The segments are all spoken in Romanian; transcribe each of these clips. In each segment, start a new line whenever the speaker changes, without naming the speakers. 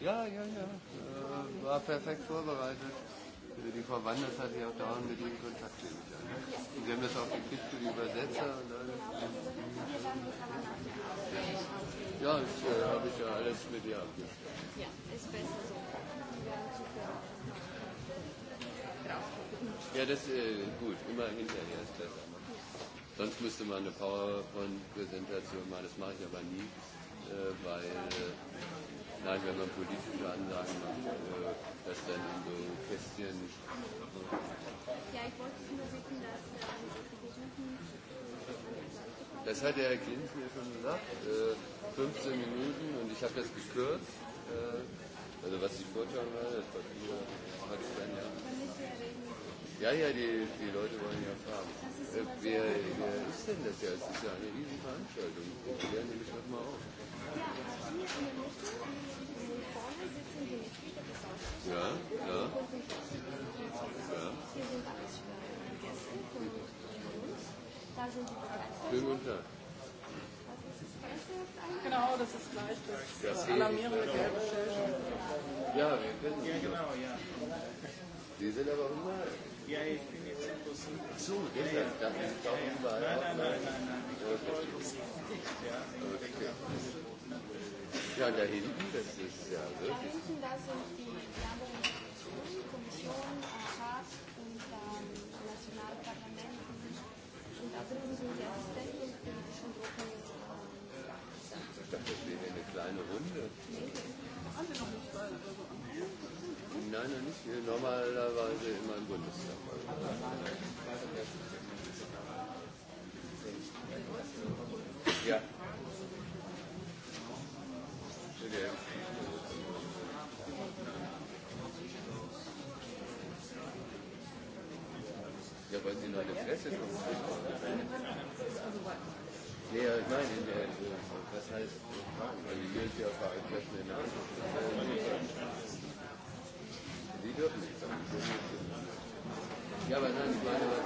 Ja, ja,
ja. Äh, war perfekt vorbereitet. Die Frau Wanders hatte ja auch dauernd mit ihm Kontakt, nehme ich Und Sie haben das auch gekriegt für die Übersetzer und alles.
Ja, das äh, habe ich ja
alles mit ihr abgesprochen.
Ja, ist besser so.
Ja, das ist äh, gut. Immer hinterher ist besser. Sonst müsste man eine PowerPoint-Präsentation machen. Das mache ich aber nie, äh, weil... Äh, Nein, wenn man politische Ansagen macht, äh, dass dann in so Kästchen. nicht.
Ja, ich wollte nur wissen, dass äh, versuchen.
Das hat der Herr Klinz mir schon gesagt, 15 äh, Minuten und ich habe das gekürzt. Äh, also was die Vorteile war, das war früher, hat es dann ja. Ja, ja, die, die Leute wollen ja fragen. Äh, wer, wer ist denn das ja? Es ist ja eine Riesenveranstaltung. Wir klären nämlich nochmal auf.
Ja, ja. ja. Schönen guten Tag. Genau, das ist gleich das, das äh, alarmierende gelbe Schild. Ja, wir kennen Sie Ja, genau, ja.
Sie sind aber überall. Ja, ich bin jetzt im Bus. Ach so, gestern. Ja, ja. Ich dachte, ich glaube überall. Nein, nein, nein, nein, nein. Ich wollte es nicht. Ja, ich denke, Ja, da hinten, das ist ja wirklich. Da
hinten, da sind die Werbungen Kommission, Kommission, Rat und ähm, nationale Parlamenten. Und da
drüben sind die Assistenten und politischen Gruppen. Ich
dachte, das wäre eine kleine Runde. Nee, alle noch nicht bei. Nein, nein, nicht. Normalerweise immer im Bundestag. Ja. Ja, weil sie meine Fresse kommt.
Nee, nein, in der,
das heißt, also hier ist ja Vereinsflächen in der
Die dürfen nicht sein. Ja, aber nein,
ich meine, was...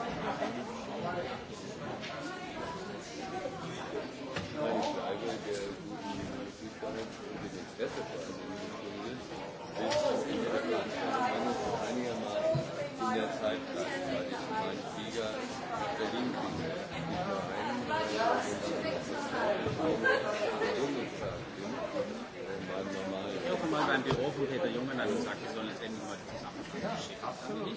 gut, hätte Junge dann sagt, wir sollen es endlich mal
zusammen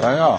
Da. ja.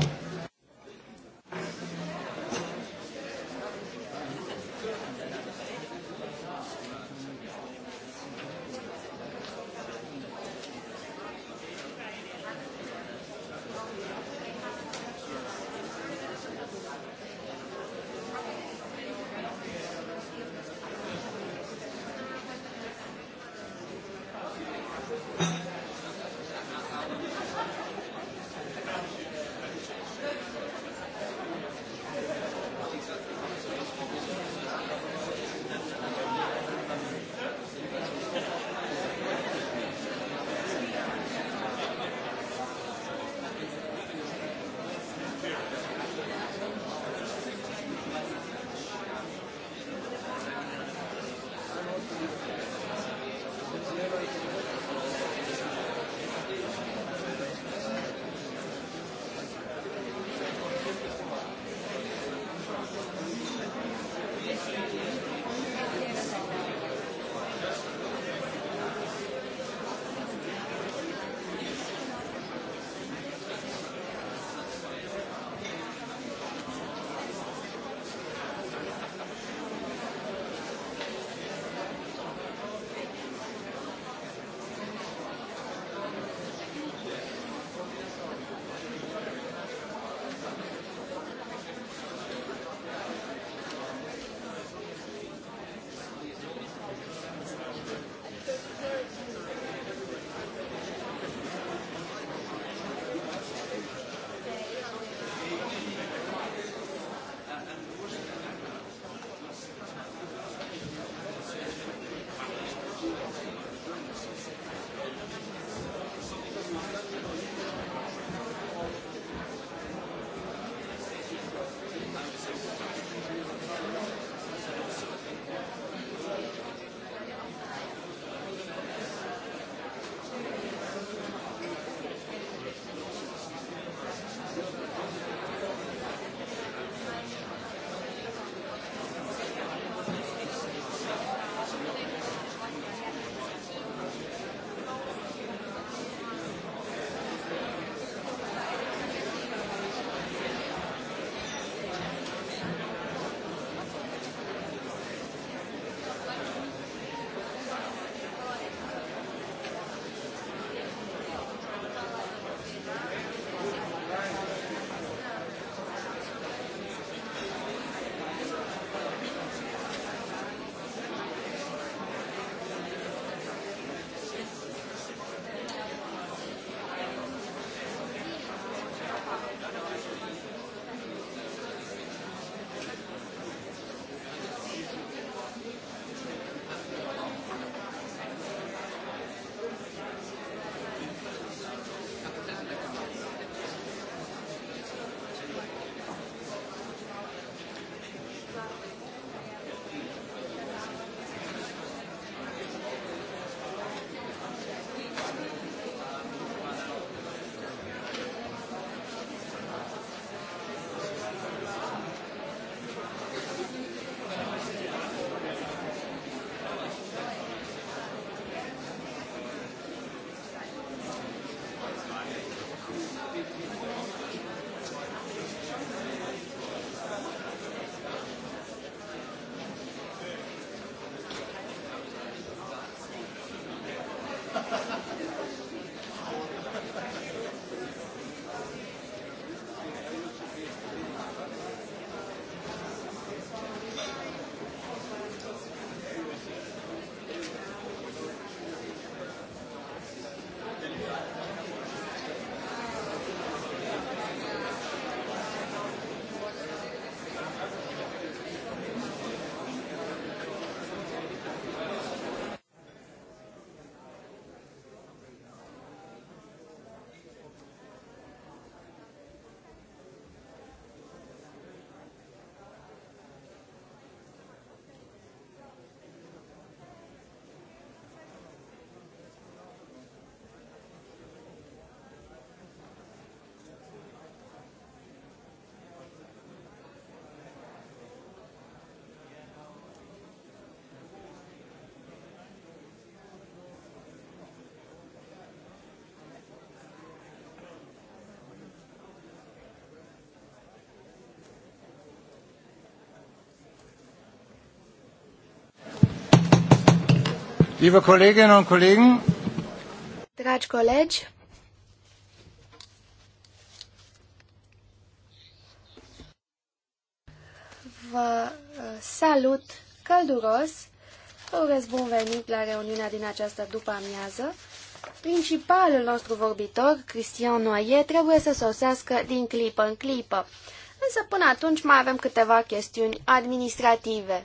Liebe Kolleginnen und Kollegen,
Dragi colegi, vă uh, salut călduros, vă urez bun venit la reuniunea din această după-amiază. Principalul nostru vorbitor, Cristian Noie, trebuie să sosească din clipă în clipă. Însă până atunci mai avem câteva chestiuni administrative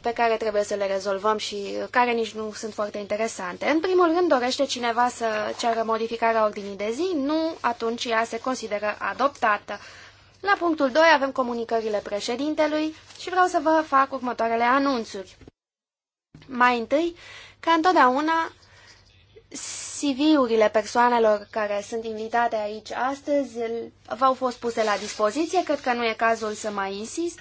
pe care trebuie să le rezolvăm și care nici nu sunt foarte interesante. În primul rând, dorește cineva să ceară modificarea ordinii de zi? Nu, atunci ea se consideră adoptată. La punctul 2 avem comunicările președintelui și vreau să vă fac următoarele anunțuri. Mai întâi, ca întotdeauna, CV-urile persoanelor care sunt invitate aici astăzi v-au fost puse la dispoziție, cred că nu e cazul să mai insist.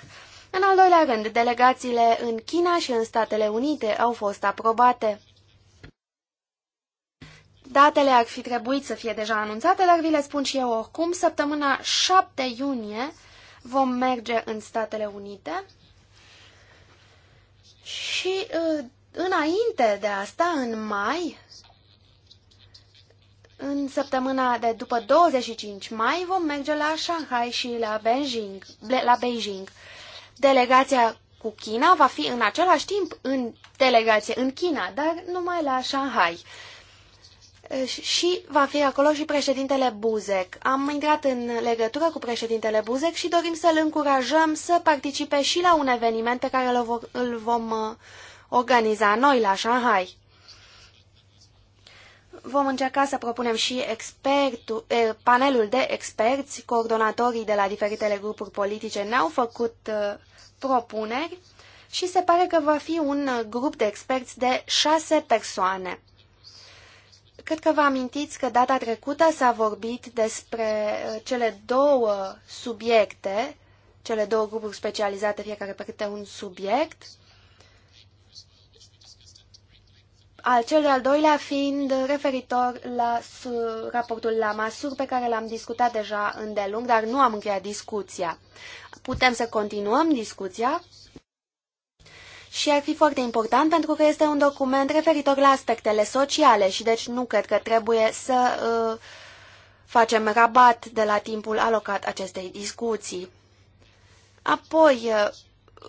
În al doilea rând, delegațiile în China și în Statele Unite au fost aprobate. Datele ar fi trebuit să fie deja anunțate, dar vi le spun și eu oricum. Săptămâna 7 iunie vom merge în Statele Unite și uh, înainte de asta, în mai, în săptămâna de după 25 mai vom merge la Shanghai și la Beijing. La Beijing. Delegația cu China va fi în același timp în delegație în China, dar numai la Shanghai. Și va fi acolo și președintele Buzek. Am intrat în legătură cu președintele Buzek și dorim să-l încurajăm să participe și la un eveniment pe care îl vom uh, organiza noi la Shanghai. Vom încerca să propunem și expertul, eh, panelul de experți, coordonatorii de la diferitele grupuri politice ne-au făcut eh, propuneri și se pare că va fi un eh, grup de experți de șase persoane. Cred că vă amintiți că data trecută s-a vorbit despre eh, cele două subiecte, cele două grupuri specializate, fiecare pe câte un subiect, al cel de-al doilea fiind referitor la raportul la masuri pe care l-am discutat deja îndelung, dar nu am încheiat discuția. Putem să continuăm discuția și ar fi foarte important pentru că este un document referitor la aspectele sociale și deci nu cred că trebuie să uh, facem rabat de la timpul alocat acestei discuții. Apoi, uh,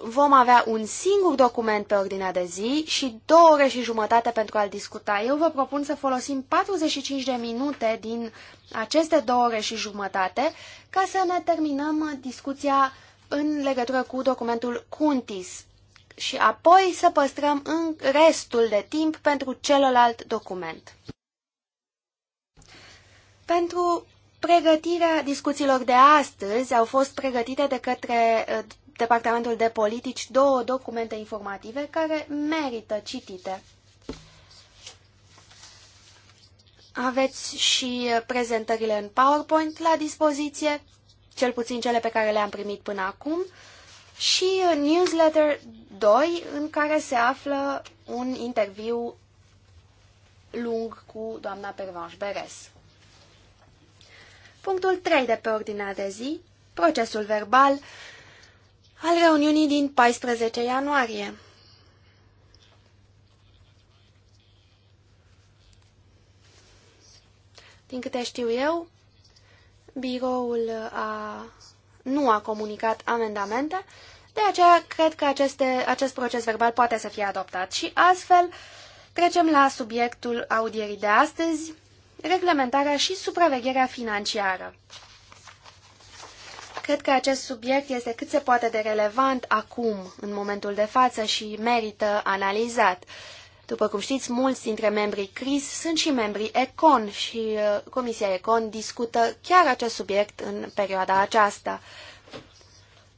vom avea un singur document pe ordinea de zi și două ore și jumătate pentru a-l discuta. Eu vă propun să folosim 45 de minute din aceste două ore și jumătate ca să ne terminăm discuția în legătură cu documentul Cuntis și apoi să păstrăm în restul de timp pentru celălalt document. Pentru pregătirea discuțiilor de astăzi au fost pregătite de către Departamentul de Politici două documente informative care merită citite. Aveți și prezentările în PowerPoint la dispoziție, cel puțin cele pe care le-am primit până acum, și newsletter 2, în care se află un interviu lung cu doamna Pervanș Beres. Punctul 3 de pe ordinea de zi, procesul verbal, al reuniunii din 14 ianuarie. Din câte știu eu, biroul a, nu a comunicat amendamente, de aceea cred că aceste, acest proces verbal poate să fie adoptat. Și astfel trecem la subiectul audierii de astăzi, reglementarea și supravegherea financiară. Cred că acest subiect este cât se poate de relevant acum, în momentul de față, și merită analizat. După cum știți, mulți dintre membrii CRIS sunt și membrii ECON și uh, Comisia ECON discută chiar acest subiect în perioada aceasta.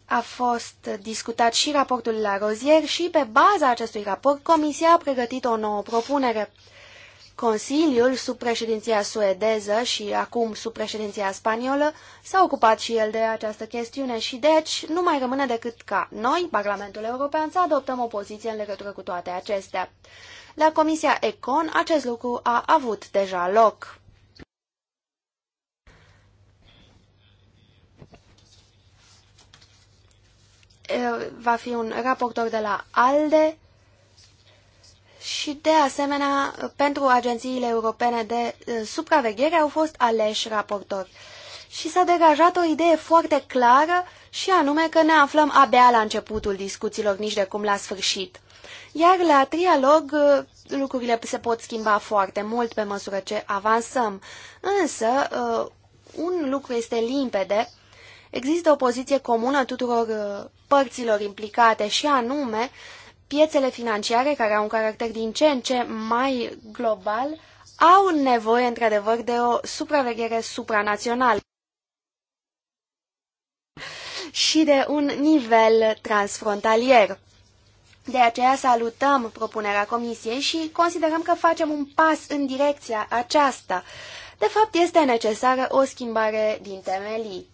A fost discutat și raportul la rozier și pe baza acestui raport Comisia a pregătit o nouă propunere. Consiliul, sub președinția suedeză și acum sub președinția spaniolă, s-a ocupat și el de această chestiune și deci nu mai rămâne decât ca noi, Parlamentul European, să adoptăm o poziție în legătură cu toate acestea. La Comisia Econ acest lucru a avut deja loc. Va fi un raportor de la ALDE, și, de asemenea, pentru agențiile europene de supraveghere au fost aleși raportori. Și s-a degajat o idee foarte clară și anume că ne aflăm abia la începutul discuțiilor, nici de cum la sfârșit. Iar la trialog lucrurile se pot schimba foarte mult pe măsură ce avansăm. Însă, un lucru este limpede, există o poziție comună tuturor părților implicate și anume piețele financiare, care au un caracter din ce în ce mai global, au nevoie, într-adevăr, de o supraveghere supranațională și de un nivel transfrontalier. De aceea salutăm propunerea Comisiei și considerăm că facem un pas în direcția aceasta. De fapt, este necesară o schimbare din temelii.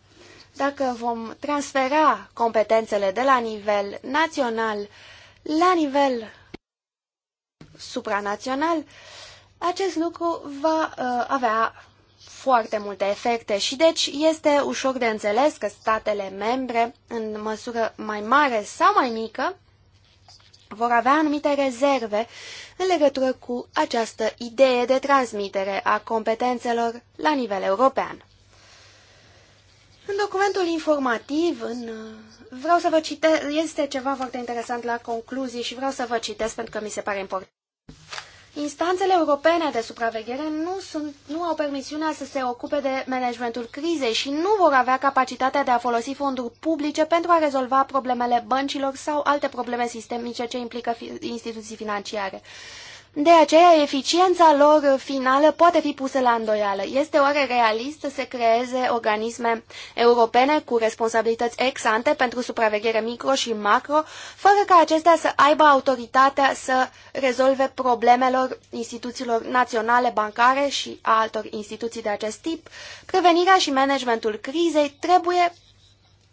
Dacă vom transfera competențele de la nivel național la nivel supranațional, acest lucru va uh, avea foarte multe efecte și deci este ușor de înțeles că statele membre, în măsură mai mare sau mai mică, vor avea anumite rezerve în legătură cu această idee de transmitere a competențelor la nivel european. În documentul informativ, în, uh, vreau să vă citesc, este ceva foarte interesant la concluzii și vreau să vă citesc pentru că mi se pare important. Instanțele europene de supraveghere nu, sunt, nu au permisiunea să se ocupe de managementul crizei și nu vor avea capacitatea de a folosi fonduri publice pentru a rezolva problemele băncilor sau alte probleme sistemice ce implică fi, instituții financiare. De aceea, eficiența lor finală poate fi pusă la îndoială. Este oare realist să se creeze organisme europene cu responsabilități ex-ante pentru supraveghere micro și macro, fără ca acestea să aibă autoritatea să rezolve problemelor instituțiilor naționale bancare și a altor instituții de acest tip? Prevenirea și managementul crizei trebuie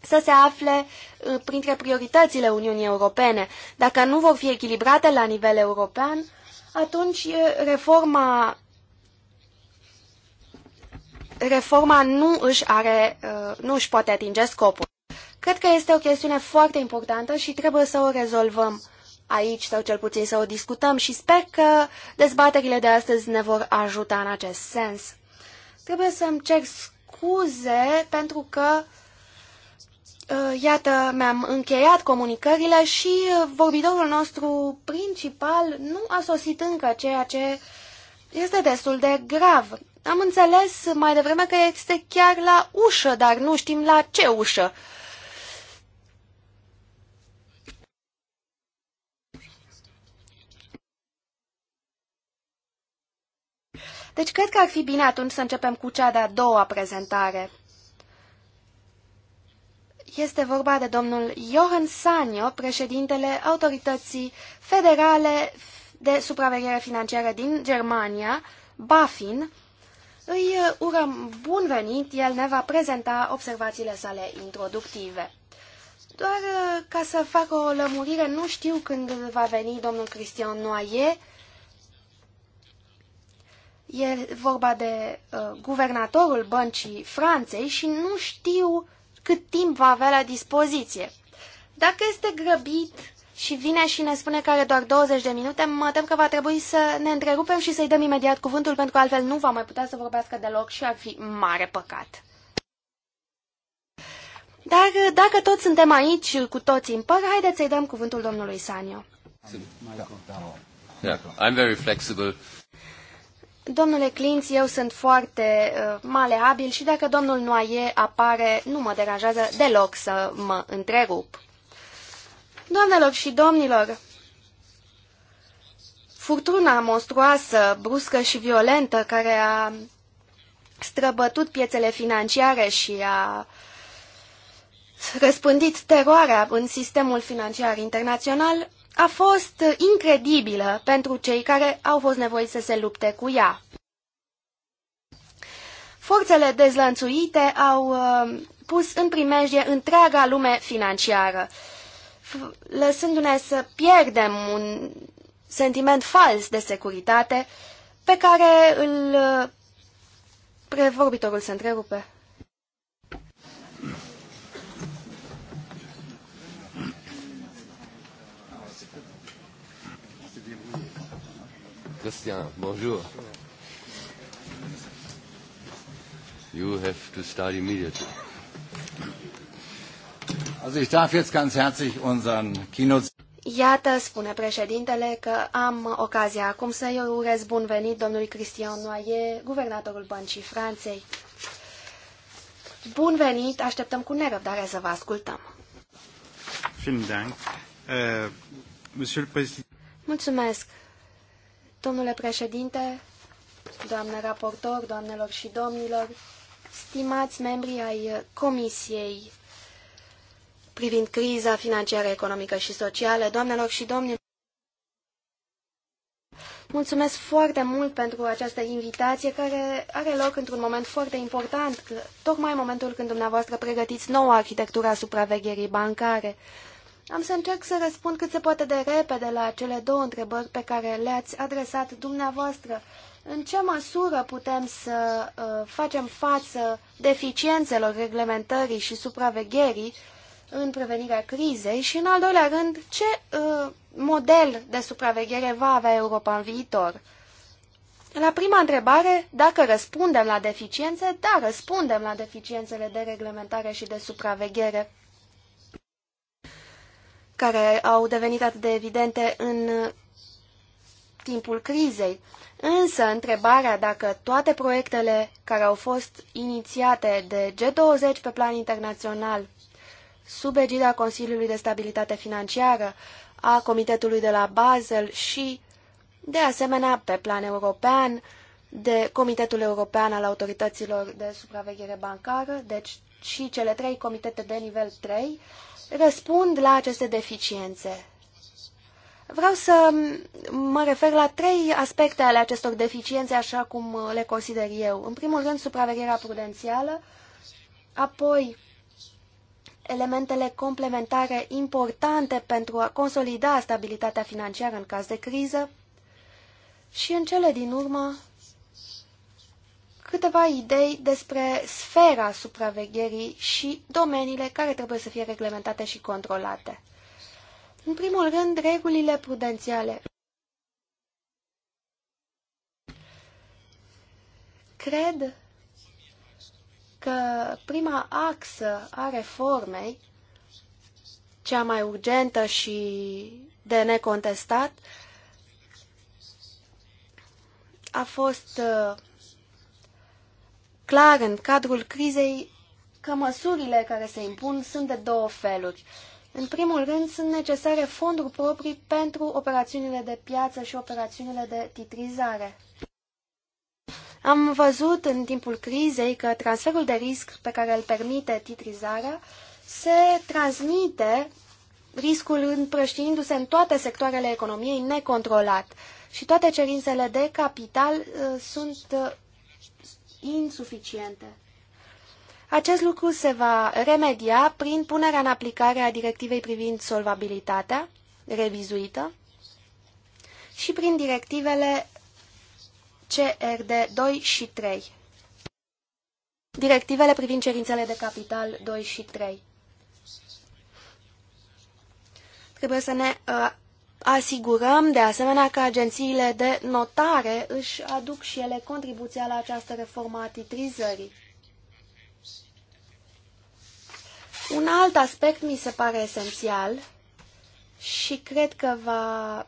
să se afle uh, printre prioritățile Uniunii Europene. Dacă nu vor fi echilibrate la nivel european, atunci reforma reforma nu își, are, uh, nu își poate atinge scopul. Cred că este o chestiune foarte importantă și trebuie să o rezolvăm aici sau cel puțin să o discutăm și sper că dezbaterile de astăzi ne vor ajuta în acest sens. Trebuie să-mi cer scuze pentru că Uh, iată, mi-am încheiat comunicările și uh, vorbitorul nostru principal nu a sosit încă ceea ce este destul de grav. Am înțeles mai devreme că este chiar la ușă, dar nu știm la ce ușă. Deci cred că ar fi bine atunci să începem cu cea de-a doua prezentare. Este vorba de domnul Johan Sanyo, președintele Autorității Federale de Supraveghere Financiară din Germania, BaFin. Îi urăm bun venit, el ne va prezenta observațiile sale introductive. Doar uh, ca să fac o lămurire, nu știu când va veni domnul Cristian Noaie. E vorba de uh, guvernatorul Băncii Franței și nu știu cât timp va avea la dispoziție. Dacă este grăbit și vine și ne spune că are doar 20 de minute, mă tem că va trebui să ne întrerupem și să-i dăm imediat cuvântul, pentru că altfel nu va mai putea să vorbească deloc și ar fi mare păcat. Dar dacă toți suntem aici, cu toții în păr, haideți să-i dăm cuvântul domnului Sanio.
Da. Da. I'm very flexible.
Domnule Clinț, eu sunt foarte uh, maleabil și dacă domnul Noaie apare, nu mă deranjează deloc să mă întrerup. Doamnelor și domnilor, furtuna monstruoasă, bruscă și violentă care a străbătut piețele financiare și a răspândit teroarea în sistemul financiar internațional a fost incredibilă pentru cei care au fost nevoiți să se lupte cu ea. Forțele dezlănțuite au uh, pus în primejdie întreaga lume financiară, lăsându-ne să pierdem un sentiment fals de securitate pe care îl... Uh, prevorbitorul se întrerupe.
Christian, bonjour. You have to start immediately. Also ich darf jetzt ganz herzlich unseren Kino
Iată, spune președintele, că am ocazia acum să-i urez bun venit domnului Cristian Noaie, guvernatorul Băncii Franței. Bun venit, așteptăm cu nerăbdare să vă ascultăm. Äh, Mulțumesc. Domnule președinte, doamnă raportor, doamnelor și domnilor, stimați membri ai Comisiei privind criza financiară, economică și socială, doamnelor și domnilor, Mulțumesc foarte mult pentru această invitație care are loc într-un moment foarte important, tocmai în momentul când dumneavoastră pregătiți noua arhitectură a supravegherii bancare. Am să încerc să răspund cât se poate de repede la cele două întrebări pe care le-ați adresat dumneavoastră. În ce măsură putem să uh, facem față deficiențelor reglementării și supravegherii în prevenirea crizei și, în al doilea rând, ce uh, model de supraveghere va avea Europa în viitor? La prima întrebare, dacă răspundem la deficiențe, da, răspundem la deficiențele de reglementare și de supraveghere care au devenit atât de evidente în timpul crizei. Însă, întrebarea dacă toate proiectele care au fost inițiate de G20 pe plan internațional, sub egida Consiliului de Stabilitate Financiară, a Comitetului de la Basel și, de asemenea, pe plan european, de Comitetul European al Autorităților de Supraveghere Bancară, deci și cele trei comitete de nivel 3, răspund la aceste deficiențe. Vreau să mă refer la trei aspecte ale acestor deficiențe, așa cum le consider eu. În primul rând, supravegherea prudențială, apoi elementele complementare importante pentru a consolida stabilitatea financiară în caz de criză și, în cele din urmă, câteva idei despre sfera supravegherii și domeniile care trebuie să fie reglementate și controlate. În primul rând, regulile prudențiale. Cred că prima axă a reformei, cea mai urgentă și de necontestat, a fost uh, clar în cadrul crizei că măsurile care se impun sunt de două feluri. În primul rând, sunt necesare fonduri proprii pentru operațiunile de piață și operațiunile de titrizare. Am văzut în timpul crizei că transferul de risc pe care îl permite titrizarea se transmite riscul împrăștiindu-se în toate sectoarele economiei necontrolat și toate cerințele de capital uh, sunt uh, insuficiente. Acest lucru se va remedia prin punerea în aplicare a directivei privind solvabilitatea, revizuită, și prin directivele CRD 2 și 3. Directivele privind cerințele de capital 2 și 3. Trebuie să ne uh, asigurăm de asemenea că agențiile de notare își aduc și ele contribuția la această reformă a titrizării. Un alt aspect mi se pare esențial și cred că va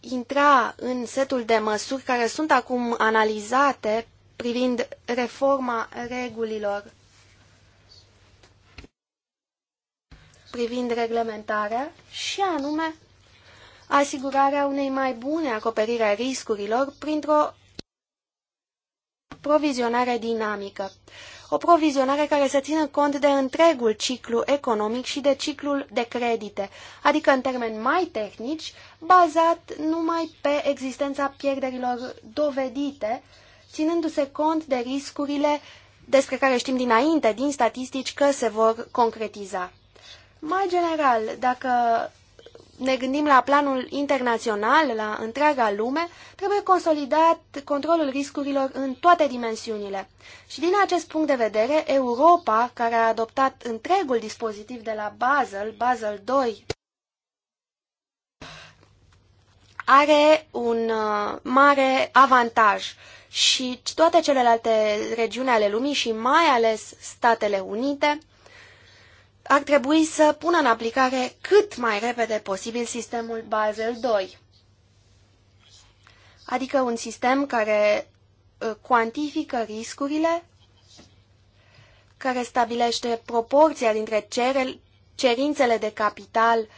intra în setul de măsuri care sunt acum analizate privind reforma regulilor privind reglementarea și anume asigurarea unei mai bune acoperire a riscurilor printr-o provizionare dinamică. O provizionare care să țină cont de întregul ciclu economic și de ciclul de credite, adică în termeni mai tehnici, bazat numai pe existența pierderilor dovedite, ținându-se cont de riscurile despre care știm dinainte din statistici că se vor concretiza. Mai general, dacă ne gândim la planul internațional, la întreaga lume, trebuie consolidat controlul riscurilor în toate dimensiunile. Și din acest punct de vedere, Europa, care a adoptat întregul dispozitiv de la Basel, Basel II, are un uh, mare avantaj și toate celelalte regiuni ale lumii și mai ales Statele Unite ar trebui să pună în aplicare cât mai repede posibil sistemul Basel II, adică un sistem care uh, cuantifică riscurile, care stabilește proporția dintre cerințele de capital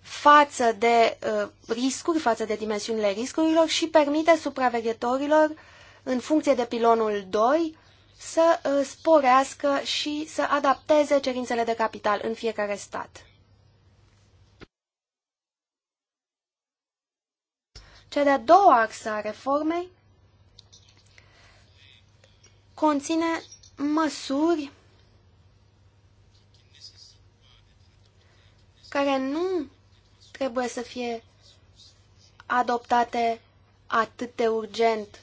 față de uh, riscuri, față de dimensiunile riscurilor și permite supraveghetorilor, în funcție de pilonul 2, să uh, sporească și să adapteze cerințele de capital în fiecare stat. Cea de-a doua axă a reformei conține măsuri care nu trebuie să fie adoptate atât de urgent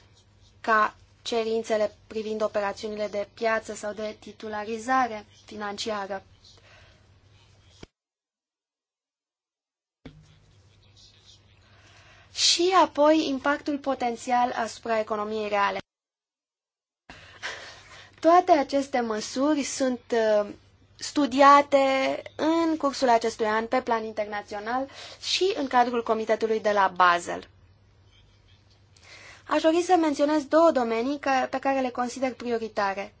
ca cerințele privind operațiunile de piață sau de titularizare financiară. Și apoi impactul potențial asupra economiei reale. Toate aceste măsuri sunt uh, studiate în cursul acestui an pe plan internațional și în cadrul Comitetului de la Basel. Aș dori să menționez două domenii pe care le consider prioritare.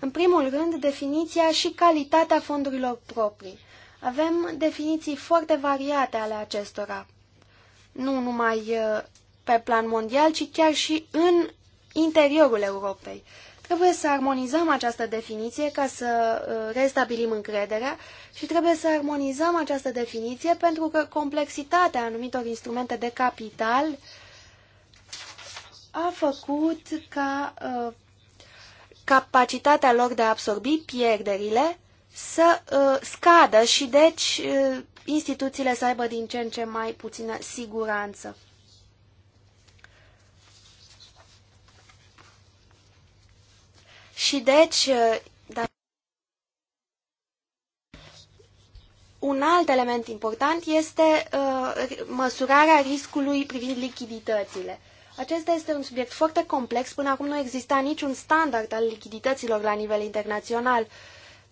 În primul rând, definiția și calitatea fondurilor proprii. Avem definiții foarte variate ale acestora, nu numai uh, pe plan mondial, ci chiar și în interiorul Europei. Trebuie să armonizăm această definiție ca să uh, restabilim încrederea și trebuie să armonizăm această definiție pentru că complexitatea anumitor instrumente de capital a făcut ca uh, capacitatea lor de a absorbi pierderile să uh, scadă și deci instituțiile să aibă din ce în ce mai puțină siguranță. Și deci, uh, da, un alt element important este uh, măsurarea riscului privind lichiditățile. Acesta este un subiect foarte complex. Până acum nu exista niciun standard al lichidităților la nivel internațional.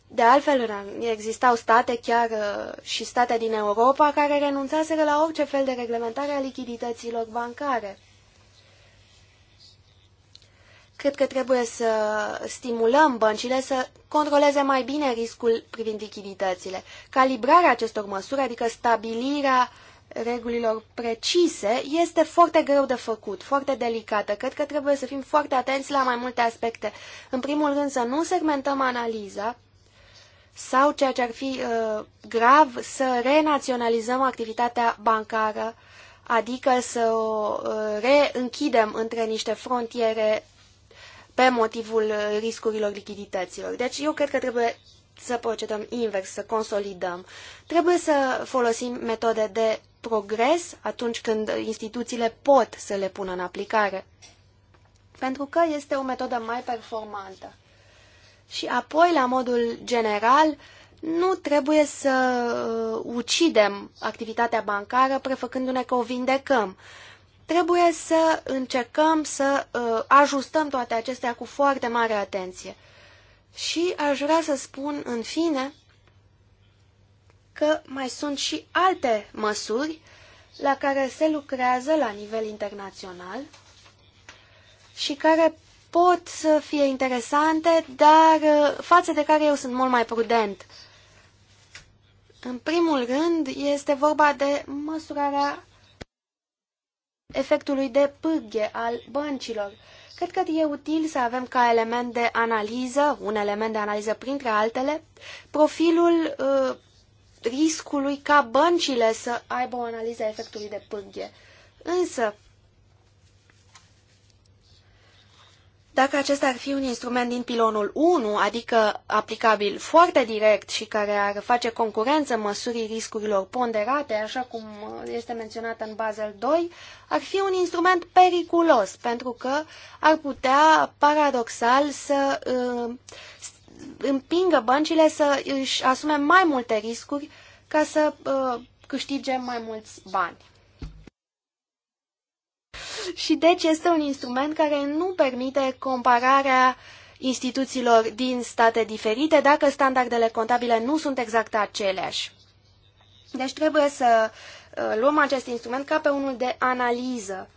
De altfel, existau state, chiar uh, și state din Europa, care renunțaseră la orice fel de reglementare a lichidităților bancare. Cred că trebuie să stimulăm băncile să controleze mai bine riscul privind lichiditățile. Calibrarea acestor măsuri, adică stabilirea regulilor precise, este foarte greu de făcut, foarte delicată. Cred că trebuie să fim foarte atenți la mai multe aspecte. În primul rând să nu segmentăm analiza, sau ceea ce ar fi uh, grav, să renaționalizăm activitatea bancară, adică să o uh, reînchidem între niște frontiere pe motivul uh, riscurilor lichidităților. Deci eu cred că trebuie să procedăm invers, să consolidăm. Trebuie să folosim metode de progres atunci când instituțiile pot să le pună în aplicare. Pentru că este o metodă mai performantă. Și apoi, la modul general, nu trebuie să uh, ucidem activitatea bancară prefăcându-ne că o vindecăm. Uh, Trebuie să încercăm să uh, ajustăm toate acestea cu foarte mare atenție. Și aș vrea să spun în fine că mai sunt și alte măsuri la care se lucrează la nivel internațional și care pot să fie interesante, dar uh, față de care eu sunt mult mai prudent. În primul rând, este vorba de măsurarea efectului de pâghe al băncilor. Cred că e util să avem ca element de analiză, un element de analiză printre altele, profilul uh, riscului ca băncile să aibă o analiză a efectului de pârghie. Însă, Dacă acesta ar fi un instrument din pilonul 1, adică aplicabil foarte direct și care ar face concurență măsurii riscurilor ponderate, așa cum este menționat în Basel 2, ar fi un instrument periculos, pentru că ar putea, paradoxal, să uh, împingă băncile să își asume mai multe riscuri ca să uh, câștige mai mulți bani. Și deci este un instrument care nu permite compararea instituțiilor din state diferite dacă standardele contabile nu sunt exact aceleași. Deci trebuie să uh, luăm acest instrument ca pe unul de analiză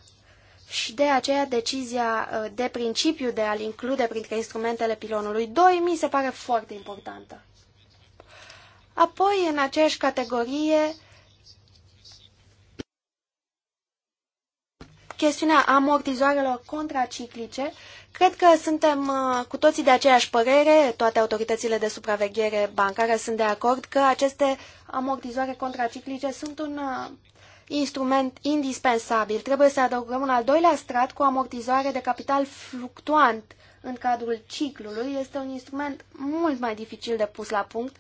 și de aceea decizia uh, de principiu de a-l include printre instrumentele pilonului 2 mi se pare foarte importantă. Apoi, în aceeași categorie, chestiunea amortizoarelor contraciclice, cred că suntem uh, cu toții de aceeași părere, toate autoritățile de supraveghere bancară sunt de acord că aceste amortizoare contraciclice sunt un uh, instrument indispensabil. Trebuie să adăugăm un al doilea strat cu amortizoare de capital fluctuant în cadrul ciclului. Este un instrument mult mai dificil de pus la punct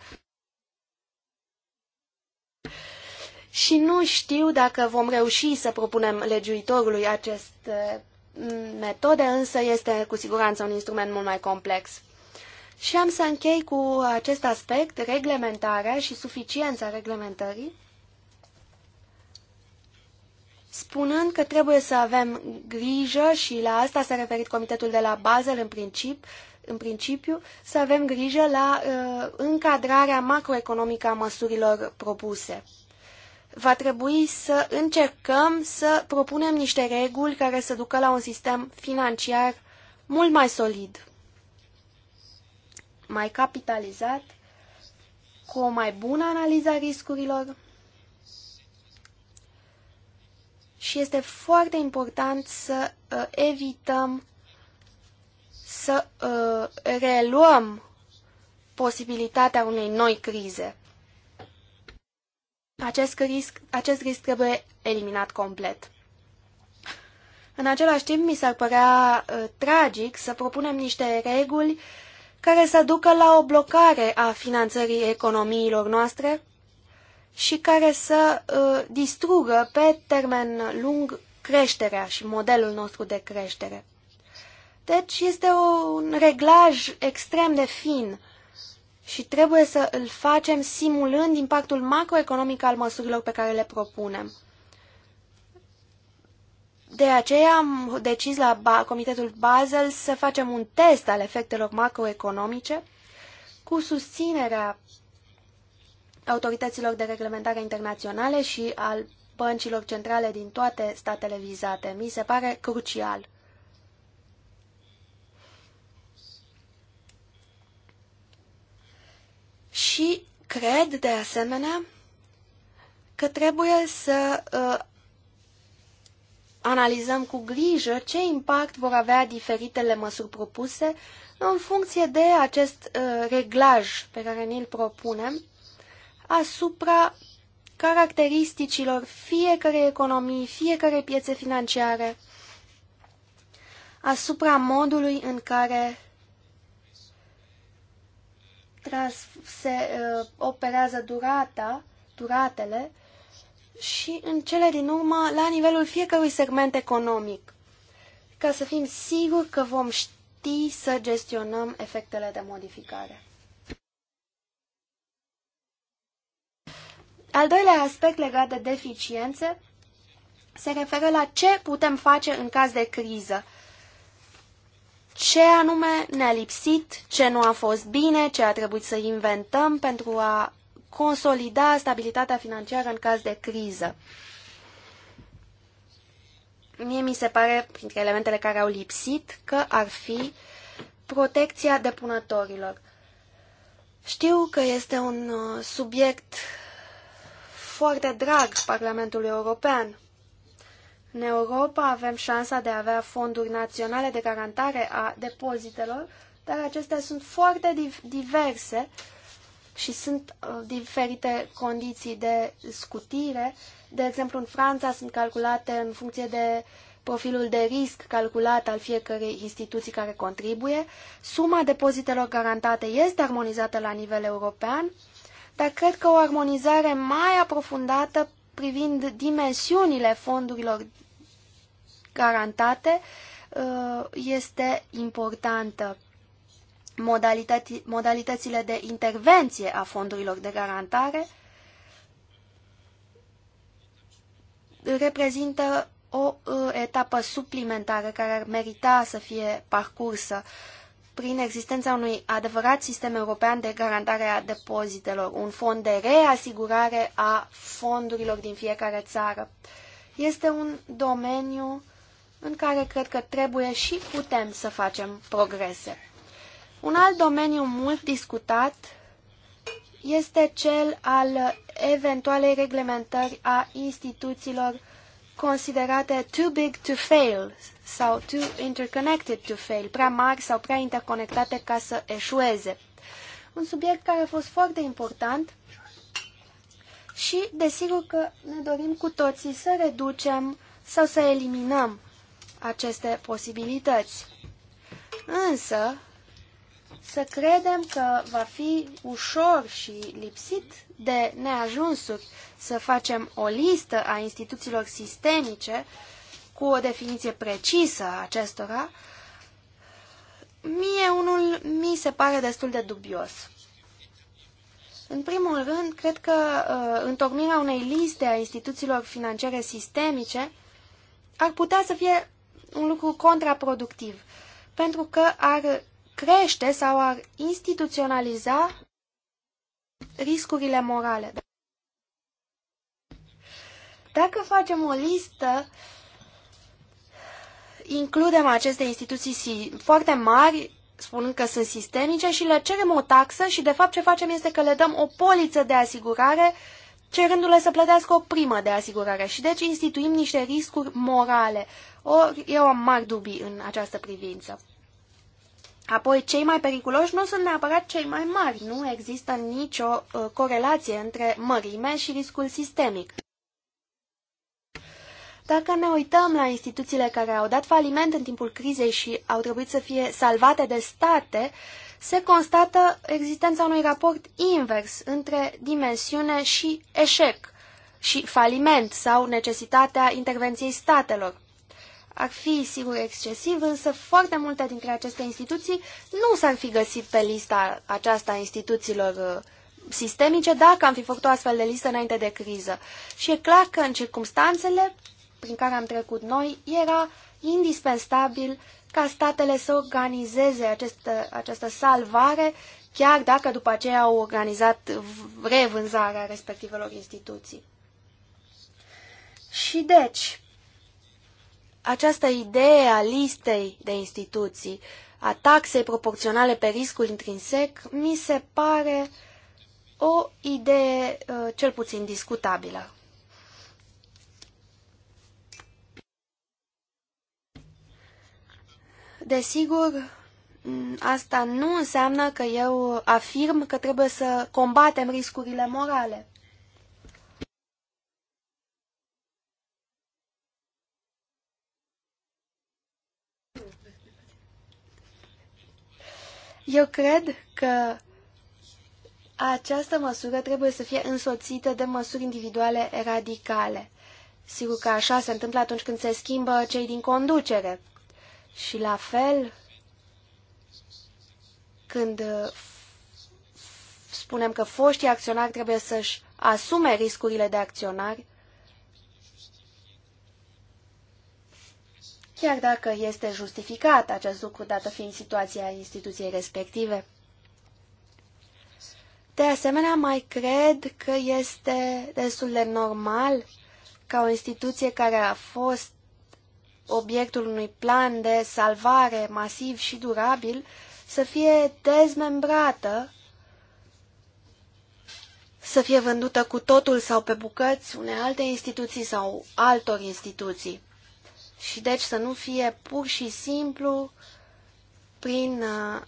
și nu știu dacă vom reuși să propunem legiuitorului aceste uh, metode, însă este cu siguranță un instrument mult mai complex. Și am să închei cu acest aspect, reglementarea și suficiența reglementării, spunând că trebuie să avem grijă și la asta s-a referit Comitetul de la Basel în, princip, în principiu, să avem grijă la uh, încadrarea macroeconomică a măsurilor propuse va trebui să încercăm să propunem niște reguli care să ducă la un sistem financiar mult mai solid, mai capitalizat, cu o mai bună analiză a riscurilor și este foarte important să uh, evităm să uh, reluăm posibilitatea unei noi crize. Acest risc, acest risc trebuie eliminat complet. În același timp, mi s-ar părea uh, tragic să propunem niște reguli care să ducă la o blocare a finanțării economiilor noastre și care să uh, distrugă pe termen lung creșterea și modelul nostru de creștere. Deci este un reglaj extrem de fin și trebuie să îl facem simulând impactul macroeconomic al măsurilor pe care le propunem. De aceea am decis la ba Comitetul Basel să facem un test al efectelor macroeconomice cu susținerea autorităților de reglementare internaționale și al băncilor centrale din toate statele vizate. Mi se pare crucial. Și cred, de asemenea, că trebuie să uh, analizăm cu grijă ce impact vor avea diferitele măsuri propuse în funcție de acest uh, reglaj pe care ni-l propunem asupra caracteristicilor fiecărei economii, fiecare piețe financiare, asupra modului în care trans, se uh, operează durata, duratele și în cele din urmă la nivelul fiecărui segment economic, ca să fim siguri că vom ști să gestionăm efectele de modificare. Al doilea aspect legat de deficiențe se referă la ce putem face în caz de criză ce anume ne-a lipsit, ce nu a fost bine, ce a trebuit să inventăm pentru a consolida stabilitatea financiară în caz de criză. Mie mi se pare, printre elementele care au lipsit, că ar fi protecția depunătorilor. Știu că este un uh, subiect foarte drag Parlamentului European în Europa avem șansa de a avea fonduri naționale de garantare a depozitelor, dar acestea sunt foarte diverse și sunt uh, diferite condiții de scutire. De exemplu, în Franța sunt calculate în funcție de profilul de risc calculat al fiecărei instituții care contribuie. Suma depozitelor garantate este armonizată la nivel european, dar cred că o armonizare mai aprofundată privind dimensiunile fondurilor garantate uh, este importantă. Modalitățile de intervenție a fondurilor de garantare reprezintă o uh, etapă suplimentară care ar merita să fie parcursă prin existența unui adevărat sistem european de garantare a depozitelor, un fond de reasigurare a fondurilor din fiecare țară. Este un domeniu în care cred că trebuie și putem să facem progrese. Un alt domeniu mult discutat este cel al eventualei reglementări a instituțiilor considerate too big to fail sau too interconnected to fail, prea mari sau prea interconectate ca să eșueze. Un subiect care a fost foarte important și desigur că ne dorim cu toții să reducem sau să eliminăm aceste posibilități. Însă, să credem că va fi ușor și lipsit de neajunsuri să facem o listă a instituțiilor sistemice cu o definiție precisă a acestora, mie unul mi se pare destul de dubios. În primul rând, cred că uh, întocmirea unei liste a instituțiilor financiare sistemice ar putea să fie un lucru contraproductiv, pentru că ar crește sau ar instituționaliza riscurile morale. Dacă facem o listă, includem aceste instituții foarte mari, spunând că sunt sistemice și le cerem o taxă și de fapt ce facem este că le dăm o poliță de asigurare cerându-le să plătească o primă de asigurare și deci instituim niște riscuri morale. Ori eu am mari dubii în această privință. Apoi, cei mai periculoși nu sunt neapărat cei mai mari, nu există nicio uh, corelație între mărime și riscul sistemic. Dacă ne uităm la instituțiile care au dat faliment în timpul crizei și au trebuit să fie salvate de state, uh, se constată existența unui raport invers între dimensiune și eșec și faliment sau necesitatea intervenției statelor. Ar fi, sigur, excesiv, însă foarte multe dintre aceste instituții nu s-ar fi găsit pe lista aceasta a instituțiilor uh, sistemice dacă am fi făcut o astfel de listă înainte de criză. Și e clar că în circumstanțele prin care am trecut noi era indispensabil ca statele să organizeze această, această salvare, chiar dacă după aceea au organizat revânzarea respectivelor instituții. Și deci, această idee a listei de instituții, a taxei proporționale pe riscul intrinsec, mi se pare o idee uh, cel puțin discutabilă. Desigur, asta nu înseamnă că eu afirm că trebuie să combatem riscurile morale. Eu cred că această măsură trebuie să fie însoțită de măsuri individuale radicale. Sigur că așa se întâmplă atunci când se schimbă cei din conducere. Și la fel, când uh, spunem că foștii acționari trebuie să-și asume riscurile de acționari, chiar dacă este justificat acest lucru, dată fiind situația instituției respective. De asemenea, mai cred că este destul de normal ca o instituție care a fost obiectul unui plan de salvare masiv și durabil să fie dezmembrată, să fie vândută cu totul sau pe bucăți unei alte instituții sau altor instituții. Și deci să nu fie pur și simplu prin uh,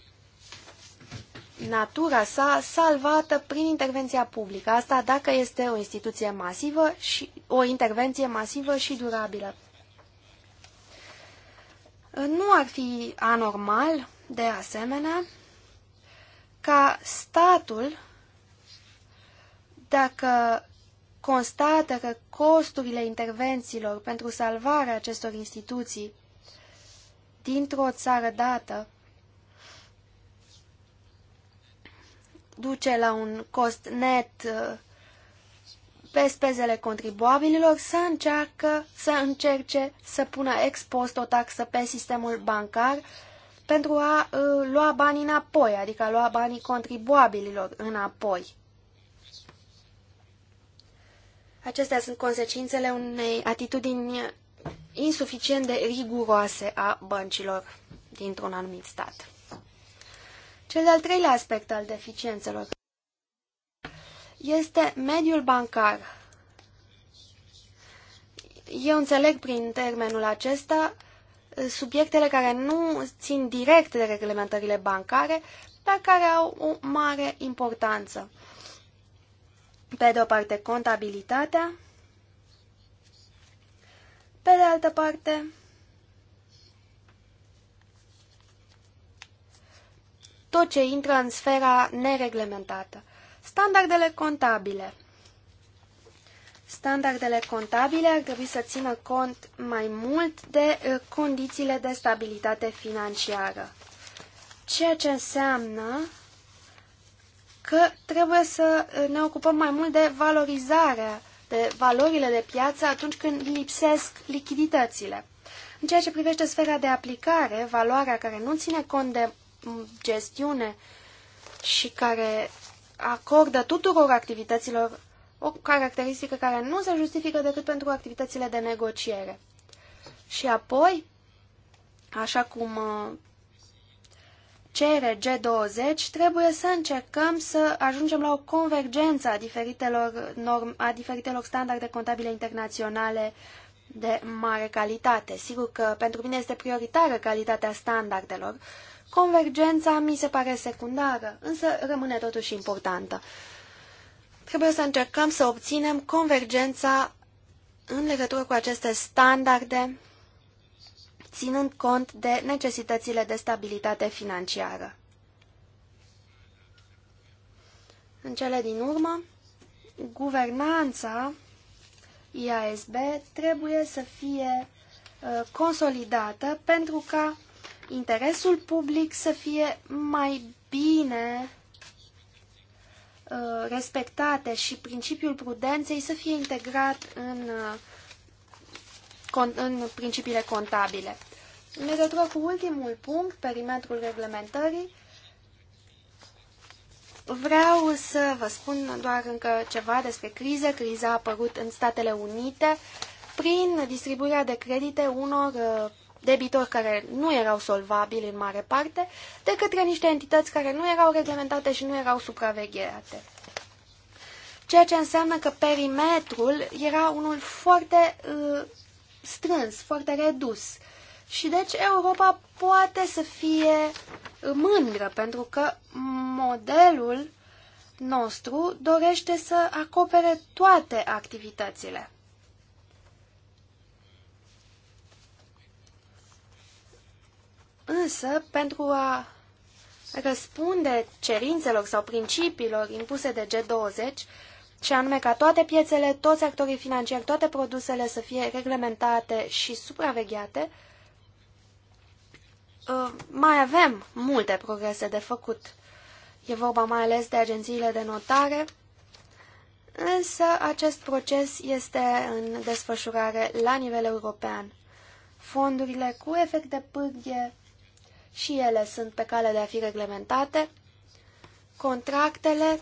natura sa salvată prin intervenția publică. Asta dacă este o instituție masivă și o intervenție masivă și durabilă. Nu ar fi anormal, de asemenea, ca statul, dacă constată că costurile intervențiilor pentru salvarea acestor instituții dintr-o țară dată duce la un cost net uh, pe spezele contribuabililor să, încearcă, să încerce să pună ex post o taxă pe sistemul bancar pentru a uh, lua banii înapoi, adică a lua banii contribuabililor înapoi. Acestea sunt consecințele unei atitudini insuficient de riguroase a băncilor dintr-un anumit stat. Cel de-al treilea aspect al deficiențelor este mediul bancar. Eu înțeleg prin termenul acesta eh, subiectele care nu țin direct de reglementările bancare, dar care au o mare importanță. Pe de o parte, contabilitatea, pe de altă parte, tot ce intră în sfera nereglementată. Standardele contabile. Standardele contabile ar trebui să țină cont mai mult de condițiile de stabilitate financiară, ceea ce înseamnă că trebuie să ne ocupăm mai mult de valorizarea, de valorile de piață atunci când lipsesc lichiditățile. În ceea ce privește sfera de aplicare, valoarea care nu ține cont de gestiune și care acordă tuturor activităților o caracteristică care nu se justifică decât pentru activitățile de negociere. Și apoi, așa cum uh, cere G20, trebuie să încercăm să ajungem la o convergență a diferitelor, norm, a diferitelor standarde contabile internaționale de mare calitate. Sigur că pentru mine este prioritară calitatea standardelor, Convergența mi se pare secundară, însă rămâne totuși importantă. Trebuie să încercăm să obținem convergența în legătură cu aceste standarde, ținând cont de necesitățile de stabilitate financiară. În cele din urmă, guvernanța IASB trebuie să fie uh, consolidată pentru ca interesul public să fie mai bine uh, respectate și principiul prudenței să fie integrat în, uh, în principiile contabile. În legătură cu ultimul punct, perimetrul reglementării, vreau să vă spun doar încă ceva despre criză. Criza a apărut în Statele Unite prin distribuirea de credite unor uh, debitori care nu erau solvabili în mare parte, de către niște entități care nu erau reglementate și nu erau supravegheate. Ceea ce înseamnă că perimetrul era unul foarte uh, strâns, foarte redus. Și deci Europa poate să fie mândră, pentru că modelul nostru dorește să acopere toate activitățile. Însă, pentru a răspunde cerințelor sau principiilor impuse de G20, și anume ca toate piețele, toți actorii financiari, toate produsele să fie reglementate și supravegheate, ă, mai avem multe progrese de făcut. E vorba mai ales de agențiile de notare, însă acest proces este în desfășurare la nivel european. Fondurile cu efect de pârghie și ele sunt pe cale de a fi reglementate. Contractele,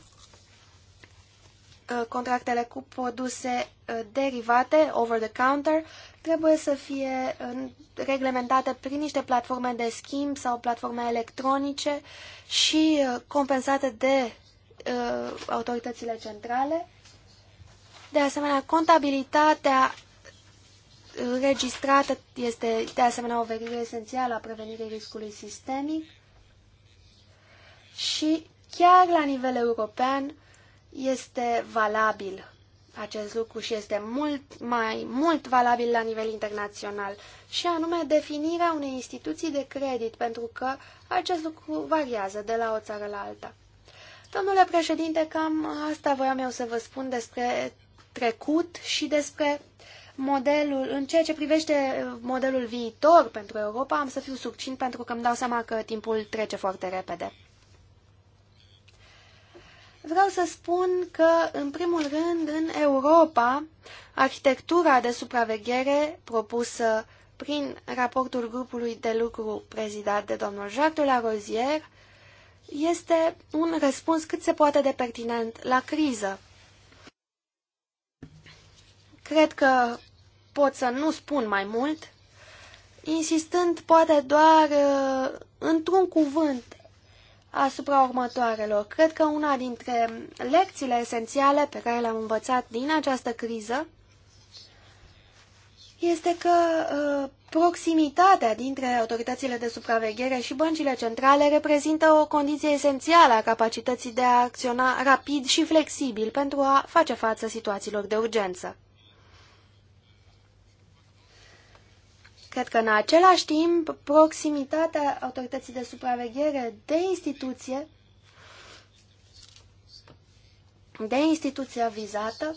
uh, contractele cu produse uh, derivate, over-the-counter, trebuie să fie uh, reglementate prin niște platforme de schimb sau platforme electronice și compensate de autoritățile centrale. De asemenea, contabilitatea registrată este de asemenea o verire esențială a prevenirii riscului sistemic și chiar la nivel european este valabil acest lucru și este mult mai mult valabil la nivel internațional și anume definirea unei instituții de credit pentru că acest lucru variază de la o țară la alta. Domnule președinte, cam asta voiam eu să vă spun despre trecut și despre modelul, în ceea ce privește uh, modelul viitor pentru Europa, am să fiu succint pentru că îmi dau seama că timpul trece foarte repede. Vreau să spun că, în primul rând, în Europa, arhitectura de supraveghere propusă prin raportul grupului de lucru prezidat de domnul Jacques de la Rozier este un răspuns cât se poate de pertinent la criză. Cred că pot să nu spun mai mult, insistând poate doar uh, într-un cuvânt asupra următoarelor. Cred că una dintre lecțiile esențiale pe care le-am învățat din această criză este că uh, proximitatea dintre autoritățile de supraveghere și băncile centrale reprezintă o condiție esențială a capacității de a acționa rapid și flexibil pentru a face față situațiilor de urgență. Cred că în același timp, proximitatea autorității de supraveghere de instituție, de instituția vizată,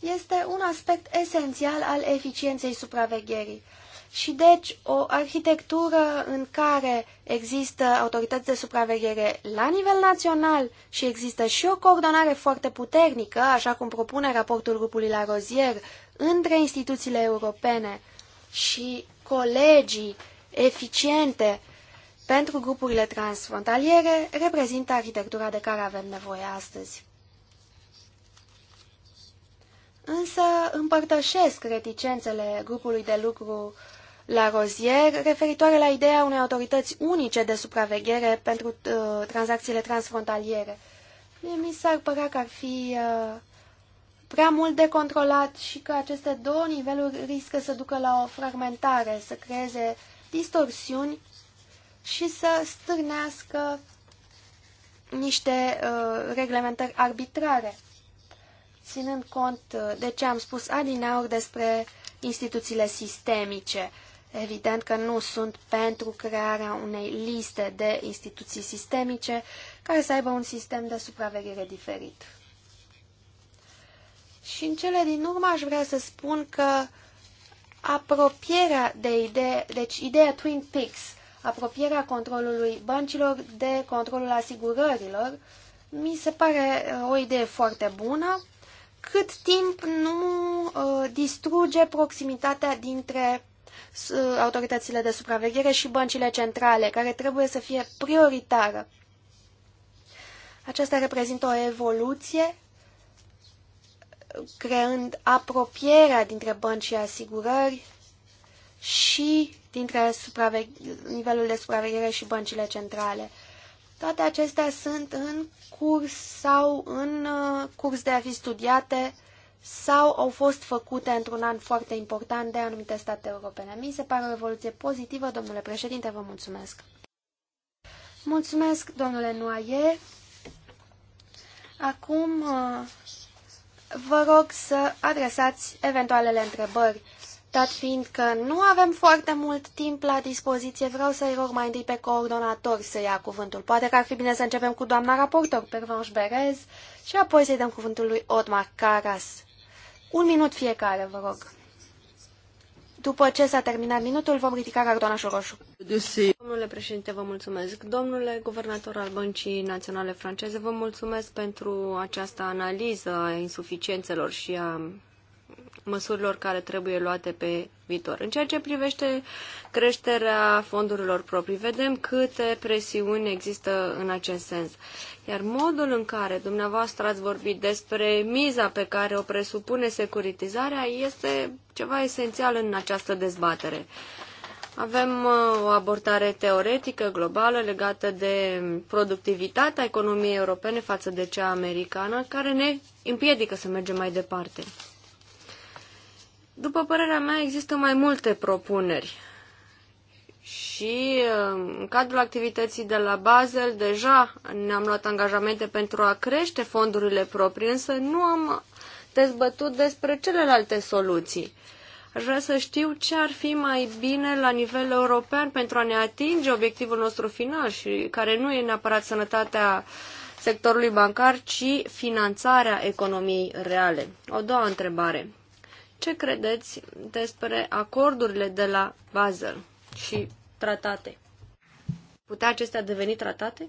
este un aspect esențial al eficienței supravegherii. Și deci o arhitectură în care există autorități de supraveghere la nivel național și există și o coordonare foarte puternică, așa cum propune raportul grupului la rozier, între instituțiile europene și colegii eficiente pentru grupurile transfrontaliere reprezintă arhitectura de care avem nevoie astăzi. Însă împărtășesc reticențele grupului de lucru la rozier referitoare la ideea unei autorități unice de supraveghere pentru uh, tranzacțiile transfrontaliere. Mie mi s-ar părea că ar fi uh, prea mult de controlat și că aceste două niveluri riscă să ducă la o fragmentare, să creeze distorsiuni și să stârnească niște uh, reglementări arbitrare, ținând cont uh, de ce am spus adineauri despre instituțiile sistemice. Evident că nu sunt pentru crearea unei liste de instituții sistemice care să aibă un sistem de supraveghere diferit. Și în cele din urmă aș vrea să spun că apropierea de idee, deci ideea Twin Peaks, apropierea controlului băncilor de controlul asigurărilor, mi se pare uh, o idee foarte bună, cât timp nu uh, distruge proximitatea dintre uh, autoritățile de supraveghere și băncile centrale, care trebuie să fie prioritară. Aceasta reprezintă o evoluție creând apropierea dintre bănci și asigurări și dintre nivelul de supraveghere și băncile centrale. Toate acestea sunt în curs sau în uh, curs de a fi studiate sau au fost făcute într-un an foarte important de anumite state europene. Mi se pare o evoluție pozitivă, domnule președinte, vă mulțumesc. Mulțumesc, domnule Noaie. Acum uh, vă rog să adresați eventualele întrebări. Dat fiind că nu avem foarte mult timp la dispoziție, vreau să-i rog mai întâi pe coordonator să ia cuvântul. Poate că ar fi bine să începem cu doamna raportor, Pervanș Berez, și apoi să-i dăm cuvântul lui Otmar Caras. Un minut fiecare, vă rog. După ce s-a terminat minutul, vom ridica cartonașul roșu.
Domnule președinte, vă mulțumesc. Domnule guvernator al Băncii Naționale Franceze, vă mulțumesc pentru această analiză a insuficiențelor și a măsurilor care trebuie luate pe viitor. În ceea ce privește creșterea fondurilor proprii, vedem câte presiuni există în acest sens. Iar modul în care dumneavoastră ați vorbit despre miza pe care o presupune securitizarea este ceva esențial în această dezbatere. Avem uh, o abordare teoretică globală legată de productivitatea economiei europene față de cea americană, care ne împiedică să mergem mai departe. După părerea mea, există mai multe propuneri și uh, în cadrul activității de la Basel deja ne-am luat angajamente pentru a crește fondurile proprii, însă nu am dezbătut despre celelalte soluții. Aș vrea să știu ce ar fi mai bine la nivel european pentru a ne atinge obiectivul nostru final și care nu e neapărat sănătatea sectorului bancar, ci finanțarea economiei reale. O doua întrebare. Ce credeți despre acordurile de la Basel și tratate? Putea acestea deveni tratate?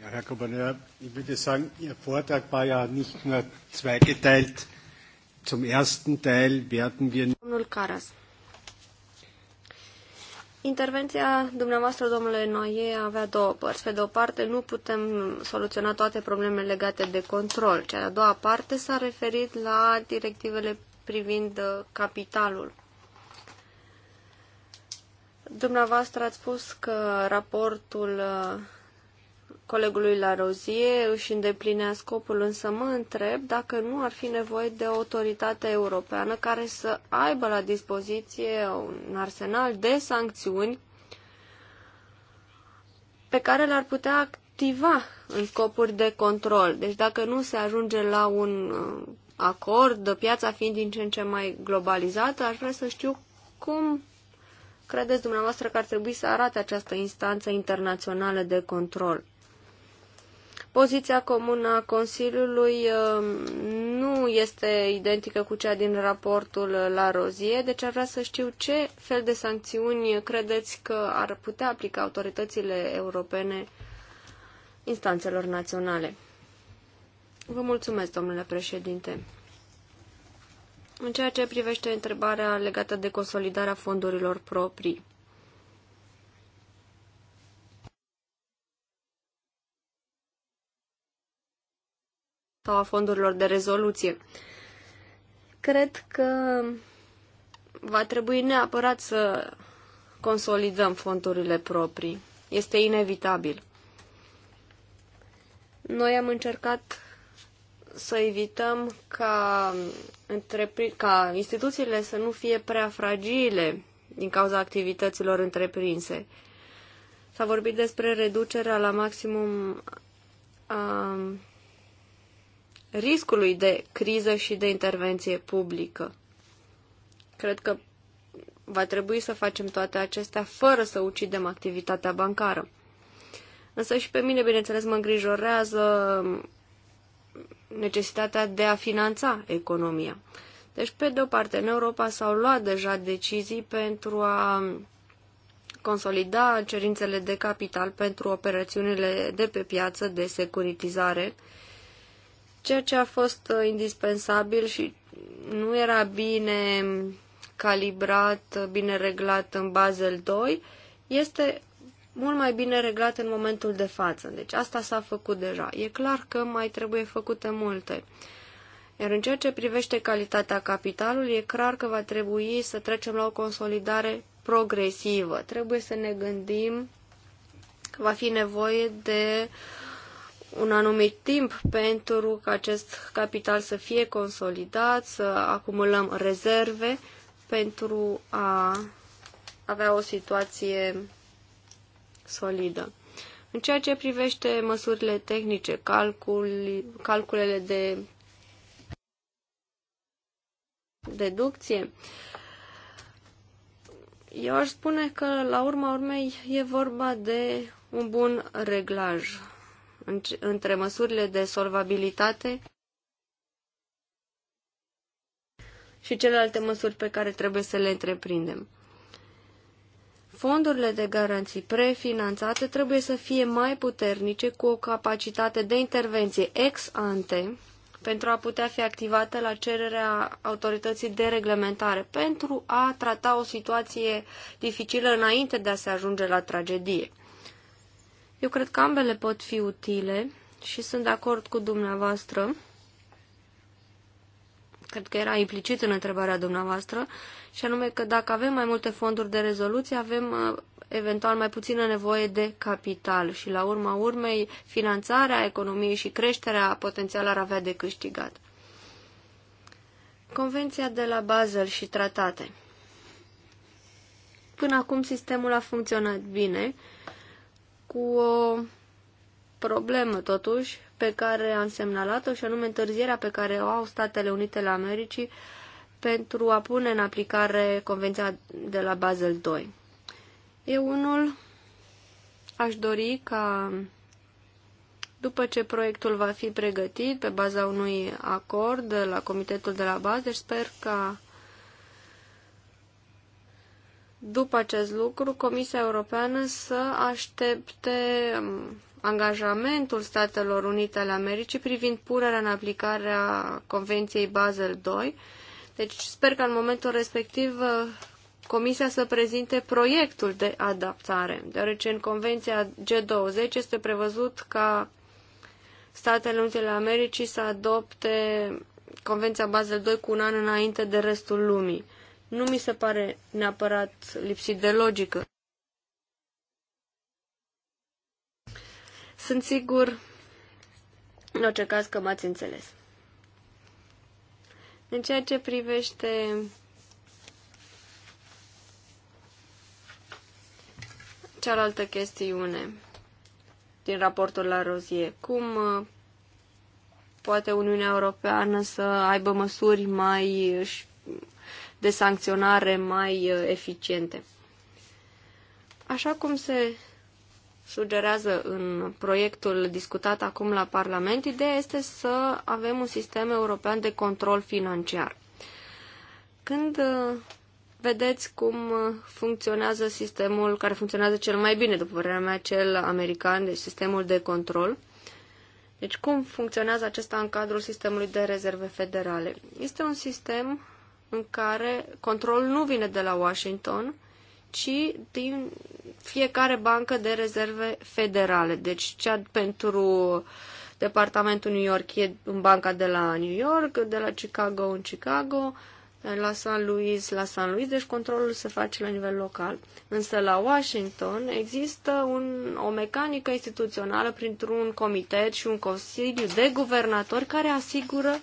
Ja, Herr Gouverneur, ich würde sagen, Ihr Vortrag war ja nicht nur zweigeteilt. Zum ersten Teil werden wir...
Domnul Caras. Intervenția dumneavoastră, domnule Noie, avea două părți. Pe de o parte, nu putem soluționa toate problemele legate de control. Cea de-a doua parte s-a referit la directivele privind uh, capitalul. Dumneavoastră ați spus că raportul uh, colegului la Rozie își îndeplinea scopul, însă mă întreb dacă nu ar fi nevoie de o autoritate europeană care să aibă la dispoziție un arsenal de sancțiuni pe care le-ar putea activa în scopuri de control. Deci dacă nu se ajunge la un uh, acord, piața fiind din ce în ce mai globalizată, aș vrea să știu cum credeți dumneavoastră că ar trebui să arate această instanță internațională de control. Poziția comună a Consiliului um, nu este identică cu cea din raportul la Rozie, deci ar vrea să știu ce fel de sancțiuni credeți că ar putea aplica autoritățile europene instanțelor naționale. Vă mulțumesc, domnule președinte. În ceea ce privește întrebarea legată de consolidarea fondurilor proprii, sau a fondurilor de rezoluție. Cred că va trebui neapărat să consolidăm fondurile proprii. Este inevitabil. Noi am încercat să evităm ca, întrepri- ca instituțiile să nu fie prea fragile din cauza activităților întreprinse. S-a vorbit despre reducerea la maximum a riscului de criză și de intervenție publică. Cred că va trebui să facem toate acestea fără să ucidem activitatea bancară. Însă și pe mine, bineînțeles, mă îngrijorează necesitatea de a finanța economia. Deci, pe de o parte, în Europa s-au luat deja decizii pentru a consolida cerințele de capital pentru operațiunile de pe piață de securitizare, ceea ce a fost uh, indispensabil și nu era bine calibrat, bine reglat în Basel 2, este mult mai bine reglat în momentul de față. Deci asta s-a făcut deja. E clar că mai trebuie făcute multe. Iar în ceea ce privește calitatea capitalului, e clar că va trebui să trecem la o consolidare progresivă. Trebuie să ne gândim că va fi nevoie de un anumit timp pentru ca acest capital să fie consolidat, să acumulăm rezerve pentru a avea o situație solidă. În ceea ce privește măsurile tehnice, calcul, calculele de deducție, eu aș spune că, la urma urmei, e vorba de un bun reglaj între măsurile de solvabilitate și celelalte măsuri pe care trebuie să le întreprindem fondurile de garanții prefinanțate trebuie să fie mai puternice cu o capacitate de intervenție ex ante pentru a putea fi activată la cererea autorității de reglementare, pentru a trata o situație dificilă înainte de a se ajunge la tragedie. Eu cred că ambele pot fi utile și sunt de acord cu dumneavoastră cred că era implicit în întrebarea dumneavoastră, și anume că dacă avem mai multe fonduri de rezoluție, avem uh, eventual mai puțină nevoie de capital și la urma urmei finanțarea economiei și creșterea potențială ar avea de câștigat. Convenția de la Basel și tratate. Până acum sistemul a funcționat bine, cu o problemă totuși, pe care am semnalat-o și anume întârzierea pe care o au Statele Unite ale Americii pentru a pune în aplicare Convenția de la Basel II. Eu unul aș dori ca după ce proiectul va fi pregătit pe baza unui acord la Comitetul de la Basel, deci sper ca după acest lucru Comisia Europeană să aștepte um, angajamentul Statelor Unite ale Americii privind punerea în aplicare a Convenției Basel II. Deci sper că în momentul respectiv uh, Comisia să prezinte proiectul de adaptare, deoarece în Convenția G20 este prevăzut ca Statele Unite ale Americii să adopte Convenția Basel II cu un an înainte de restul lumii. Nu mi se pare neapărat lipsit de logică. Sunt sigur, în orice caz, că m-ați înțeles. În ceea ce privește cealaltă chestiune din raportul la Rozie, cum uh, poate Uniunea Europeană să aibă măsuri mai de sancționare mai uh, eficiente. Așa cum se sugerează în proiectul discutat acum la Parlament, ideea este să avem un sistem european de control financiar. Când uh, vedeți cum uh, funcționează sistemul care funcționează cel mai bine, după părerea mea, cel american, deci sistemul de control, deci cum funcționează acesta în cadrul sistemului de rezerve federale? Este un sistem în care controlul nu vine de la Washington, ci din fiecare bancă de rezerve federale. Deci cea pentru departamentul New York e în banca de la New York, de la Chicago în Chicago, la San Luis, la San Luis, deci controlul se face la nivel local. Însă la Washington există un, o mecanică instituțională printr-un comitet și un consiliu de guvernatori care asigură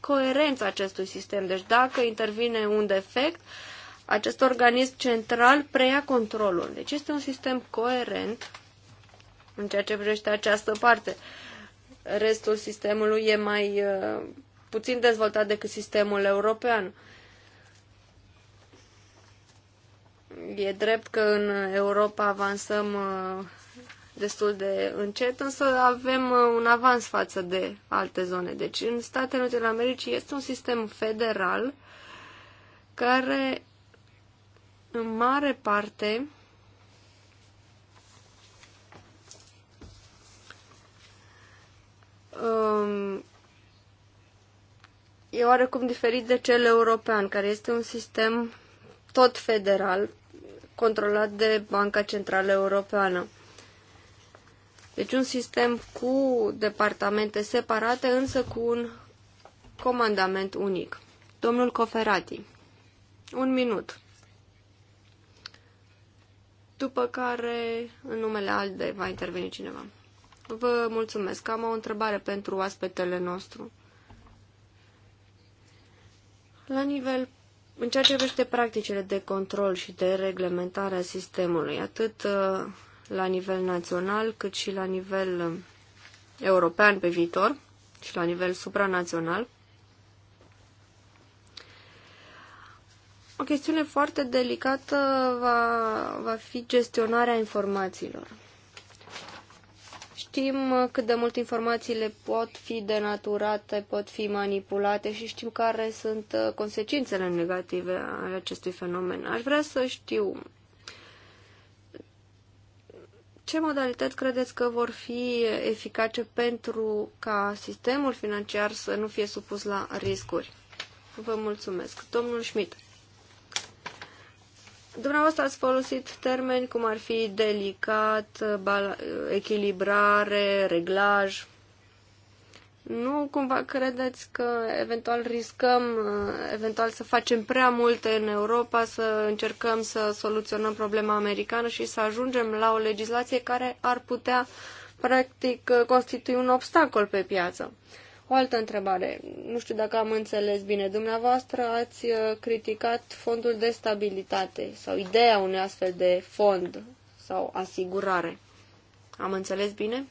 coerența acestui sistem. Deci dacă intervine un defect, uh, acest organism central preia controlul. Deci este un sistem coerent în ceea ce privește această parte. Restul sistemului e mai uh, puțin dezvoltat decât sistemul european. E drept că în Europa avansăm uh, destul de încet, însă avem uh, un avans față de alte zone. Deci în Statele Unite ale Americii este un sistem federal care în mare parte um, e oarecum diferit de cel european, care este un sistem tot federal, controlat de Banca Centrală Europeană. Deci un sistem cu departamente separate, însă cu un comandament unic. Domnul Coferati. Un minut după care în numele ALDE va interveni cineva. Vă mulțumesc. Am o întrebare pentru aspectele nostru. La nivel, în ceea ce vește practicile de control și de reglementare a sistemului, atât uh, la nivel național cât și la nivel uh, european pe viitor și la nivel supranațional, O chestiune foarte delicată va, va fi gestionarea informațiilor. Știm cât de mult informațiile pot fi denaturate, pot fi manipulate și știm care sunt uh, consecințele negative ale acestui fenomen. Aș vrea să știu ce modalități credeți că vor fi eficace pentru ca sistemul financiar să nu fie supus la riscuri? Vă mulțumesc. Domnul Schmidt. Dumneavoastră ați folosit termeni cum ar fi delicat, echilibrare, reglaj. Nu cumva credeți că eventual riscăm, eventual să facem prea multe în Europa, să încercăm să soluționăm problema americană și să ajungem la o legislație care ar putea, practic, constitui un obstacol pe piață? O altă întrebare. Nu știu dacă am înțeles bine. Dumneavoastră ați uh, criticat fondul de stabilitate sau ideea unui astfel de fond sau asigurare. Am înțeles bine?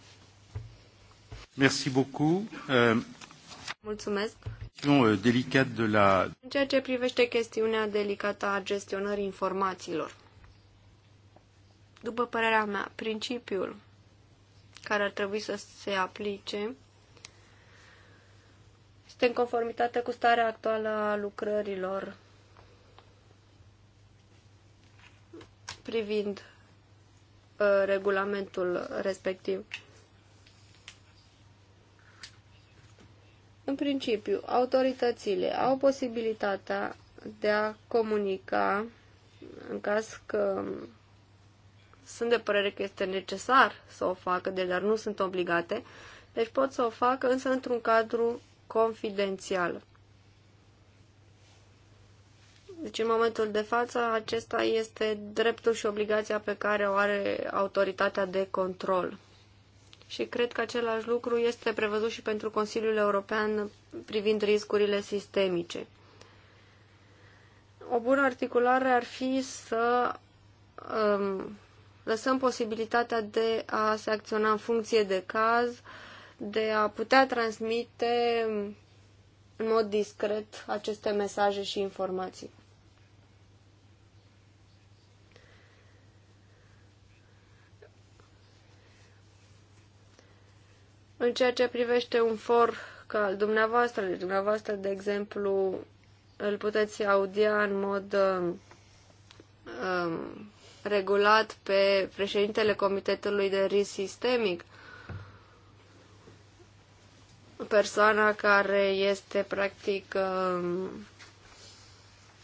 Merci beaucoup. Euh, Mulțumesc. Euh, Delicat de la...
În ceea ce privește chestiunea delicată a gestionării informațiilor. După părerea mea, principiul care ar trebui să se aplice este în conformitate cu starea actuală a lucrărilor privind uh, regulamentul respectiv. În principiu, autoritățile au posibilitatea de a comunica în caz că sunt de părere că este necesar să o facă, deci dar nu sunt obligate, deci pot să o facă, însă într-un cadru confidențială. Deci, în momentul de față, acesta este dreptul și obligația pe care o are autoritatea de control. Și cred că același lucru este prevăzut și pentru Consiliul European privind riscurile sistemice. O bună articulare ar fi să um, lăsăm posibilitatea de a se acționa în funcție de caz uh, de a putea transmite în mod discret aceste mesaje și informații. În ceea ce privește un for ca al dumneavoastră, de deci dumneavoastră, de exemplu, îl puteți audia în mod um, um regulat pe președintele Comitetului de Risc Sistemic, persoana care este practic um,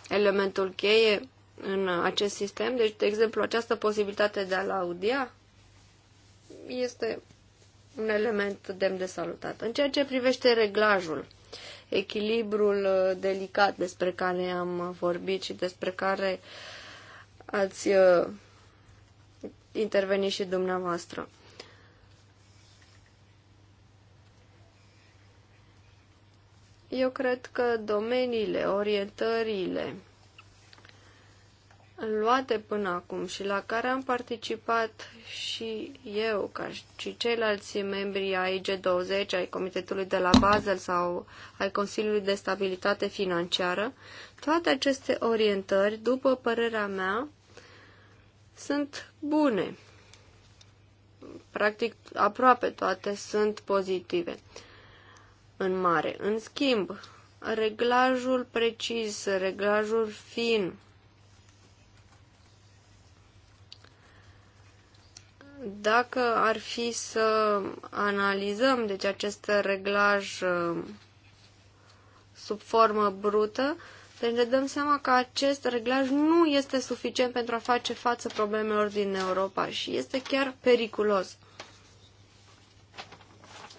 elementul cheie în acest sistem. Deci, de exemplu, această posibilitate de a-l audia este un element demn de salutat. În ceea ce privește reglajul, echilibrul uh, delicat despre care am vorbit și despre care ați uh, intervenit și dumneavoastră. Eu cred că domeniile, orientările luate până acum și la care am participat și eu, ca și ceilalți membri ai G20, ai Comitetului de la Basel sau ai Consiliului de Stabilitate Financiară, toate aceste orientări, după părerea mea, sunt bune. Practic, aproape toate sunt pozitive în mare. În schimb, reglajul precis, reglajul fin, dacă ar fi să analizăm deci acest reglaj uh, sub formă brută, deci ne dăm seama că acest reglaj nu este suficient pentru a face față problemelor din Europa și este chiar periculos.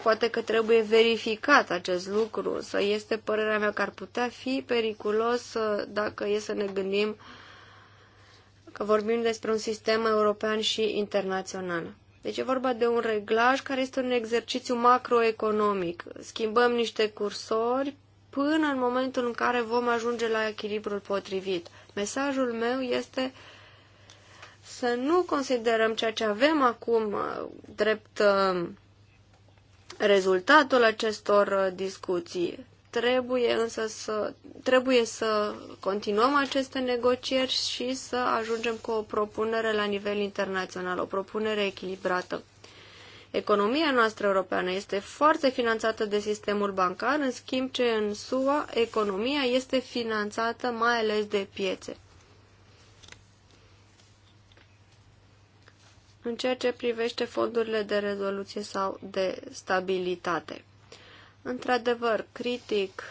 Poate că trebuie verificat acest lucru, să este părerea mea că ar putea fi periculos uh, dacă e să ne gândim că vorbim despre un sistem european și internațional. Deci e vorba de un reglaj care este un exercițiu macroeconomic. Schimbăm niște cursori până în momentul în care vom ajunge la echilibrul potrivit. Mesajul meu este să nu considerăm ceea ce avem acum uh, drept uh, rezultatul acestor uh, discuții. Trebuie însă să, trebuie să continuăm aceste negocieri și să ajungem cu o propunere la nivel internațional, o propunere echilibrată. Economia noastră europeană este foarte finanțată de sistemul bancar, în schimb ce în SUA economia este finanțată mai ales de piețe. în ceea ce privește fondurile de rezoluție sau de stabilitate. Într-adevăr, critic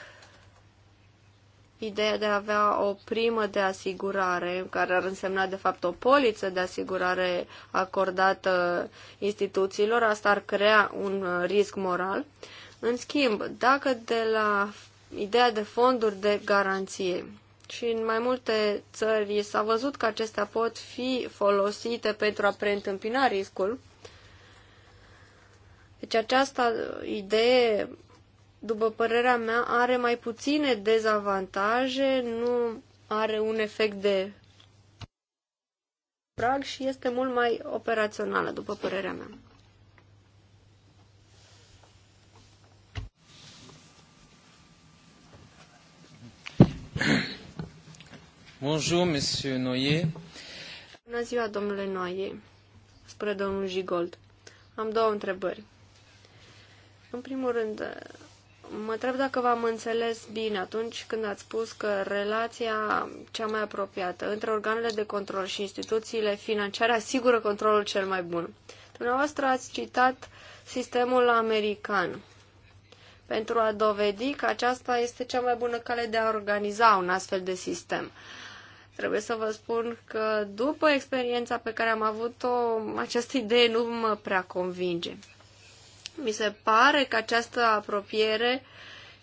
ideea de a avea o primă de asigurare, care ar însemna de fapt o poliță de asigurare acordată instituțiilor, asta ar crea un uh, risc moral. În schimb, dacă de la ideea de fonduri de garanție și în mai multe țări s-a văzut că acestea pot fi folosite pentru a preîntâmpina riscul. Deci această idee, după părerea mea, are mai puține dezavantaje, nu are un efect de prag și este mult mai operațională, după părerea mea.
Bonjour, monsieur Noyer.
Bună ziua, domnule Noyer, spre domnul Jigold. Am două întrebări. În primul rând, mă întreb dacă v-am înțeles bine atunci când ați spus că relația cea mai apropiată între organele de control și instituțiile financiare asigură controlul cel mai bun. Dumneavoastră ați citat sistemul american pentru a dovedi că aceasta este cea mai bună cale de a organiza un astfel de sistem. Uh, Trebuie să vă spun că după experiența pe care am avut-o, această idee nu mă prea convinge. Mi se pare că această apropiere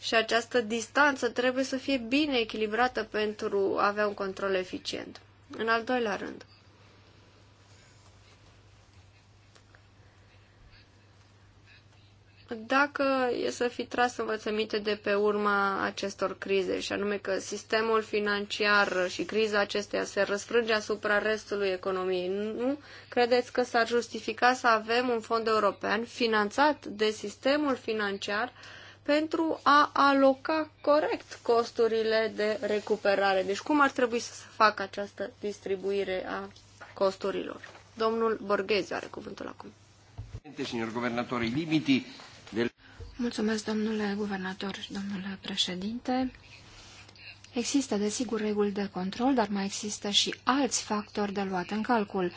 și această distanță trebuie să fie bine echilibrată pentru a avea un control eficient. În al doilea rând, dacă e să fi tras învățăminte de pe urma acestor crize, și anume că sistemul financiar și criza acesteia se răsfrânge asupra restului economiei, nu credeți că s-ar justifica să avem un fond european finanțat de sistemul financiar pentru a aloca corect costurile de recuperare? Deci cum ar trebui să se facă această distribuire a costurilor? Domnul
Borghezi are cuvântul acum.
Presidente, signor Governatore, i limiti
Mulțumesc, domnule guvernator și domnule președinte. Există, desigur, reguli de control, dar mai există și alți factori de luat în calcul.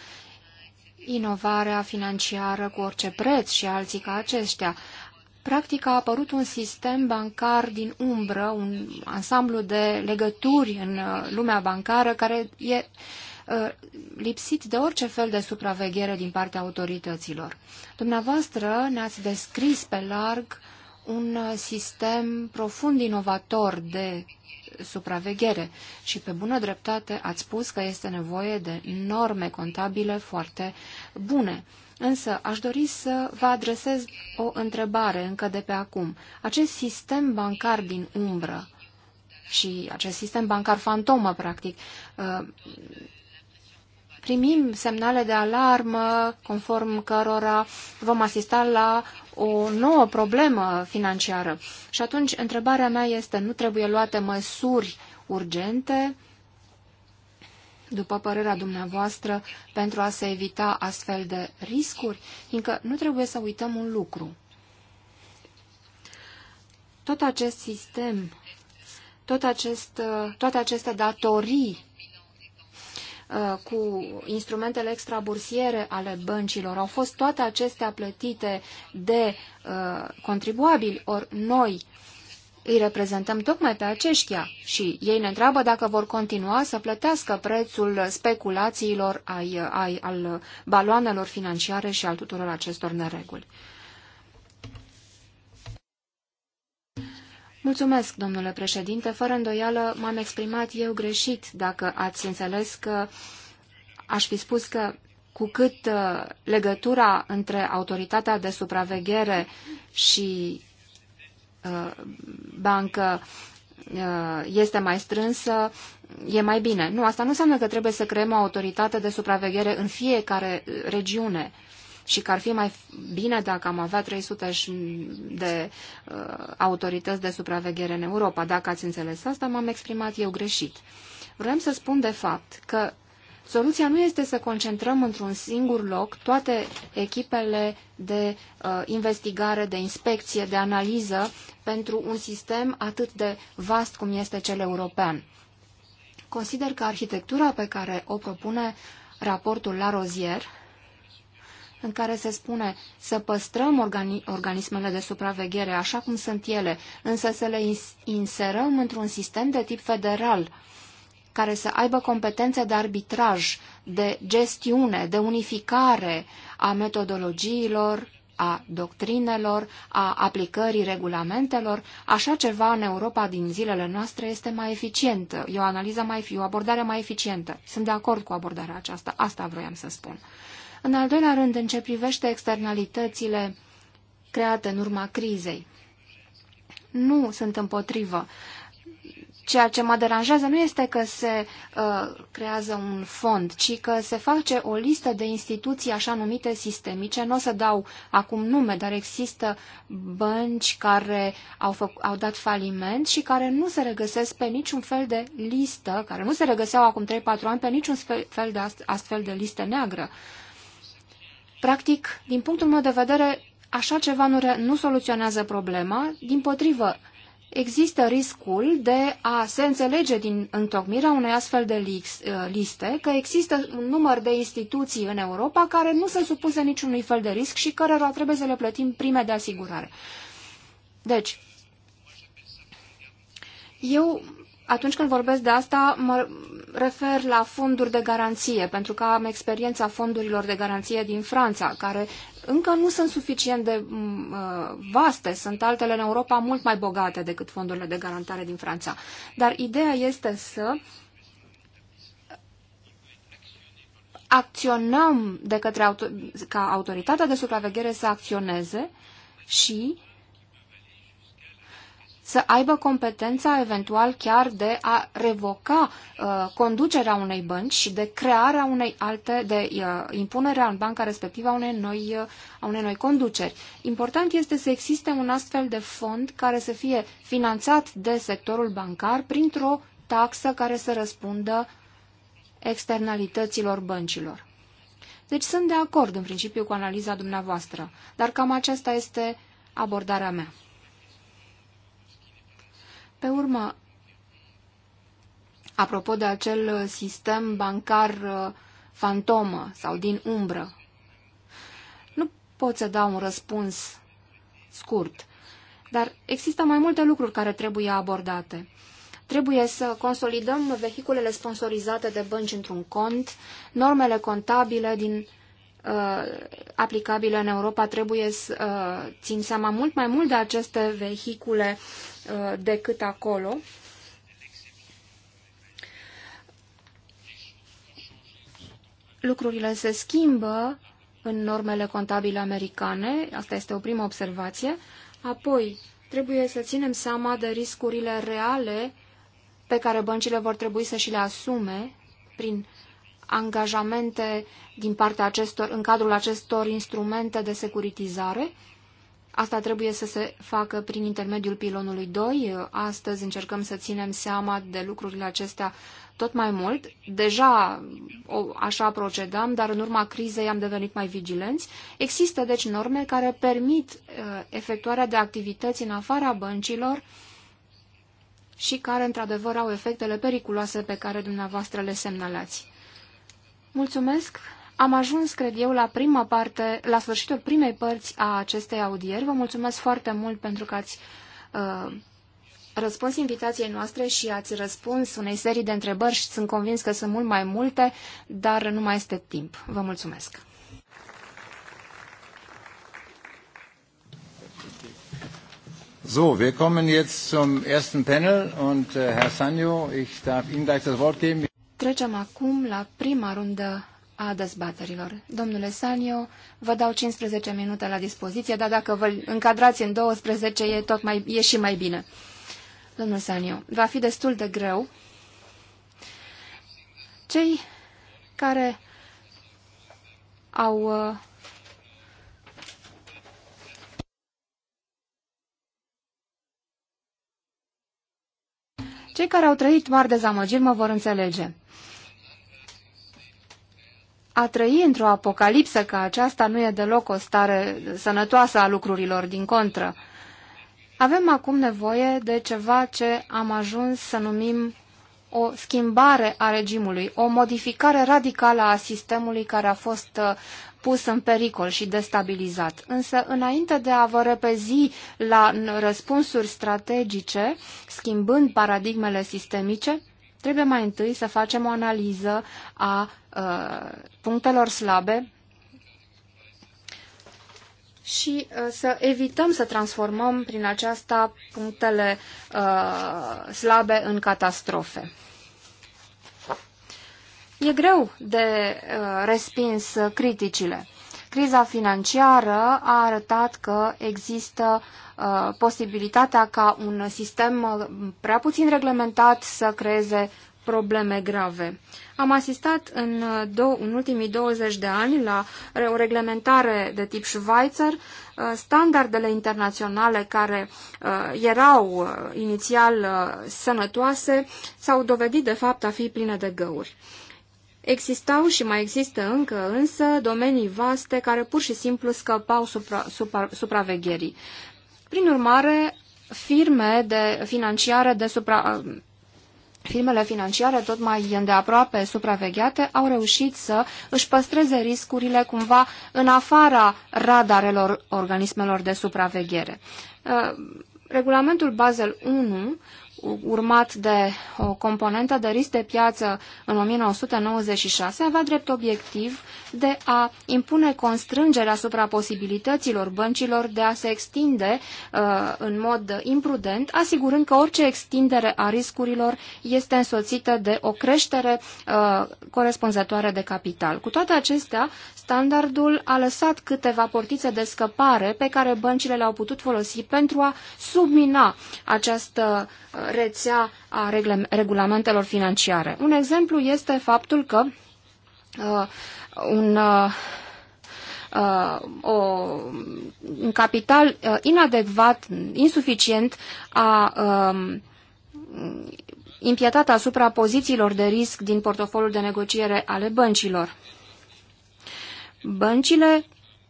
Inovarea financiară cu orice preț și alții ca aceștia. Practic a apărut un sistem bancar din umbră, un ansamblu de legături în uh, lumea bancară care e Uh, lipsit de orice fel de supraveghere din partea autorităților. Dumneavoastră ne-ați descris pe larg un sistem profund inovator de supraveghere și pe bună dreptate ați spus că este nevoie de norme contabile foarte bune. Însă aș dori să vă adresez o întrebare încă de pe acum. Acest sistem bancar din umbră și acest sistem bancar fantomă, practic, uh, primim semnale de alarmă conform cărora vom asista la o nouă problemă financiară. Și atunci întrebarea mea este, nu trebuie luate măsuri urgente, după părerea dumneavoastră, pentru a se evita astfel de riscuri? Fiindcă nu trebuie să uităm un lucru. Tot acest sistem, tot acest, toate aceste datorii Uh, cu instrumentele extrabursiere ale băncilor. Au fost toate acestea plătite de uh, contribuabili, ori noi îi reprezentăm tocmai pe aceștia și ei ne întreabă dacă vor continua să plătească prețul speculațiilor ai, ai, al baloanelor financiare și al tuturor acestor nereguli. Mulțumesc, domnule președinte. Fără îndoială m-am exprimat eu greșit dacă ați înțeles că aș fi spus că cu cât uh, legătura între autoritatea de supraveghere și uh, bancă uh, este mai strânsă, e mai bine. Nu, asta nu înseamnă că trebuie să creăm o autoritate de supraveghere în fiecare uh, regiune. Uh, și că ar fi mai bine dacă am avea 300 de uh, autorități de supraveghere în Europa. Dacă ați înțeles asta, m-am exprimat eu greșit. Vreau să spun de fapt că soluția nu este să concentrăm într-un singur loc toate echipele de uh, investigare, de inspecție, de analiză pentru un sistem atât de vast cum este cel european. Consider că arhitectura pe care o propune raportul la rozier în care se spune să păstrăm organi organismele de supraveghere așa cum sunt ele, însă să le inserăm într-un sistem de tip federal, care să aibă competențe de arbitraj, de gestiune, de unificare a metodologiilor, a doctrinelor, a aplicării regulamentelor, așa ceva în Europa din zilele noastre este mai eficientă, e o analiză mai, e o abordare mai eficientă. Sunt de acord cu abordarea aceasta, asta vroiam să spun. În al doilea rând, în ce privește externalitățile create în urma crizei. Nu sunt împotrivă. Ceea ce mă deranjează nu este că se uh, creează un fond, ci că se face o listă de instituții așa numite sistemice. Nu o să dau acum nume, dar există bănci care au, au dat faliment și care nu se regăsesc pe niciun fel de listă, care nu se regăseau acum 3-4 ani pe niciun fel de ast astfel de listă neagră. Uh, Practic, din punctul meu de vedere, așa ceva nu, nu soluționează problema, din potrivă, există riscul de a se înțelege din întocmirea unei astfel de lix, eh, liste că există un număr de instituții în Europa care nu sunt supuse niciunui fel de risc și cărora trebuie să le plătim prime de asigurare. Deci, eu atunci când vorbesc de asta, mă refer la fonduri de garanție, pentru că am experiența fondurilor de garanție din Franța, care încă nu sunt suficient de mm, uh, vaste, sunt altele în Europa mult mai bogate decât fondurile de garantare din Franța. Dar ideea este să acționăm de către auto ca autoritatea de supraveghere să acționeze și să aibă competența eventual chiar de a revoca uh, conducerea unei bănci și de crearea unei alte, de uh, impunerea în banca respectivă a unei, noi, uh, a unei noi conduceri. Important este să existe un astfel de fond care să fie finanțat de sectorul bancar printr-o taxă care să răspundă externalităților băncilor. Deci sunt de acord în principiu cu analiza dumneavoastră, dar cam aceasta este abordarea mea. Pe urmă, apropo de acel sistem bancar uh, fantomă sau din umbră, nu pot să dau un răspuns scurt, dar există mai multe lucruri care trebuie abordate. Trebuie să consolidăm vehiculele sponsorizate de bănci într-un cont, normele contabile din Uh, aplicabilă în Europa trebuie să uh, țin seama mult mai mult de aceste vehicule uh, decât acolo. Lucrurile se schimbă în normele contabile americane, asta este o primă observație. Apoi, trebuie să ținem seama de riscurile reale pe care băncile vor trebui să și le asume prin angajamente din partea acestor, în cadrul acestor instrumente de securitizare. Asta trebuie să se facă prin intermediul pilonului 2. Astăzi încercăm să ținem seama de lucrurile acestea tot mai mult. Deja o, așa procedam, dar în urma crizei am devenit mai vigilenți. Există deci norme care permit uh, efectuarea de activități în afara băncilor și care într-adevăr au efectele periculoase pe care dumneavoastră le semnalați. Mulțumesc! Am ajuns, cred eu, la prima parte, la sfârșitul primei părți a acestei audieri. Vă mulțumesc foarte mult pentru că ați uh, răspuns invitației noastre și ați răspuns unei serii de întrebări și sunt convins că sunt mult mai multe, dar nu mai este timp. Vă mulțumesc!
So,
wir kommen jetzt zum ersten Panel und äh, Herr Sanyo, ich darf Ihnen gleich das Wort
geben.
Trecem acum la prima rundă a dezbaterilor. Domnule Sanio, vă dau 15 minute la dispoziție, dar dacă vă încadrați în 12, e, tot mai, e și mai bine. Domnul Sanio, va fi destul de greu. Cei care au... Uh, cei care au trăit mari dezamăgiri mă vor înțelege a trăi într-o apocalipsă ca aceasta nu e deloc o stare sănătoasă a lucrurilor, din contră. Avem acum nevoie de ceva ce am ajuns să numim o schimbare a regimului, o modificare radicală a sistemului care a fost uh, pus în pericol și destabilizat. Însă, înainte de a vă repezi la răspunsuri strategice, schimbând paradigmele sistemice, Trebuie mai întâi să facem o analiză a uh, punctelor slabe și uh, să evităm să transformăm prin aceasta punctele uh, slabe în catastrofe. E greu de uh, respins criticile. Criza financiară a arătat că există uh, posibilitatea ca un sistem uh, prea puțin reglementat să creeze probleme grave. Am asistat în, uh, dou- în ultimii 20 de ani la o reglementare de tip Schweizer, uh, standardele internaționale care erau inițial sănătoase s-au dovedit de fapt a fi pline de găuri. Existau și mai există încă însă domenii vaste care pur și simplu scăpau supra, supra, supravegherii. Prin urmare, firme de financiare de supra, firmele financiare tot mai îndeaproape supravegheate au reușit să își păstreze riscurile cumva în afara radarelor organismelor de supraveghere. Uh, regulamentul Basel 1 urmat de o componentă de risc de piață în 1996, avea drept obiectiv de a impune constrângerea asupra posibilităților băncilor de a se extinde uh, în mod imprudent, asigurând că orice extindere a riscurilor este însoțită de o creștere uh, corespunzătoare de capital. Cu toate acestea, standardul a lăsat câteva portițe de scăpare pe care băncile le-au putut folosi pentru a submina această uh, rețea a regulamentelor financiare. Un exemplu este faptul că uh, un, uh, uh o, un capital uh, inadecvat, insuficient, a uh, impietat asupra pozițiilor de risc din portofoliul de negociere ale băncilor. Băncile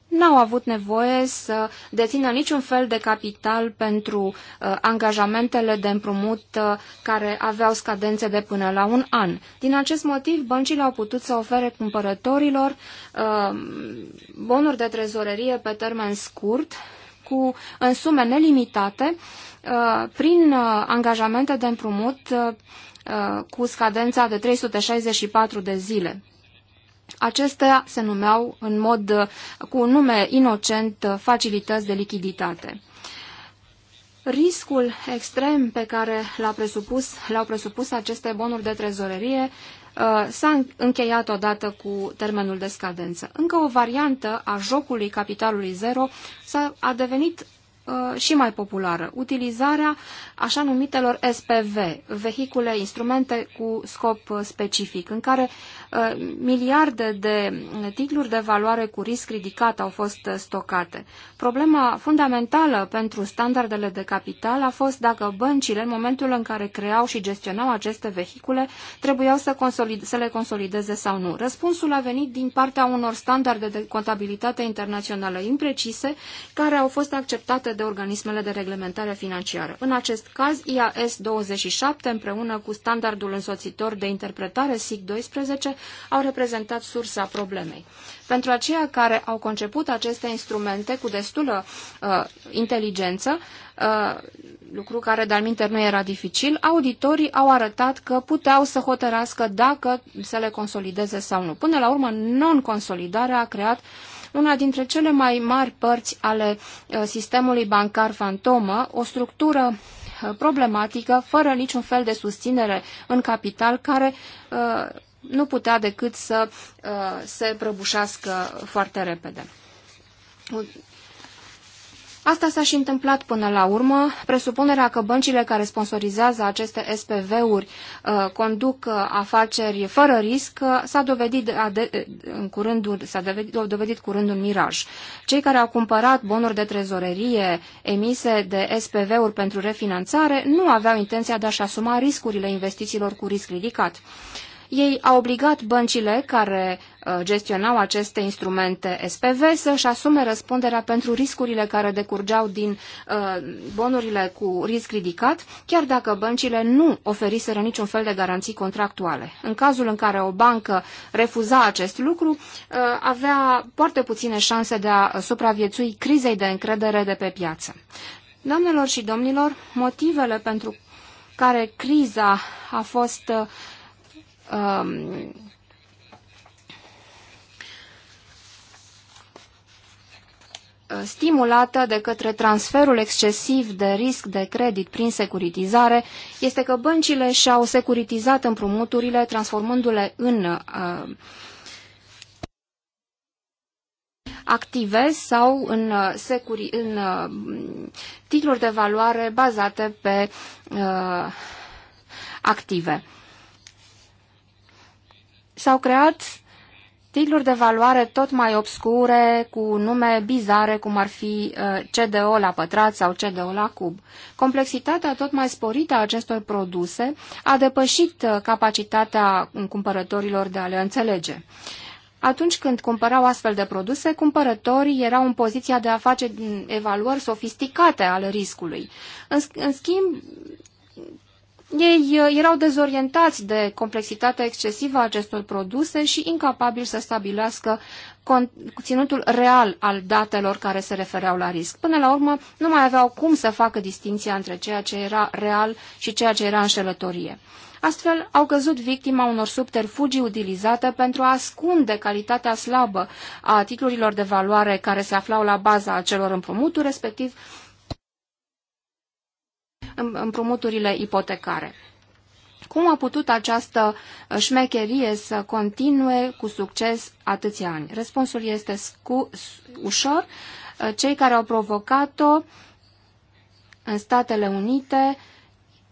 n-au avut nevoie să dețină niciun fel de capital pentru uh, angajamentele de împrumut uh, care aveau scadențe de până la un an. Din acest motiv, băncile au putut să ofere cumpărătorilor uh, bonuri de trezorerie pe termen scurt, cu în sume nelimitate, uh, prin uh, angajamente de împrumut uh, uh cu scadența de 364 de zile. Acestea se numeau în mod, uh, cu un nume inocent, uh, facilități de lichiditate. Riscul extrem pe care l-au presupus, presupus aceste bonuri de trezorerie uh, s-a încheiat odată cu termenul de scadență. Încă o variantă a jocului capitalului zero s-a, a devenit și mai populară, utilizarea așa numitelor SPV, vehicule, instrumente cu scop specific, în care Uh, miliarde de titluri de valoare cu risc ridicat au fost stocate. Problema fundamentală pentru standardele de capital a fost dacă băncile, în momentul în care creau și gestionau aceste vehicule, trebuiau să, să le consolideze sau nu. Răspunsul a venit din partea unor standarde de contabilitate internațională imprecise, care au fost acceptate de organismele de reglementare financiară. În acest caz, IAS 27 împreună cu standardul însoțitor de interpretare SIC 12 au reprezentat sursa problemei. Pentru aceia care au conceput aceste instrumente cu destulă uh, inteligență, uh, lucru care de-al nu era dificil, auditorii au arătat că puteau să hotărască dacă să le consolideze sau nu. Până la urmă, non-consolidarea a creat una dintre cele mai mari părți ale uh, sistemului bancar fantomă, o structură uh, problematică, fără niciun fel de susținere în capital, care uh, nu putea decât să uh, se prăbușească foarte repede. Asta s-a și întâmplat până la urmă. Presupunerea că băncile care sponsorizează aceste SPV-uri uh, conduc uh, afaceri fără risc uh, s-a dovedit, dovedit, dovedit curând un miraj. Cei care au cumpărat bonuri de trezorerie emise de SPV-uri pentru refinanțare nu aveau intenția de a-și asuma riscurile investițiilor cu risc ridicat ei au obligat băncile care uh, gestionau aceste instrumente SPV să-și asume răspunderea pentru riscurile care decurgeau din uh, bonurile cu risc ridicat, chiar dacă băncile nu oferiseră niciun fel de garanții contractuale. În cazul în care o bancă refuza acest lucru, uh, avea foarte puține șanse de a supraviețui crizei de încredere de pe piață. Doamnelor și domnilor, motivele pentru care criza a fost um, stimulată de către transferul excesiv de risc de credit prin securitizare este că băncile și-au securitizat împrumuturile, transformându-le în uh, active sau în, uh, securi, în uh, titluri de valoare bazate pe uh, active s-au creat titluri de valoare tot mai obscure, cu nume bizare, cum ar fi uh, CDO la pătrat sau CDO la cub. Complexitatea tot mai sporită a acestor produse a depășit uh, capacitatea cumpărătorilor de a le înțelege. Atunci când cumpărau astfel de produse, cumpărătorii erau în poziția de a face mm, evaluări sofisticate ale riscului. În, în schimb, ei uh, erau dezorientați de complexitatea excesivă a acestor produse și incapabili să stabilească conținutul real al datelor care se refereau la risc. Până la urmă, nu mai aveau cum să facă distinția între ceea ce era real și ceea ce era înșelătorie. Astfel, au căzut victima unor subterfugii utilizate pentru a ascunde calitatea slabă a titlurilor de valoare care se aflau la baza acelor împrumuturi, respectiv împrumuturile ipotecare. Cum a putut această șmecherie să continue cu succes atâția ani? Răspunsul este scu ușor. Cei care au provocat-o în Statele Unite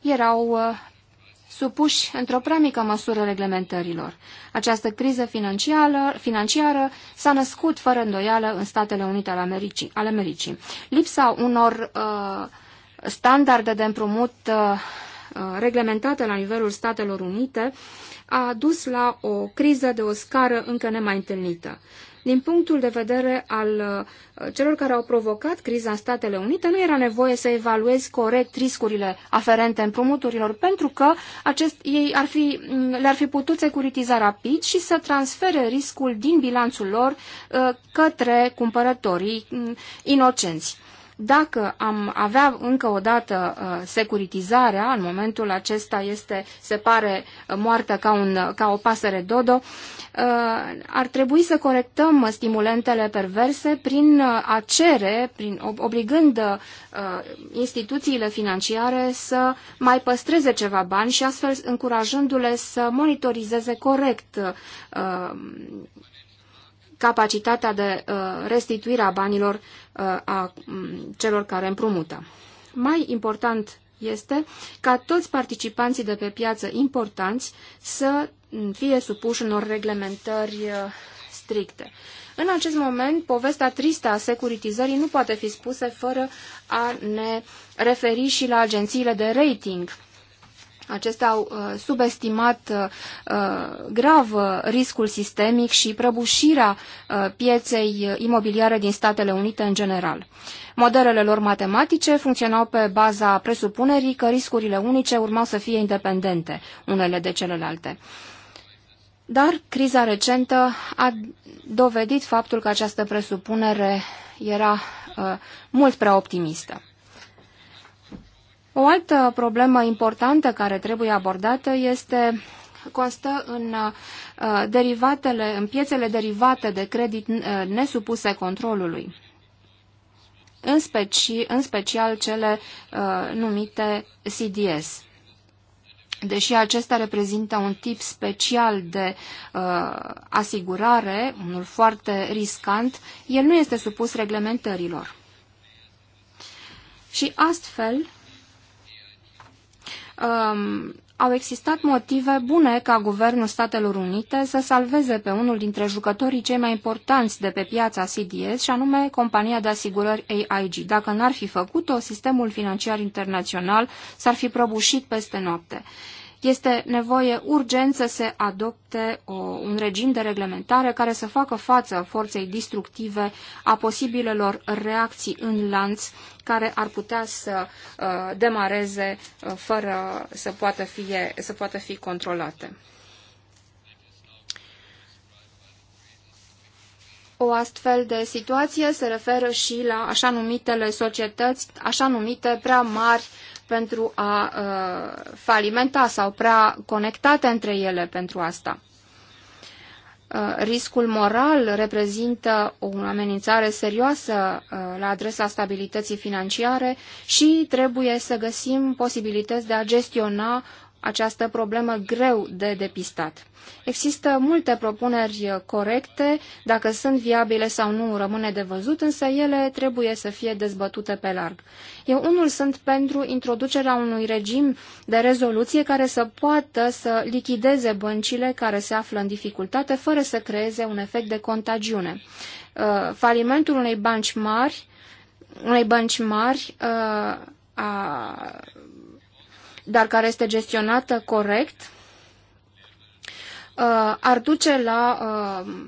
erau uh, supuși într-o prea mică măsură reglementărilor. Această criză financiară, financiară s-a născut fără îndoială în Statele Unite ale Americii. Ale Americii. Lipsa unor uh, standarde de împrumut uh, uh, reglementate la nivelul Statelor Unite a dus la o criză de o scară încă nemai întâlnită. Din punctul de vedere al uh, celor care au provocat criza în Statele Unite, nu era nevoie să evaluezi corect riscurile aferente împrumuturilor, pentru că acest, ei ar fi, mm, le-ar fi putut securitiza rapid și să transfere riscul din bilanțul lor către cumpărătorii mm, inocenți. Dacă am avea încă o dată uh, securitizarea, în momentul acesta este, se pare uh, moartă ca, un, uh, ca o pasăre dodo, ar trebui să corectăm stimulentele perverse prin a cere, prin, obligând instituțiile financiare să mai păstreze ceva bani și astfel încurajându-le să monitorizeze corect capacitatea de uh, restituire a banilor uh, a mm, celor care împrumută. Mai important este ca toți participanții de pe piață importanți să mm, fie supuși unor reglementări uh, stricte. În acest moment, povestea tristă a securitizării nu poate fi spusă fără a ne referi și la agențiile de rating, Acestea au uh, subestimat uh, uh grav uh, riscul sistemic și prăbușirea uh, pieței uh, imobiliare din Statele Unite în general. Modelele lor matematice funcționau pe baza presupunerii că riscurile unice urmau să fie independente unele de celelalte. Dar criza recentă a dovedit faptul că această presupunere era uh, mult prea optimistă. O altă problemă importantă care trebuie abordată este constă în uh, derivatele, în piețele derivate de credit uh, nesupuse controlului, în, speci, în special cele uh, numite CDS. Deși acesta reprezintă un tip special de uh, asigurare, unul foarte riscant, el nu este supus reglementărilor. Și astfel, um, au existat motive bune ca Guvernul Statelor Unite să salveze pe unul dintre jucătorii cei mai importanți de pe piața CDS, și anume compania de asigurări AIG. Dacă n-ar fi făcut-o, sistemul financiar internațional s-ar fi prăbușit peste noapte. Este nevoie urgent să se adopte o, un regim de reglementare care să facă față forței distructive a posibilelor reacții în lanț care ar putea să uh, demareze uh, fără să poată, fi, să poată fi controlate. O astfel de situație se referă și la așa numitele societăți, așa numite prea mari pentru a uh, falimenta sau prea conectate între ele pentru asta. riscul moral reprezintă o amenințare serioasă la adresa stabilității financiare și trebuie să găsim posibilități de a gestiona această problemă greu de depistat. Există multe propuneri corecte, dacă sunt viabile sau nu rămâne de văzut, însă ele trebuie să fie dezbătute pe larg. Eu unul sunt pentru introducerea unui regim de rezoluție care să poată să lichideze băncile care se află în dificultate fără să creeze un efect de contagiune. Uh, falimentul unei bănci mari, unei bănci mari uh, a dar care este gestionată corect, uh, ar duce la uh,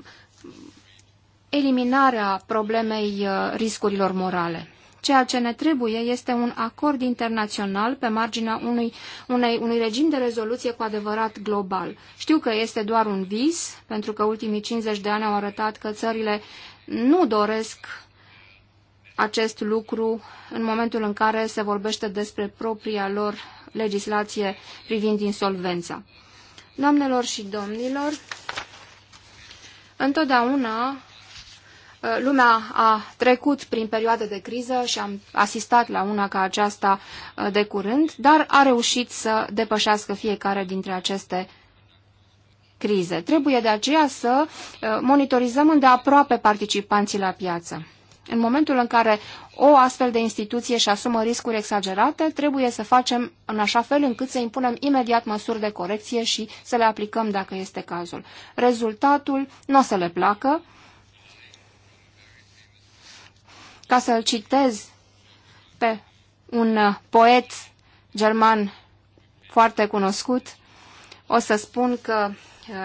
eliminarea problemei uh, riscurilor morale. Ceea ce ne trebuie este un acord internațional pe marginea unui, unei, unui regim de rezoluție cu adevărat global. Știu că este doar un vis, pentru că ultimii 50 de ani au arătat că țările nu doresc acest lucru în momentul în care se vorbește despre propria lor legislație privind insolvența. Doamnelor și domnilor, întotdeauna uh, lumea a trecut prin perioade de criză și am asistat la una ca aceasta uh, de curând, dar a reușit să depășească fiecare dintre aceste crize. Trebuie de aceea să uh, monitorizăm îndeaproape participanții la piață. În momentul în care o astfel de instituție își asumă riscuri exagerate, trebuie să facem în așa fel încât să impunem imediat măsuri de corecție și să le aplicăm dacă este cazul. Rezultatul nu o să le placă. Ca să-l citez pe un poet german foarte cunoscut, o să spun că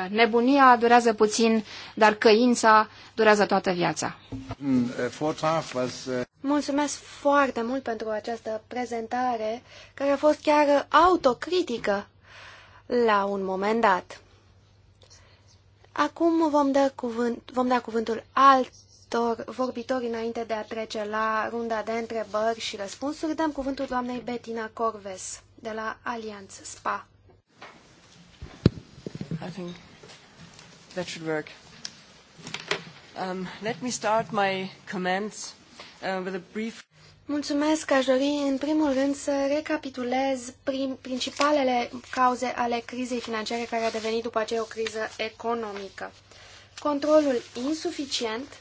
Nebunia durează puțin, dar căința durează toată viața.
Uh,
uh,
Mulțumesc foarte mult pentru această prezentare, care a fost chiar autocritică la un moment dat. Acum vom da, cuvânt, vom da cuvântul altor vorbitori înainte de a trece la runda de întrebări și răspunsuri. Dăm cuvântul doamnei Bettina Corves de la Allianz Spa.
I think
that should work. Um, let me start my comments uh, with a brief...
Mulțumesc, aș dori în primul rând să recapitulez prim, principalele cauze ale crizei financiare care a devenit după aceea o criză economică. Controlul insuficient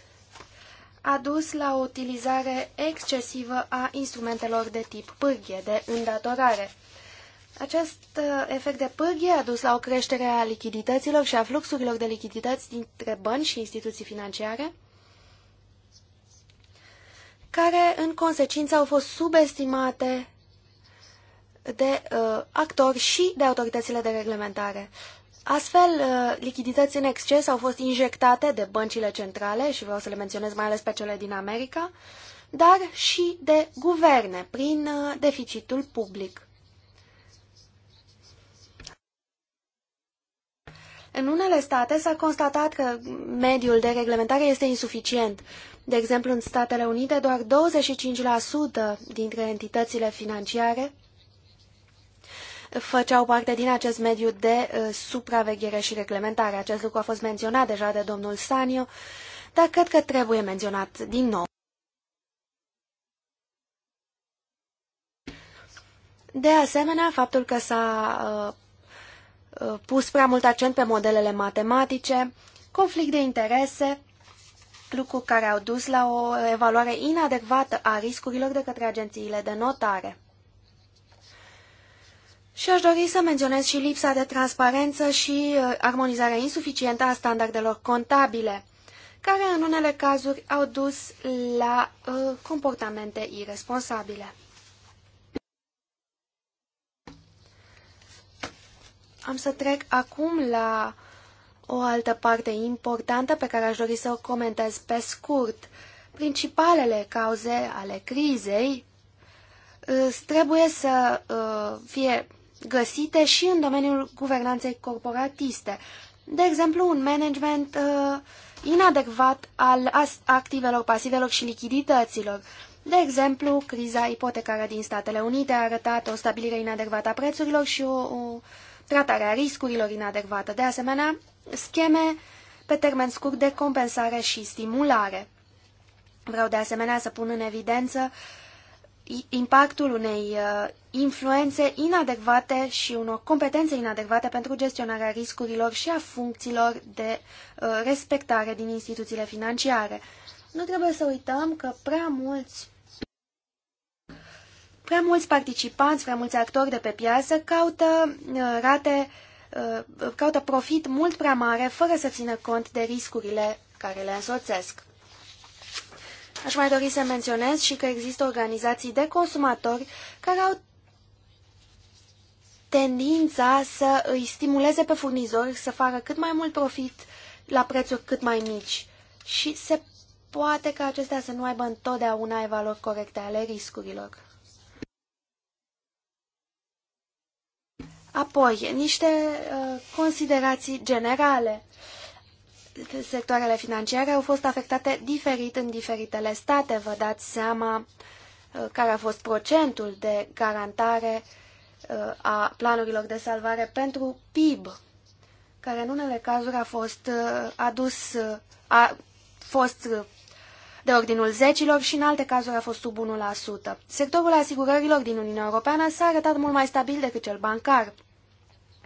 a dus la o utilizare excesivă a instrumentelor de tip pârghie de îndatorare. Acest uh, efect de pârghie a dus la o creștere a lichidităților și a fluxurilor de lichidități dintre bani și instituții financiare, care în consecință au fost subestimate de uh, actori și de autoritățile de reglementare. Astfel, uh, lichidități în exces au fost injectate de băncile centrale, și vreau să le menționez mai ales pe cele din America, dar și de guverne, prin uh, deficitul public. În unele state s-a constatat că mediul de reglementare este insuficient. De exemplu, în Statele Unite, doar 25% dintre entitățile financiare făceau parte din acest mediu de uh, supraveghere și reglementare. Acest lucru a fost menționat deja de domnul Sanio, dar cred că trebuie menționat din nou. De asemenea, faptul că s-a uh, Uh, pus prea mult accent pe modelele matematice, conflict de interese, lucruri care au dus la o evaluare inadecvată a riscurilor de către agențiile de notare. Și aș dori să menționez și lipsa de transparență și uh, armonizarea insuficientă a standardelor contabile, care în unele cazuri au dus la uh, comportamente irresponsabile. Am să trec acum la o altă parte importantă pe care aș dori să o comentez pe scurt. Principalele cauze ale crizei trebuie să ă, fie găsite și în domeniul guvernanței corporatiste. De exemplu, un management ă, inadecvat al activelor, pasivelor și lichidităților. De exemplu, criza ipotecară din Statele Unite a arătat o stabilire inadecvată a prețurilor și o, o tratarea riscurilor inadecvată, de asemenea, scheme pe termen scurt de compensare și stimulare. Vreau de asemenea să pun în evidență impactul unei uh, influențe inadecvate și unor competențe inadecvate pentru gestionarea riscurilor și a funcțiilor de uh, respectare din instituțiile financiare. Nu trebuie să uităm că prea mulți Prea mulți participanți, prea mulți actori de pe piață caută uh, rate, uh, caută profit mult prea mare, fără să țină cont de riscurile care le însoțesc. Aș mai dori să menționez și că există organizații de consumatori care au tendința să îi stimuleze pe furnizori să facă cât mai mult profit la prețuri cât mai mici și se poate ca acestea să nu aibă întotdeauna evaluări corecte ale riscurilor. Apoi, niște uh, considerații generale. Sectoarele financiare au fost afectate diferit în diferitele state. Vă dați seama uh, care a fost procentul de garantare uh, a planurilor de salvare pentru PIB, care în unele cazuri a fost uh, adus, a fost de ordinul zecilor și în alte cazuri a fost sub 1%. Sectorul asigurărilor din Uniunea Europeană s-a arătat mult mai stabil decât cel bancar.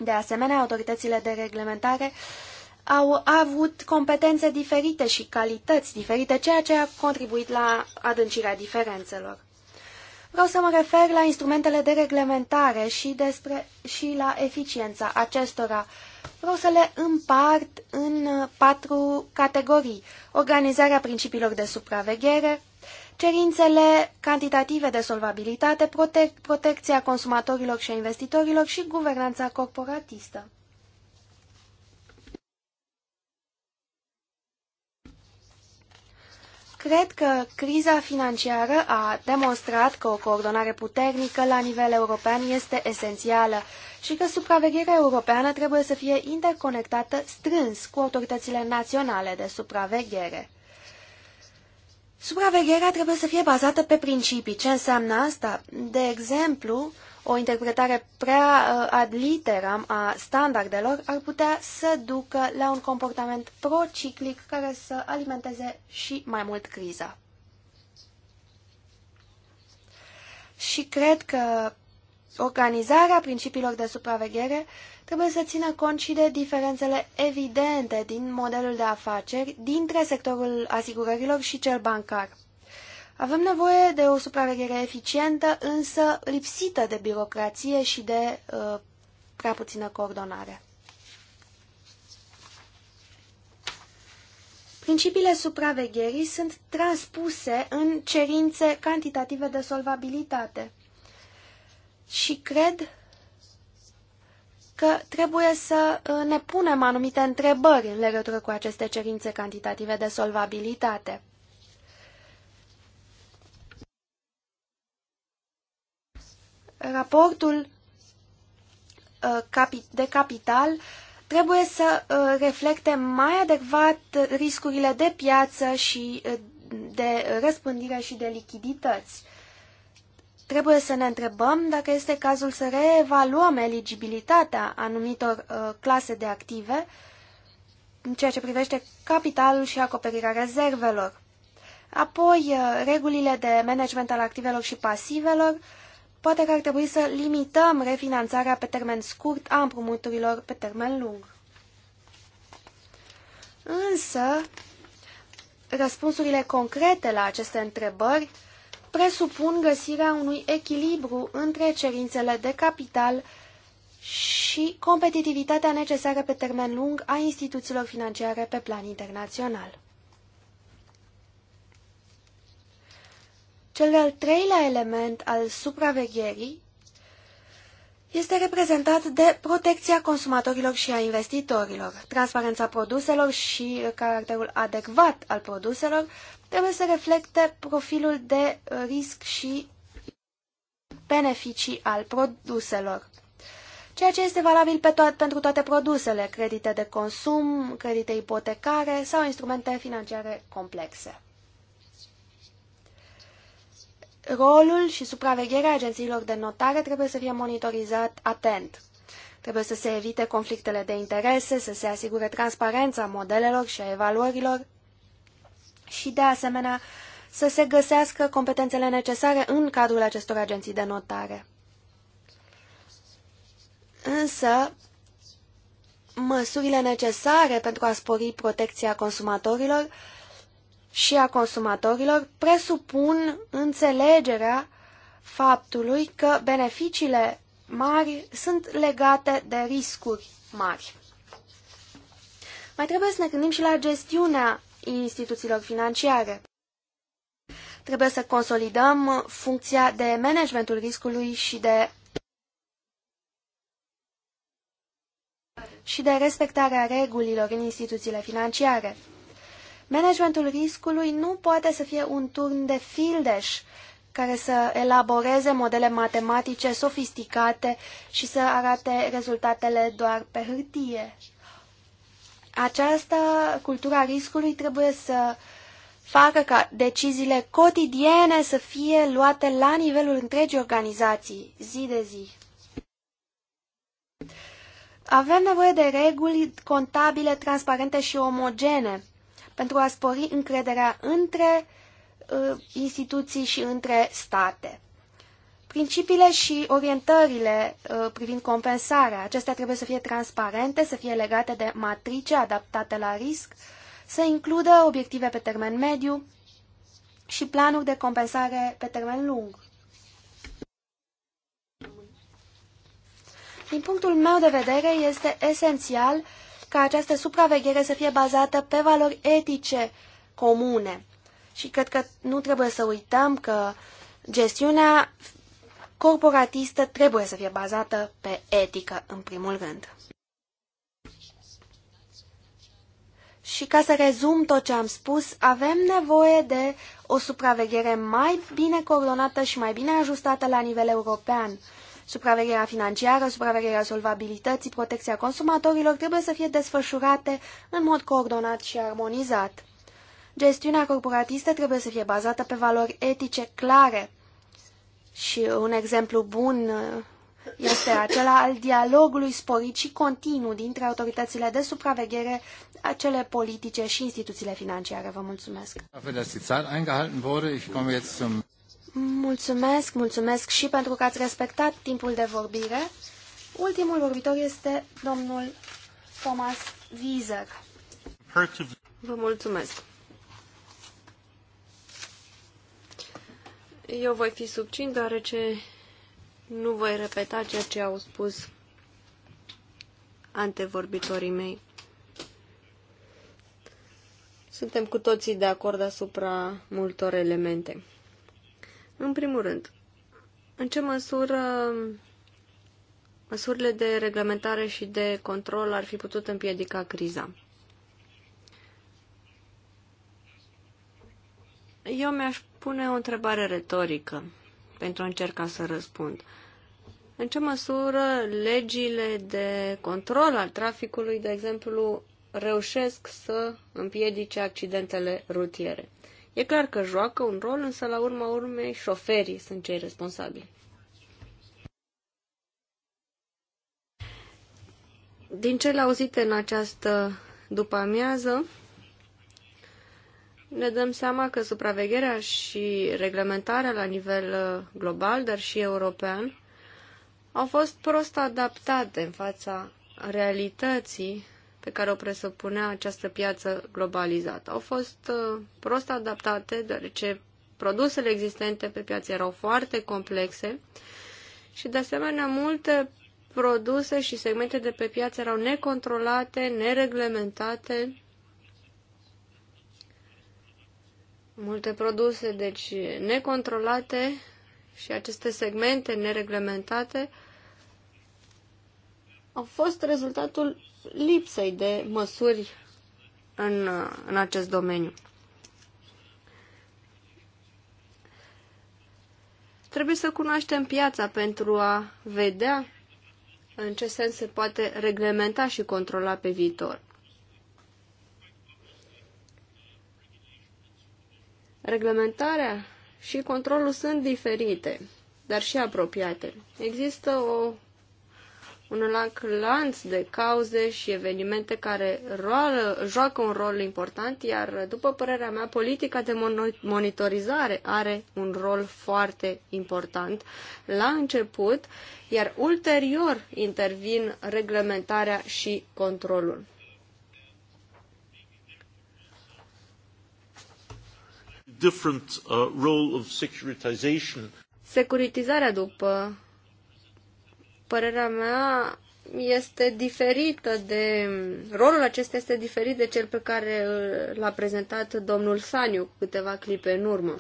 De asemenea, autoritățile de reglementare au avut competențe diferite și calități diferite, ceea ce a contribuit la adâncirea diferențelor. Vreau să mă refer la instrumentele de reglementare și, despre, și la eficiența acestora vreau să le împart în uh, patru categorii. Organizarea principiilor de supraveghere, cerințele cantitative de solvabilitate, protec protecția consumatorilor și a investitorilor și guvernanța corporatistă. Cred că criza financiară a demonstrat că o coordonare puternică la nivel european este esențială și că supravegherea europeană trebuie să fie interconectată strâns cu autoritățile naționale de supraveghere. Supravegherea trebuie să fie bazată pe principii. Ce înseamnă asta? De exemplu, o interpretare prea uh, ad literam a standardelor ar putea să ducă la un comportament prociclic care să alimenteze și mai mult criza. Și cred că organizarea principiilor de supraveghere trebuie să țină cont și de diferențele evidente din modelul de afaceri dintre sectorul asigurărilor și cel bancar. Avem nevoie de o supraveghere eficientă, însă lipsită de birocrație și de uh, prea puțină coordonare. Principiile supravegherii sunt transpuse în cerințe cantitative de solvabilitate și cred că trebuie să uh, ne punem anumite întrebări în legătură cu aceste cerințe cantitative de solvabilitate. raportul uh, de capital trebuie să uh, reflecte mai adecvat riscurile de piață și uh, de răspândire și de lichidități. Trebuie să ne întrebăm dacă este cazul să reevaluăm eligibilitatea anumitor clase de active în ceea ce privește capitalul și acoperirea rezervelor. Apoi, regulile de management al activelor și pasivelor Poate că ar trebui să limităm refinanțarea pe termen scurt a împrumuturilor pe termen lung. Însă, răspunsurile concrete la aceste întrebări presupun găsirea unui echilibru între cerințele de capital și competitivitatea necesară pe termen lung a instituțiilor financiare pe plan internațional. Cel de-al treilea element al supravegherii este reprezentat de protecția consumatorilor și a investitorilor. Transparența produselor și caracterul adecvat al produselor trebuie să reflecte profilul de risc și beneficii al produselor. Ceea ce este valabil pe to pentru toate produsele, credite de consum, credite ipotecare sau instrumente financiare complexe rolul și supravegherea agențiilor de notare trebuie să fie monitorizat atent. Trebuie să se evite conflictele de interese, să se asigure transparența modelelor și a evaluărilor și, de asemenea, să se găsească competențele necesare în cadrul acestor agenții de notare. Însă, măsurile necesare pentru a spori protecția consumatorilor și a consumatorilor presupun înțelegerea faptului că beneficiile mari sunt legate de riscuri mari. Mai trebuie să ne gândim și la gestiunea instituțiilor financiare. Trebuie să consolidăm funcția de managementul riscului și de și de respectarea regulilor în instituțiile financiare. Managementul riscului nu poate să fie un turn de fildeș care să elaboreze modele matematice sofisticate și să arate rezultatele doar pe hârtie. Această cultură a riscului trebuie să facă ca deciziile cotidiene să fie luate la nivelul întregii organizații, zi de zi. Avem nevoie de reguli contabile, transparente și omogene pentru a spori încrederea între uh, instituții și între state. Principiile și orientările uh, privind compensarea, acestea trebuie să fie transparente, să fie legate de matrice adaptate la risc, să includă obiective pe termen mediu și planuri de compensare pe termen lung. Din punctul meu de vedere, este esențial ca această supraveghere să fie bazată pe valori etice comune. Și cred că nu trebuie să uităm că gestiunea corporatistă trebuie să fie bazată pe etică, în primul rând. Și ca să rezum tot ce am spus, avem nevoie de o supraveghere mai bine coordonată și mai bine ajustată la nivel european Supravegherea financiară, supravegherea solvabilității, protecția consumatorilor trebuie să fie desfășurate în mod coordonat și armonizat. Gestiunea corporatistă trebuie să fie bazată pe valori etice clare. Și un exemplu bun uh, este acela al dialogului sporit și continuu dintre autoritățile de supraveghere, acele politice și instituțiile financiare. Vă mulțumesc! Mulțumesc, mulțumesc și pentru că ați respectat timpul de vorbire. Ultimul vorbitor este domnul Thomas Wieser. Vă mulțumesc.
Eu voi fi subțin, deoarece nu voi repeta ceea ce au spus antevorbitorii mei. Suntem cu toții de acord asupra multor elemente. În primul rând, în ce măsură măsurile de reglementare și de control ar fi putut împiedica criza? Eu mi-aș pune o întrebare retorică pentru a încerca să răspund. În ce măsură legile de control al traficului, de exemplu, reușesc să împiedice accidentele rutiere? E clar că joacă un rol, însă la urma urmei șoferii sunt cei responsabili. Din cele auzite în această după amiază, ne dăm seama că supravegherea și reglementarea la nivel uh, global, dar și european, au fost prost adaptate în fața realității pe care o presupunea această piață globalizată. Au fost uh, prost adaptate, deoarece produsele existente pe piață erau foarte complexe și, de asemenea, multe produse și segmente de pe piață erau necontrolate, nereglementate. Multe produse, deci, necontrolate și aceste segmente nereglementate au fost rezultatul lipsei de măsuri în, în acest domeniu. Trebuie să cunoaștem piața pentru a vedea în ce sens se poate reglementa și controla pe viitor. Reglementarea și controlul sunt diferite, dar și apropiate. Există o un larg lanț de cauze și evenimente care roală, joacă un rol important, iar, după părerea mea, politica de monitorizare are un rol foarte important la început, iar ulterior intervin reglementarea și controlul.
Different uh, role of securitization.
Securitizarea după părerea mea, este diferită de... Rolul acesta este diferit de cel pe care l-a prezentat domnul Saniu câteva clipe în urmă.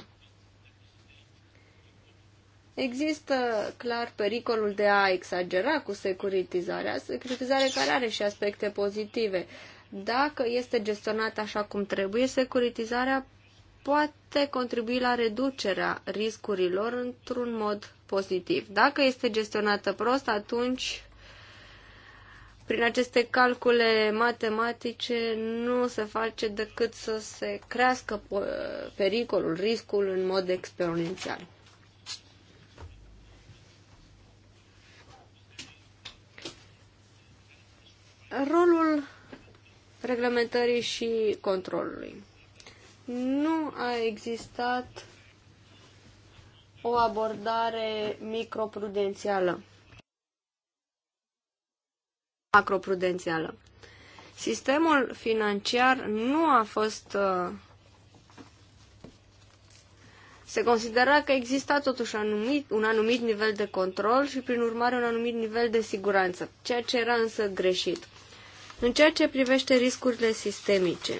Există clar pericolul de a exagera cu securitizarea, securitizare care are și aspecte pozitive. Dacă este gestionată așa cum trebuie, securitizarea poate contribui la reducerea riscurilor într-un mod pozitiv. Dacă este gestionată prost, atunci prin aceste calcule matematice nu se face decât să se crească uh, pericolul, riscul în mod exponențial. Rolul reglementării și controlului. Nu a existat o abordare microprudențială, macroprudențială. Sistemul financiar nu a fost... Uh, se considera că exista totuși anumit, un anumit nivel de control și, prin urmare, un anumit nivel de siguranță, ceea ce era însă greșit. În ceea ce privește riscurile sistemice,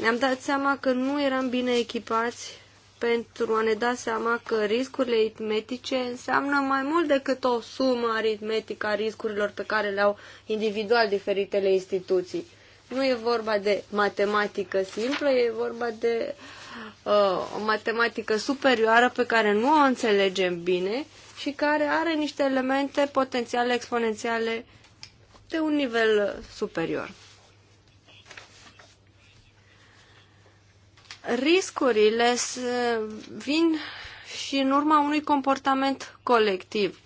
ne-am dat seama că nu eram bine echipați pentru a ne da seama că riscurile aritmetice înseamnă mai mult decât o sumă aritmetică a riscurilor pe care le au individual diferitele instituții. Nu e vorba de matematică simplă, e vorba de uh, o matematică superioară pe care nu o înțelegem bine și care are niște elemente potențiale exponențiale de un nivel superior. riscurile vin și în urma unui comportament colectiv.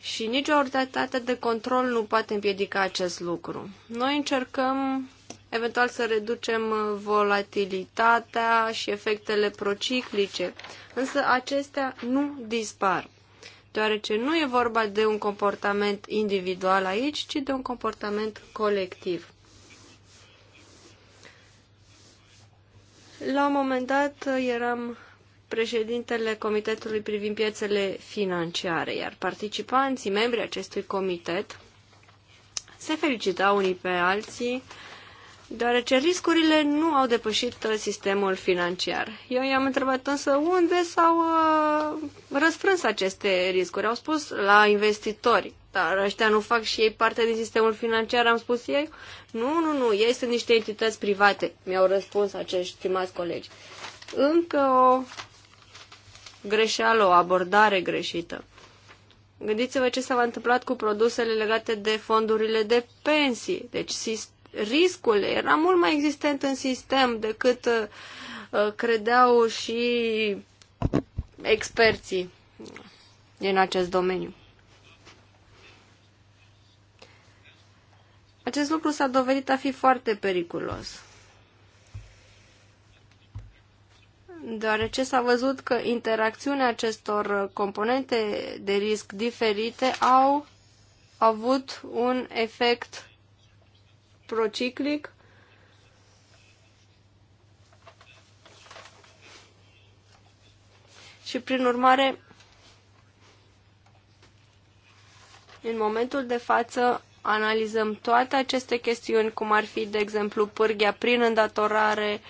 Și nicio autoritate de control nu poate împiedica acest lucru. Noi încercăm eventual să reducem volatilitatea și efectele prociclice, însă acestea nu dispar, deoarece nu e vorba de un comportament individual aici, ci de un comportament colectiv. La un moment dat eram președintele Comitetului privind piețele financiare, iar participanții, membrii acestui comitet, se felicitau unii pe alții, deoarece riscurile nu au depășit sistemul financiar. Eu i-am întrebat însă unde s-au uh, răsfrâns aceste riscuri. Au spus la investitori. Dar ăștia nu fac și ei parte din sistemul financiar, am spus ei, Nu, nu, nu, ei sunt niște entități private, mi-au răspuns acești stimați colegi. Încă o greșeală, o abordare greșită. Gândiți-vă ce s-a întâmplat cu produsele legate de fondurile de pensii. Deci riscul era mult mai existent în sistem decât uh, uh credeau și experții din acest domeniu. Acest lucru s-a dovedit a fi foarte periculos. deoarece s-a văzut că interacțiunea acestor componente de risc diferite au avut un efect prociclic și prin urmare în momentul de față analizăm toate aceste chestiuni, cum ar fi, de exemplu, pârghia prin îndatorare,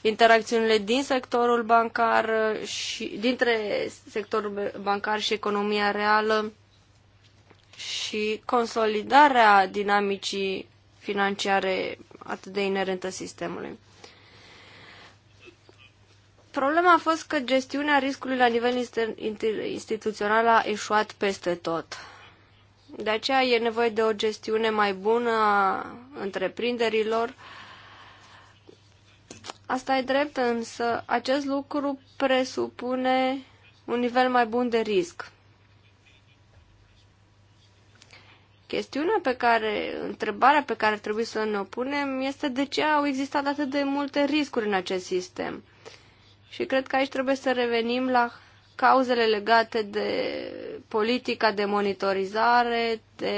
interacțiunile din sectorul bancar și dintre sectorul bancar și economia reală și consolidarea dinamicii financiare atât de inerentă sistemului. Problema a fost că gestiunea riscului la nivel instituțional a eșuat peste tot. De aceea e nevoie de o gestiune mai bună a întreprinderilor. Asta e drept, însă acest lucru presupune un nivel mai bun de risc. Chestiunea pe care, întrebarea pe care trebuie să ne opunem punem este de ce au existat atât de multe riscuri în acest sistem. Și cred că aici trebuie să revenim la cauzele legate de politica de monitorizare, de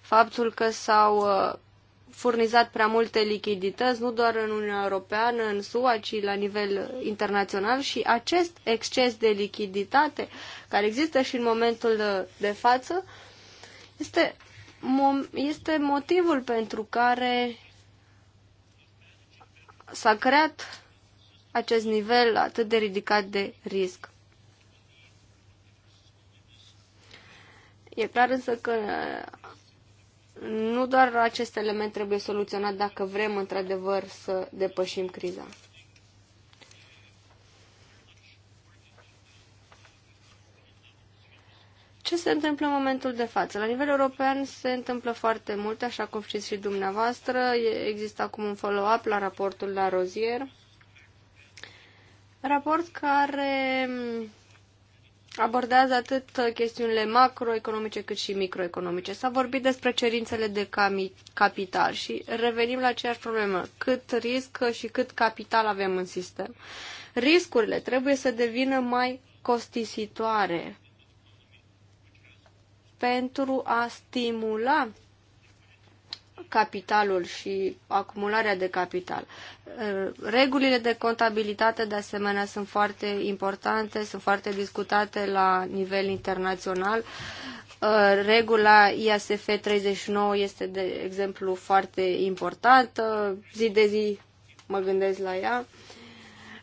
faptul că s-au uh, furnizat prea multe lichidități, nu doar în Uniunea Europeană, în SUA, ci la nivel internațional și acest exces de lichiditate care există și în momentul uh, de față este, este motivul pentru care s-a creat acest nivel atât de ridicat de risc. E clar însă că nu doar acest element trebuie soluționat dacă vrem într-adevăr să depășim criza. Ce se întâmplă în momentul de față? La nivel european se întâmplă foarte multe, așa cum știți și dumneavoastră. Există acum un follow-up la raportul la rozier. Raport care abordează atât uh, chestiunile macroeconomice cât și microeconomice. S-a vorbit despre cerințele de capital și revenim la aceeași problemă. Cât risc și cât capital avem în sistem. Riscurile trebuie să devină mai costisitoare pentru a stimula capitalul și acumularea de capital. Uh, Regulile de contabilitate, de asemenea, sunt foarte importante, sunt foarte discutate la nivel internațional. Uh, regula IASF 39 este, de exemplu, foarte importantă. Zi de zi mă gândesc la ea.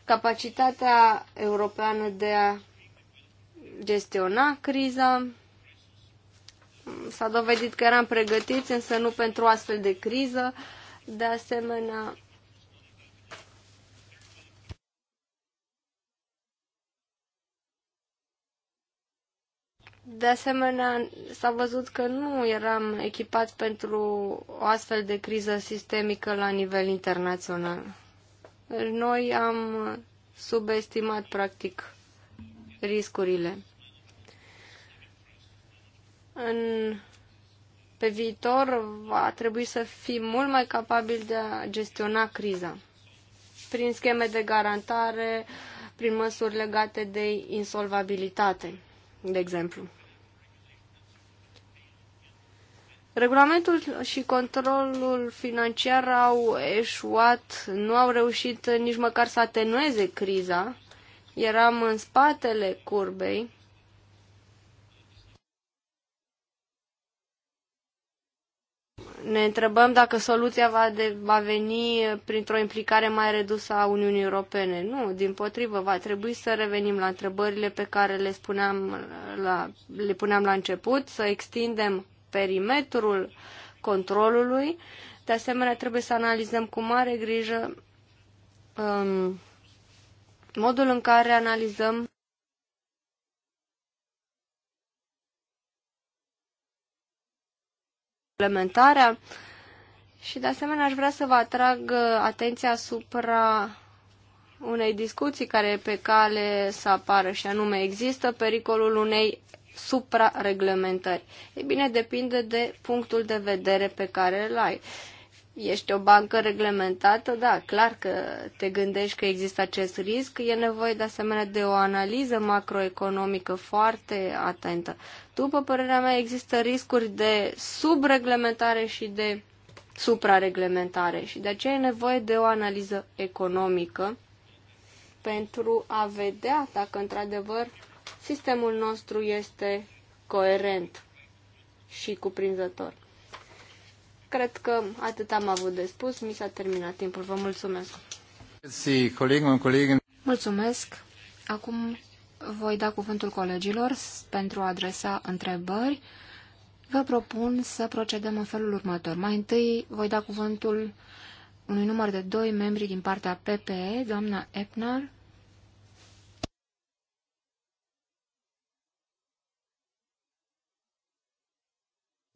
Capacitatea europeană de a gestiona criza, S-a dovedit că eram pregătiți, însă nu pentru astfel de criză. De asemenea, De asemenea, s-a văzut că nu eram echipați pentru o astfel de criză sistemică la nivel internațional. Noi am subestimat, practic, riscurile în, pe viitor va trebui să fim mult mai capabili de a gestiona criza prin scheme de garantare, prin măsuri legate de insolvabilitate, de exemplu. Regulamentul și controlul financiar au eșuat, nu au reușit nici măcar să atenueze criza. Eram în spatele curbei ne întrebăm dacă soluția va, de, va veni printr-o implicare mai redusă a Uniunii Europene. Nu, din potrivă, va trebui să revenim la întrebările pe care le, spuneam la, le puneam la început, să extindem perimetrul controlului. De asemenea, trebuie să analizăm cu mare grijă um, modul în care analizăm implementarea. Și de asemenea aș vrea să vă atrag uh, atenția asupra unei discuții care e pe cale să apară și anume există pericolul unei suprareglementări. Ei bine, depinde de punctul de vedere pe care îl ai ești o bancă reglementată, da, clar că te gândești că există acest risc. E nevoie de asemenea de o analiză macroeconomică foarte atentă. După părerea mea, există riscuri de subreglementare și de suprareglementare și de aceea e nevoie de o analiză economică pentru a vedea dacă într-adevăr sistemul nostru este coerent și cuprinzător. Cred că atât am avut de spus.
Mi s-a terminat timpul. Vă mulțumesc. Mulțumesc. Acum voi da cuvântul colegilor pentru a adresa întrebări. Vă propun să procedăm în felul următor. Mai întâi voi da cuvântul unui număr de doi membri din partea PPE, doamna Epnar.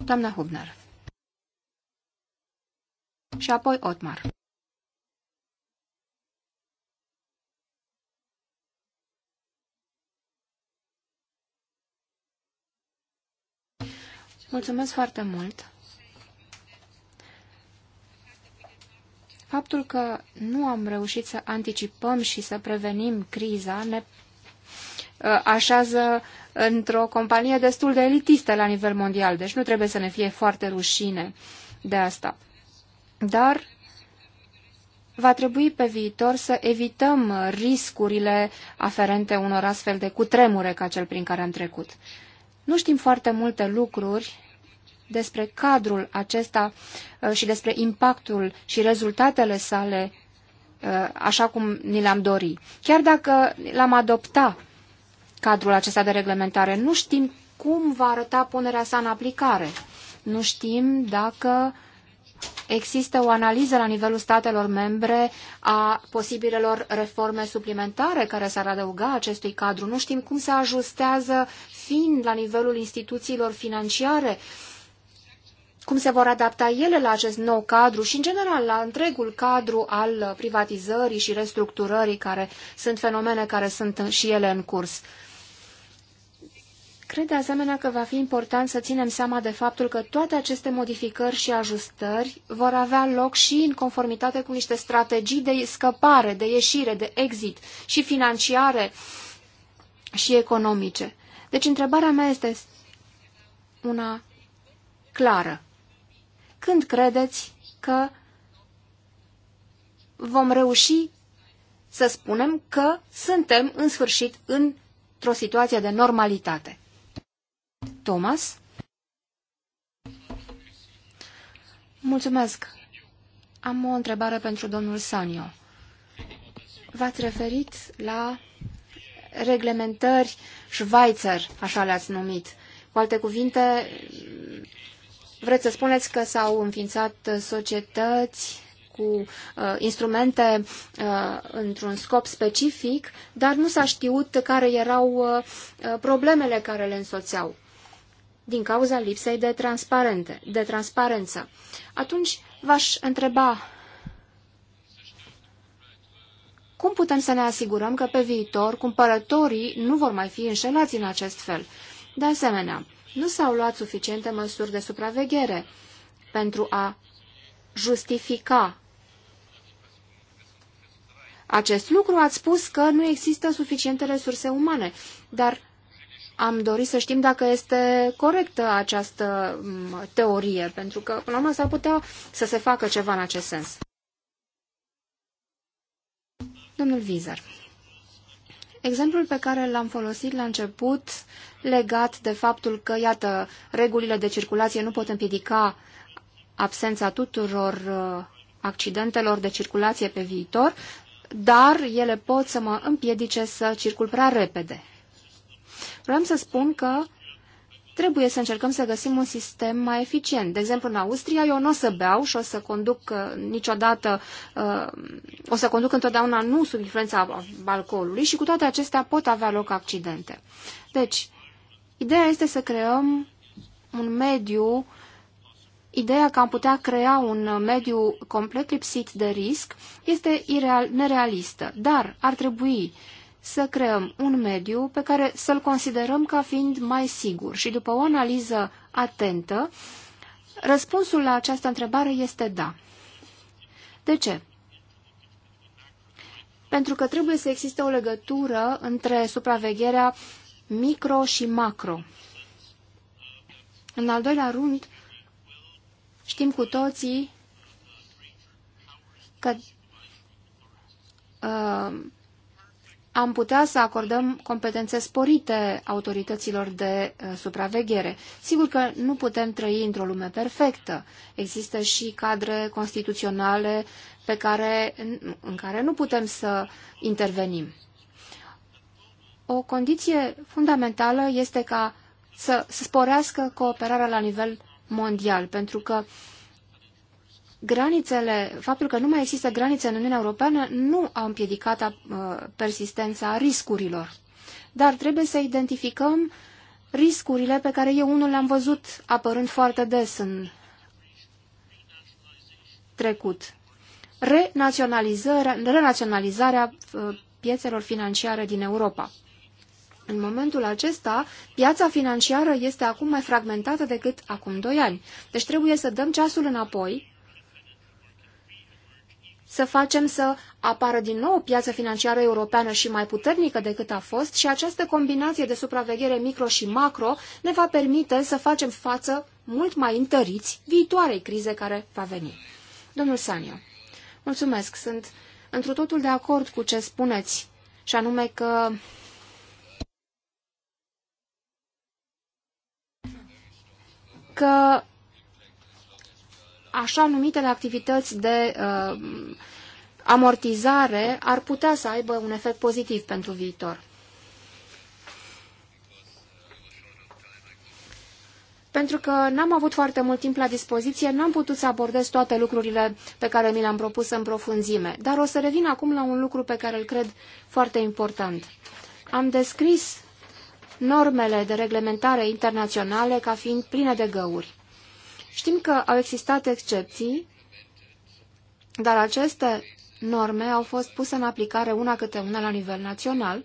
Doamna Hubner și apoi Otmar. Mulțumesc foarte mult! Faptul că nu am reușit să anticipăm și să prevenim criza ne uh, așează într-o companie destul de elitistă la nivel mondial, deci nu trebuie să ne fie foarte rușine de asta dar va trebui pe viitor să evităm riscurile aferente unor astfel de cutremure ca cel prin care am trecut. Nu știm foarte multe lucruri despre cadrul acesta uh, și despre impactul și rezultatele sale uh, așa cum ni le-am dori. Chiar dacă l-am adopta cadrul acesta de reglementare, nu știm cum va arăta punerea sa în aplicare. Nu știm dacă uh, există o analiză la nivelul statelor membre a posibilelor reforme suplimentare care s-ar adăuga acestui cadru. Nu știm cum se ajustează fin la nivelul instituțiilor financiare, cum se vor adapta ele la acest nou cadru și, în general, la întregul cadru al privatizării și restructurării, care sunt fenomene care sunt și ele în curs. Cred de asemenea că va fi important să ținem seama de faptul că toate aceste modificări și ajustări vor avea loc și în conformitate cu niște strategii de scăpare, de ieșire, de exit și financiare și economice. Deci întrebarea mea este una clară. Când credeți că vom reuși să spunem că suntem în sfârșit într-o situație de normalitate? Thomas. Mulțumesc. Am o întrebare pentru domnul Sanio. V-ați referit la reglementări Schweizer, așa le-ați numit. Cu alte cuvinte, vreți să spuneți că s-au înființat societăți cu uh, instrumente uh, într-un scop specific, dar nu s-a știut care erau uh, uh problemele care le însoțeau din cauza lipsei de, transparente, de transparență. Atunci v-aș întreba cum putem să ne asigurăm că pe viitor cumpărătorii nu vor mai fi înșelați în acest fel? De asemenea, nu s-au luat suficiente măsuri de supraveghere pentru a justifica acest lucru. Ați spus că nu există suficiente resurse umane, dar am dorit să știm dacă este corectă această teorie, pentru că, până la urmă, s-ar putea să se facă ceva în acest sens. Domnul Vizar. Exemplul pe care l-am folosit la început, legat de faptul că, iată, regulile de circulație nu pot împiedica absența tuturor uh, accidentelor de circulație pe viitor, dar ele pot să mă împiedice să circul prea repede. Vreau să spun că trebuie să încercăm să găsim un sistem mai eficient. De exemplu, în Austria eu nu o să beau și o să conduc uh, niciodată, uh, o să conduc întotdeauna nu sub influența alcoolului și cu toate acestea pot avea loc accidente. Deci, ideea este să creăm un mediu, ideea că am putea crea un mediu complet lipsit de risc este ireal, nerealistă, dar ar trebui uh, să creăm un mediu pe care să-l considerăm ca fiind mai sigur. Și după o analiză atentă, răspunsul la această întrebare este da. De ce? Pentru că trebuie să existe o legătură între supravegherea micro și macro. În al doilea rând, știm cu toții că uh, am putea să acordăm competențe sporite autorităților de uh, supraveghere. Sigur că nu putem trăi într-o lume perfectă. Există și cadre constituționale pe care, în, în care nu putem să intervenim. O condiție fundamentală este ca să sporească cooperarea la nivel mondial, pentru că granițele, faptul că nu mai există granițe în Uniunea Europeană nu a împiedicat uh, persistența riscurilor. Dar trebuie să identificăm riscurile pe care eu unul le-am văzut apărând foarte des în trecut. Renaționalizarea, renaționalizarea uh, piețelor financiare din Europa. În momentul acesta, piața financiară este acum mai fragmentată decât acum doi ani. Deci trebuie să dăm ceasul înapoi să facem să apară din nou o piață financiară europeană și mai puternică decât a fost și această combinație de supraveghere micro și macro ne va permite să facem față mult mai întăriți viitoarei crize care va veni. Domnul Sanio, mulțumesc, sunt într totul de acord cu ce spuneți și anume că că așa numitele activități de uh, amortizare ar putea să aibă un efect pozitiv pentru viitor. Pentru că n-am avut foarte mult timp la dispoziție, n-am putut să abordez toate lucrurile pe care mi le-am propus în profunzime. Dar o să revin acum la un lucru pe care îl cred foarte important. Am descris normele de reglementare internaționale ca fiind pline de găuri. Știm că au existat excepții, dar aceste norme au fost puse în aplicare una câte una la nivel național,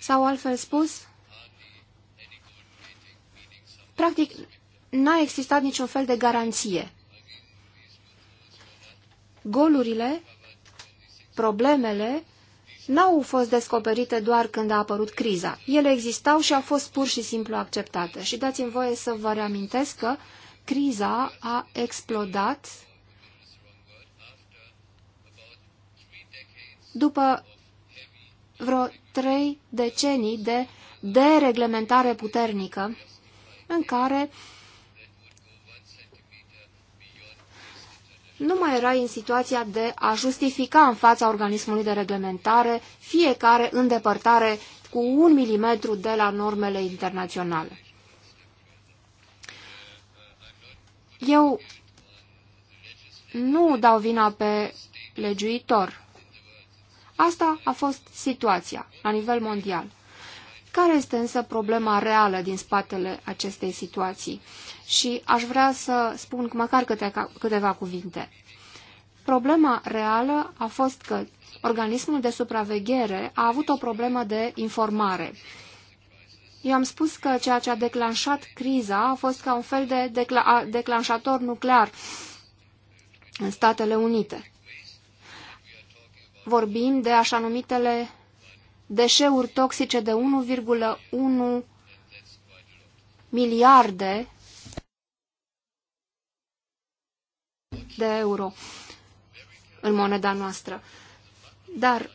sau altfel spus, practic n-a existat niciun fel de garanție. Golurile, problemele, n-au fost descoperite doar când a apărut criza. Ele existau și au fost pur și simplu acceptate. Și dați-mi voie să vă reamintesc că criza a explodat după vreo trei decenii de dereglementare puternică, în care nu mai erai în situația de a justifica în fața organismului de reglementare fiecare îndepărtare cu un milimetru de la normele internaționale. Eu nu dau vina pe legiuitor. Asta a fost situația la nivel mondial. Care este însă problema reală din spatele acestei situații? Și aș vrea să spun măcar câte, câteva cuvinte. Problema reală a fost că organismul de supraveghere a avut o problemă de informare eu am spus că ceea ce a declanșat criza a fost ca un fel de decla declanșator nuclear în Statele Unite. Vorbim de așa numitele deșeuri toxice de 1,1 miliarde de euro în moneda noastră. Dar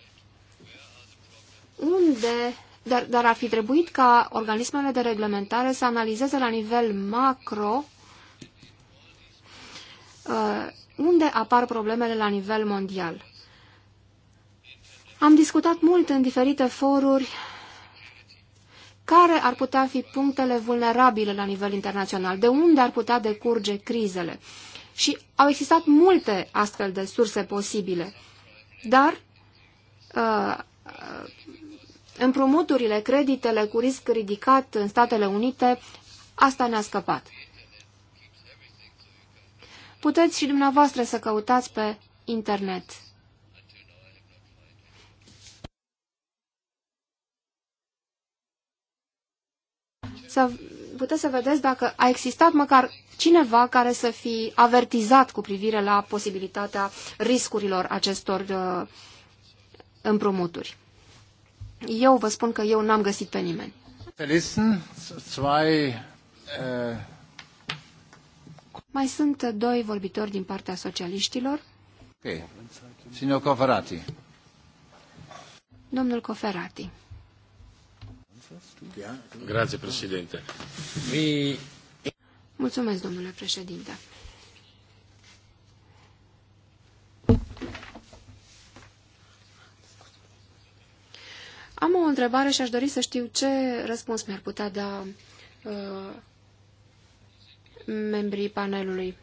unde dar, dar ar fi trebuit ca organismele de reglementare să analizeze la nivel macro uh, unde apar problemele la nivel mondial. Am discutat mult în diferite foruri care ar putea fi punctele vulnerabile la nivel internațional, de unde ar putea decurge crizele. Și au existat multe astfel de surse posibile, dar uh, împrumuturile, creditele cu risc ridicat în Statele Unite, asta ne-a scăpat. Puteți și dumneavoastră să căutați pe internet. Să puteți să vedeți dacă a existat măcar cineva care să fi avertizat cu privire la posibilitatea riscurilor acestor uh, împrumuturi. Eu vă spun că eu n-am găsit pe nimeni.
Eh,
Mai sunt doi vorbitori din partea socialiștilor.
Ok. Signor Coferati.
Domnul Coferati.
Grazie, președinte.
Mulțumesc, domnule președinte. Am o întrebare și aș dori să știu ce răspuns mi-ar putea da uh, membrii panelului.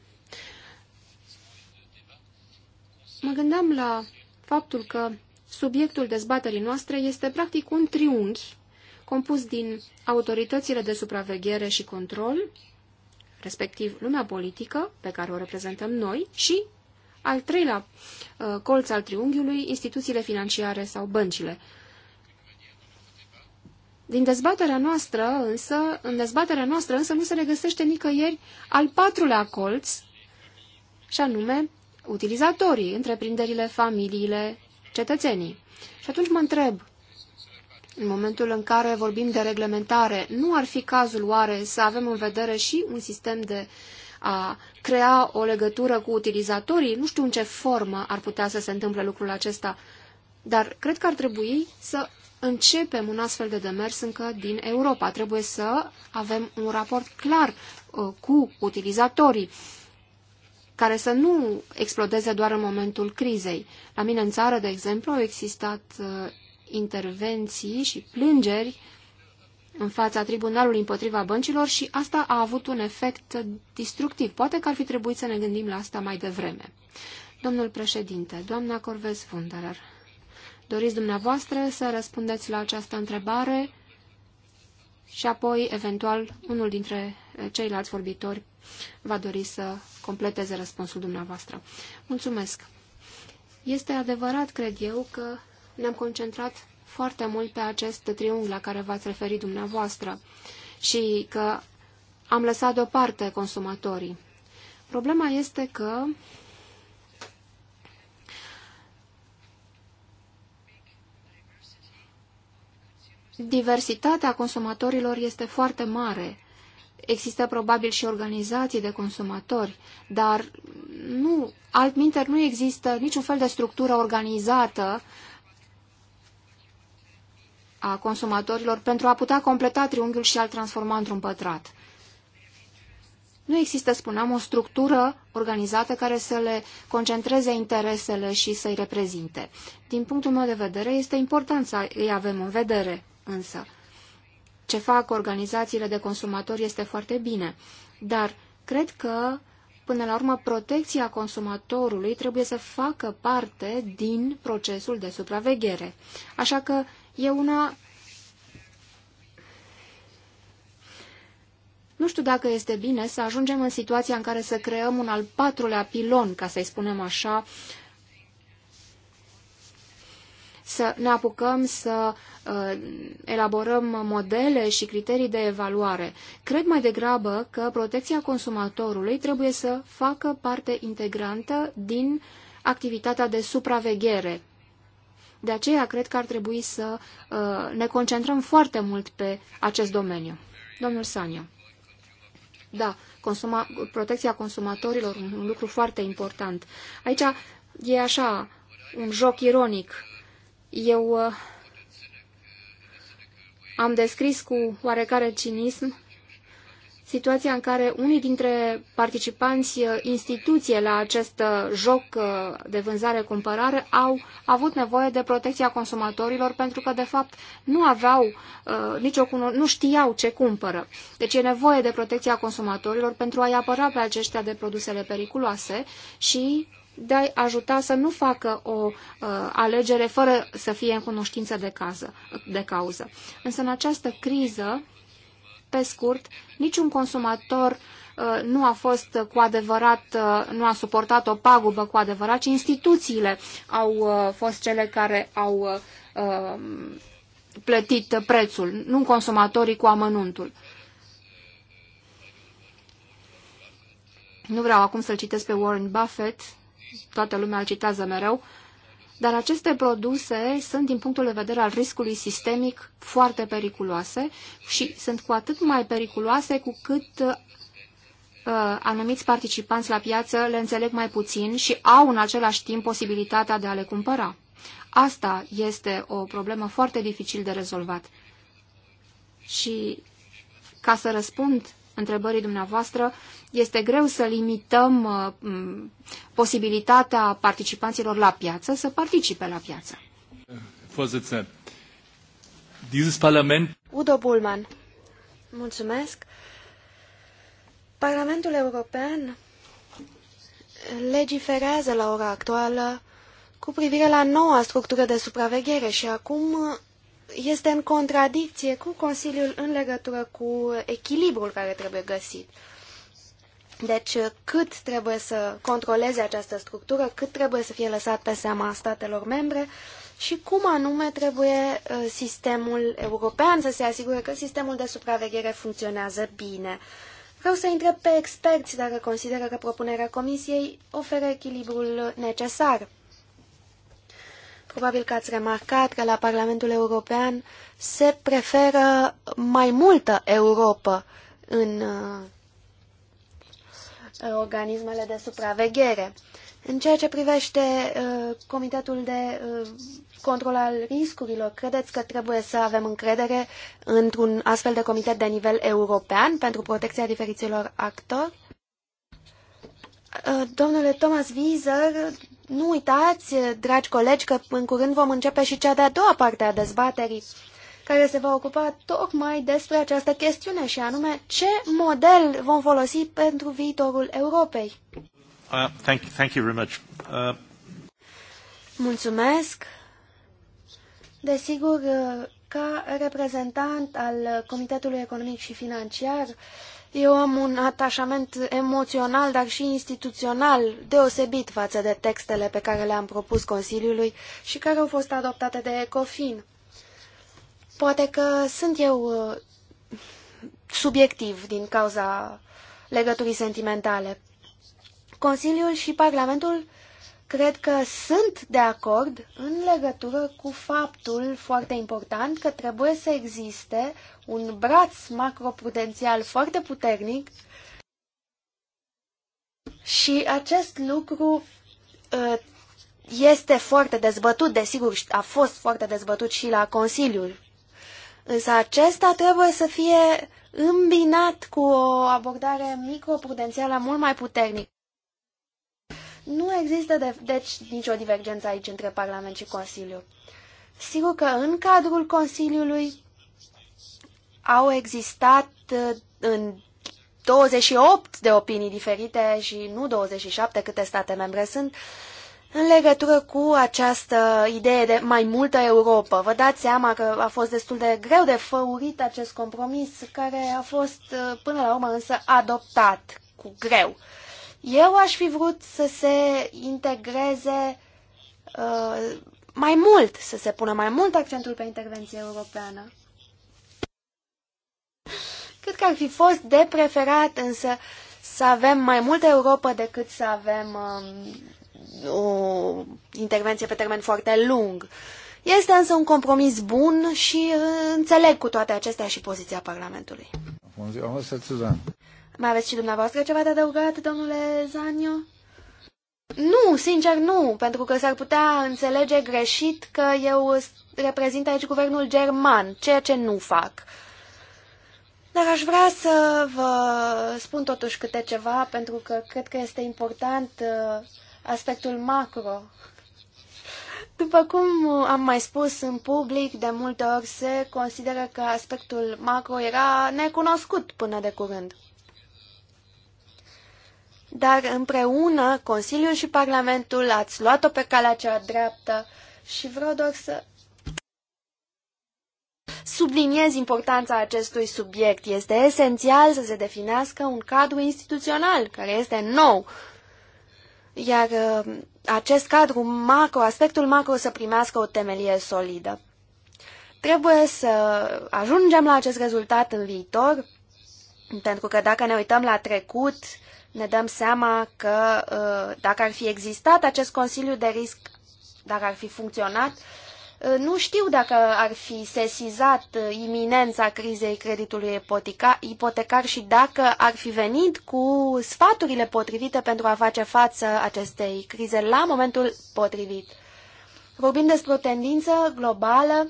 Mă gândeam la faptul că subiectul dezbaterii noastre este practic un triunghi compus din autoritățile de supraveghere și control, respectiv lumea politică pe care o reprezentăm noi și al treilea uh, colț al triunghiului, instituțiile financiare sau băncile. Din dezbaterea noastră, însă, în dezbaterea noastră, însă, nu se regăsește nicăieri al patrulea colț, și anume utilizatorii, întreprinderile, familiile, cetățenii. Și atunci mă întreb, în momentul în care vorbim de reglementare, nu ar fi cazul oare să avem în vedere și un sistem de a crea o legătură cu utilizatorii? Nu știu în ce formă ar putea să se întâmple lucrul acesta, dar cred că ar trebui să începem un astfel de demers încă din Europa. Trebuie să avem un raport clar uh, cu utilizatorii care să nu explodeze doar în momentul crizei. La mine în țară, de exemplu, au existat uh, intervenții și plângeri în fața tribunalului împotriva băncilor și asta a avut un efect distructiv. Poate că ar fi trebuit să ne gândim la asta mai devreme. Domnul președinte, doamna Corvez Fundarer. Doriți dumneavoastră să răspundeți la această întrebare și apoi, eventual, unul dintre eh, ceilalți vorbitori va dori să completeze răspunsul dumneavoastră. Mulțumesc! Este adevărat, cred eu, că ne-am concentrat foarte mult pe acest triunghi la care v-ați referit dumneavoastră și că am lăsat deoparte consumatorii. Problema este că diversitatea consumatorilor este foarte mare. Există probabil și organizații de consumatori, dar nu, altminteri nu există niciun fel de structură organizată a consumatorilor pentru a putea completa triunghiul și a-l transforma într-un pătrat. Nu există, spuneam, o structură organizată care să le concentreze interesele și să-i reprezinte. Din punctul meu de vedere, este important să îi avem în vedere însă. Ce fac organizațiile de consumatori este foarte bine, dar cred că, până la urmă, protecția consumatorului trebuie să facă parte din procesul de supraveghere. Așa că e una... Nu știu dacă este bine să ajungem în situația în care să creăm un al patrulea pilon, ca să-i spunem așa, uh, să ne apucăm să uh, elaborăm modele și criterii de evaluare. Cred mai degrabă că protecția consumatorului trebuie să facă parte integrantă din activitatea de supraveghere. De aceea cred că ar trebui să uh, ne concentrăm foarte mult pe acest domeniu. Domnul Sania. Da, consuma, protecția consumatorilor, un, lucru foarte important. Aici e așa, un joc ironic. Eu uh, am descris cu oarecare cinism situația în care unii dintre participanți uh, instituție la acest uh, joc de vânzare-cumpărare au avut nevoie de protecția consumatorilor pentru că, de fapt, nu aveau uh, nicio nu știau ce cumpără. Deci e nevoie de protecția consumatorilor pentru a-i apăra pe aceștia de produsele periculoase și de a ajuta să nu facă o uh, alegere fără să fie în cunoștință de, cază, de cauză. Însă în această criză, pe scurt, niciun consumator uh, nu a fost cu adevărat, uh, nu a suportat o pagubă cu adevărat, ci instituțiile au uh, fost cele care au uh, uh, plătit prețul, nu consumatorii cu amănuntul. Nu vreau acum să-l citesc pe Warren Buffett, toată lumea îl citează mereu, dar aceste produse sunt, din punctul de vedere al riscului sistemic, foarte periculoase și sunt cu atât mai periculoase cu cât uh, anumiți participanți la piață le înțeleg mai puțin și au în același timp posibilitatea de a le cumpăra. Asta este o problemă foarte dificil de rezolvat. Și ca să răspund întrebării dumneavoastră, este greu să limităm uh, posibilitatea participanților la piață să participe la piață.
Parlament...
Udo Bullman, mulțumesc. Parlamentul European legiferează la ora actuală cu privire la noua structură de supraveghere și acum este în contradicție cu Consiliul în legătură cu echilibrul care trebuie găsit. Deci, cât trebuie să controleze această structură, cât trebuie să fie lăsat pe seama statelor membre și cum anume trebuie uh, sistemul european să se asigure că sistemul de supraveghere funcționează bine. Vreau să întreb pe experți dacă consideră că propunerea Comisiei oferă echilibrul necesar. Probabil că ați remarcat că la Parlamentul European se preferă mai multă Europa în uh, organismele de supraveghere. În ceea ce privește uh, Comitetul de uh, Control al Riscurilor, credeți că trebuie să avem încredere într-un astfel de comitet de nivel european pentru protecția diferiților actori? Uh, domnule Thomas Wieser, nu uitați, dragi colegi, că în curând vom începe și cea de-a doua parte a dezbaterii, care se va ocupa tocmai despre această chestiune și anume ce model vom folosi pentru viitorul Europei.
Uh, thank, thank you very much. Uh...
Mulțumesc. Desigur, uh, ca reprezentant al Comitetului Economic și Financiar, eu am un atașament emoțional, dar și instituțional deosebit față de textele pe care le-am propus Consiliului și care au fost adoptate de Ecofin. Poate că sunt eu uh, subiectiv din cauza legăturii sentimentale. Consiliul și Parlamentul cred că sunt de acord în legătură cu faptul foarte important că trebuie să existe un braț macroprudențial foarte puternic și acest lucru ă, este foarte dezbătut, desigur, a fost foarte dezbătut și la Consiliul. Însă acesta trebuie să fie îmbinat cu o abordare microprudențială mult mai puternică. Nu există, de, deci, nicio divergență aici între Parlament și Consiliu. Sigur că în cadrul Consiliului au existat uh, în 28 de opinii diferite și nu 27 câte state membre sunt în legătură cu această idee de mai multă Europa. Vă dați seama că a fost destul de greu de făurit acest compromis care a fost uh, până la urmă însă adoptat cu greu. Eu aș fi vrut să se integreze uh, mai mult, să se pună mai mult accentul pe intervenție europeană. Cred că ar fi fost de preferat însă să avem mai multă Europa decât să avem um, o intervenție pe termen foarte lung. Este însă un compromis bun și uh, înțeleg cu toate acestea și poziția Parlamentului. Bun ziua, Mai aveți și dumneavoastră ceva de adăugat, domnule Zanio? Nu, sincer nu, pentru că s-ar putea înțelege greșit că eu reprezint aici guvernul german, ceea ce nu fac. Dar aș vrea să vă spun totuși câte ceva, pentru că cred că este important uh, aspectul macro. După cum am mai spus în public, de multe ori se consideră că aspectul macro era necunoscut până de curând. Dar împreună, Consiliul și Parlamentul ați luat-o pe calea cea dreaptă și vreau doar să Subliniez importanța acestui subiect. Este esențial să se definească un cadru instituțional care este nou, iar uh, acest cadru macro, aspectul macro să primească o temelie solidă. Trebuie să ajungem la acest rezultat în viitor, pentru că dacă ne uităm la trecut, ne dăm seama că uh, dacă ar fi existat acest Consiliu de Risc, dacă ar fi funcționat, Uh, nu știu dacă ar fi sesizat uh, iminența crizei creditului ipotecar și dacă ar fi venit cu sfaturile potrivite pentru a face față acestei crize la momentul potrivit. Vorbim despre o tendință globală.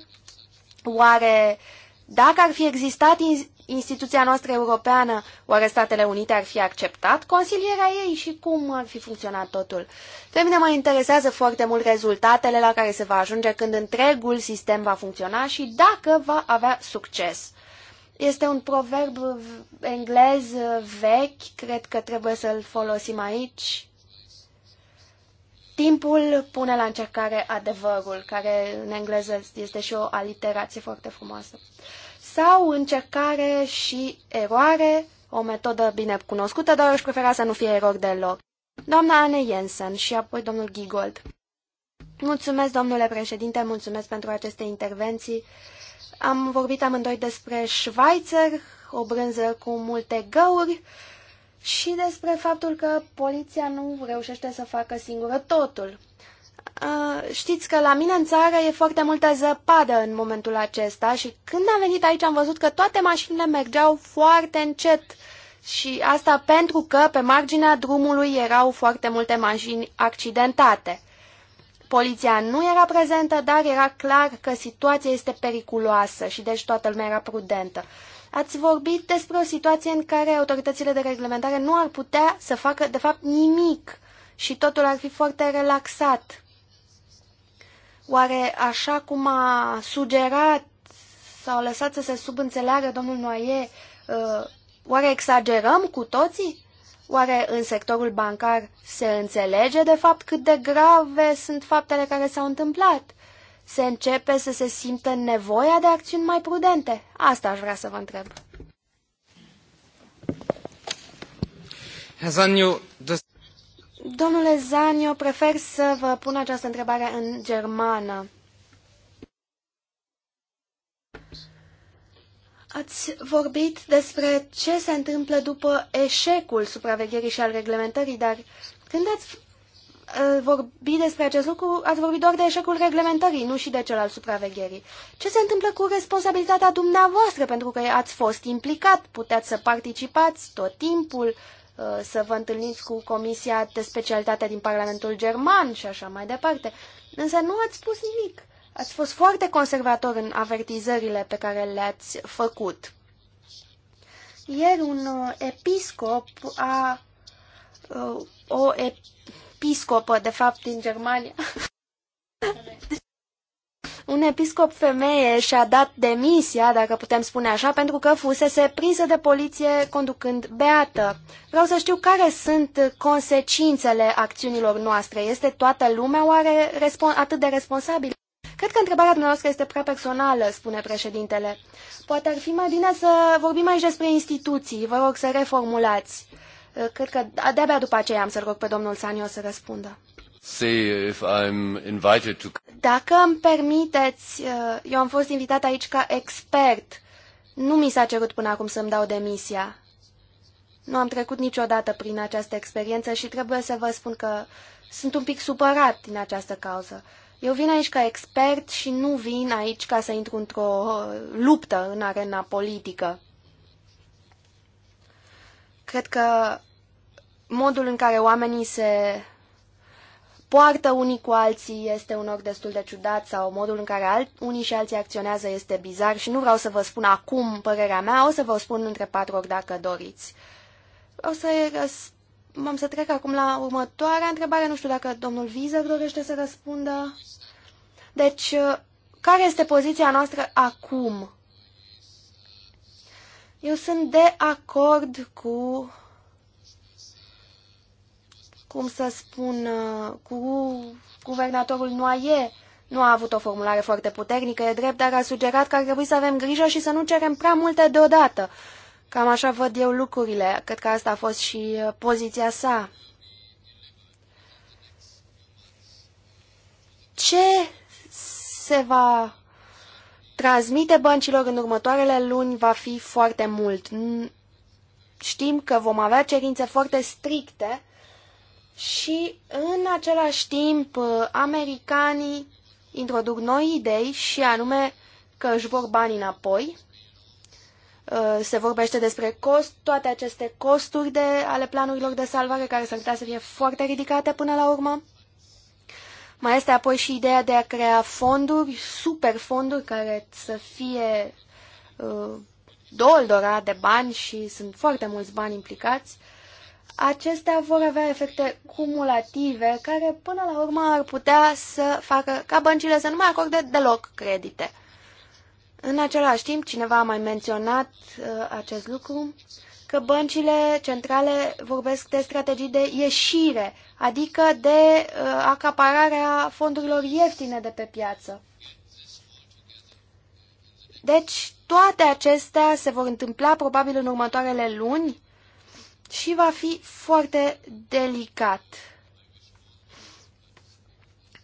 Oare dacă ar fi existat instituția noastră europeană, oare Statele Unite ar fi acceptat consilierea ei și cum ar fi funcționat totul? Pe mine mă interesează foarte mult rezultatele la care se va ajunge când întregul sistem va funcționa și dacă va avea succes. Este un proverb englez vechi, cred că trebuie să-l folosim aici. Timpul pune la încercare adevărul, care în engleză este și o aliterație foarte frumoasă. Uh, sau încercare și eroare, o metodă bine cunoscută, dar își prefera să nu fie erori deloc. Doamna Anne Jensen și apoi domnul Gigold. Mulțumesc, domnule președinte, mulțumesc pentru aceste intervenții. Am vorbit amândoi despre Schweizer, o brânză cu multe găuri, și despre faptul că poliția nu reușește să facă singură totul. Uh, știți că la mine în țară e foarte multă zăpadă în momentul acesta și când am venit aici am văzut că toate mașinile mergeau foarte încet și asta pentru că pe marginea drumului erau foarte multe mașini accidentate. Poliția nu era prezentă, dar era clar că situația este periculoasă și deci toată lumea era prudentă. Ați vorbit despre o situație în care autoritățile de reglementare nu ar putea să facă, de fapt, nimic și totul ar fi foarte relaxat. Oare așa cum a sugerat sau a lăsat să se subînțeleagă domnul Noaie, uh, oare exagerăm cu toții? Oare în sectorul bancar se înțelege de fapt cât de grave sunt faptele care s-au întâmplat? Se începe să se simtă nevoia de acțiuni mai prudente? Asta aș vrea să vă întreb. Domnule Zan, eu prefer să vă pun această întrebare în germană. Ați vorbit despre ce se întâmplă după eșecul supravegherii și al reglementării, dar când ați uh, vorbit despre acest lucru, ați vorbit doar de eșecul reglementării, nu și de cel al supravegherii. Ce se întâmplă cu responsabilitatea dumneavoastră, pentru că ați fost implicat, puteți să participați tot timpul, Uh, să vă întâlniți cu Comisia de Specialitate din Parlamentul German și așa mai departe. Însă nu ați spus nimic. Ați fost foarte conservator în avertizările pe care le-ați făcut. Ieri un uh, episcop a uh, o episcopă, de fapt, din Germania Un episcop femeie și-a dat demisia, dacă putem spune așa, pentru că fusese prinsă de poliție conducând beată. Vreau să știu care sunt consecințele acțiunilor noastre. Este toată lumea oare atât de responsabilă? Cred că întrebarea dumneavoastră este prea personală, spune președintele. Poate ar fi mai bine să vorbim aici despre instituții. Vă rog să reformulați. Cred că de-abia după aceea am să rog pe domnul Sanio să răspundă. Dacă îmi permiteți, uh, eu am fost invitat aici ca expert. Nu mi s-a cerut până acum să-mi dau demisia. Nu am trecut niciodată prin această experiență și trebuie să vă spun că sunt un pic supărat din această cauză. Eu vin aici ca expert și nu vin aici ca să intru într-o uh, luptă în arena politică. Cred că modul în care oamenii se poartă unii cu alții este unor destul de ciudat sau modul în care alt, unii și alții acționează este bizar și nu vreau să vă spun acum părerea mea, o să vă spun între patru ori dacă doriți. O să m am să trec acum la următoarea întrebare, nu știu dacă domnul Viză dorește să răspundă. Deci, care este poziția noastră acum? Eu sunt de acord cu cum să spun, uh, cu guvernatorul Noaie, nu a avut o formulare foarte puternică, e drept, dar a sugerat că ar trebui să avem grijă și să nu cerem prea multe deodată. Cam așa văd eu lucrurile. Cred că asta a fost și uh, poziția sa. Ce se va transmite băncilor în următoarele luni va fi foarte mult. Știm că vom avea cerințe foarte stricte și în același timp americanii introduc noi idei și anume că își vor bani înapoi. Uh, se vorbește despre cost, toate aceste costuri de, ale planurilor de salvare care s-ar putea să fie foarte ridicate până la urmă. Mai este apoi și ideea de a crea fonduri, super fonduri care să fie uh, doldora de bani și sunt foarte mulți bani implicați. Uh, acestea vor avea efecte cumulative care până la urmă ar putea să facă ca băncile să nu mai acorde deloc credite. În același timp, cineva a mai menționat uh, acest lucru, că băncile centrale vorbesc de strategii de ieșire, adică de uh, acapararea fondurilor ieftine de pe piață. Deci, toate acestea se vor întâmpla probabil în următoarele luni și va fi foarte delicat.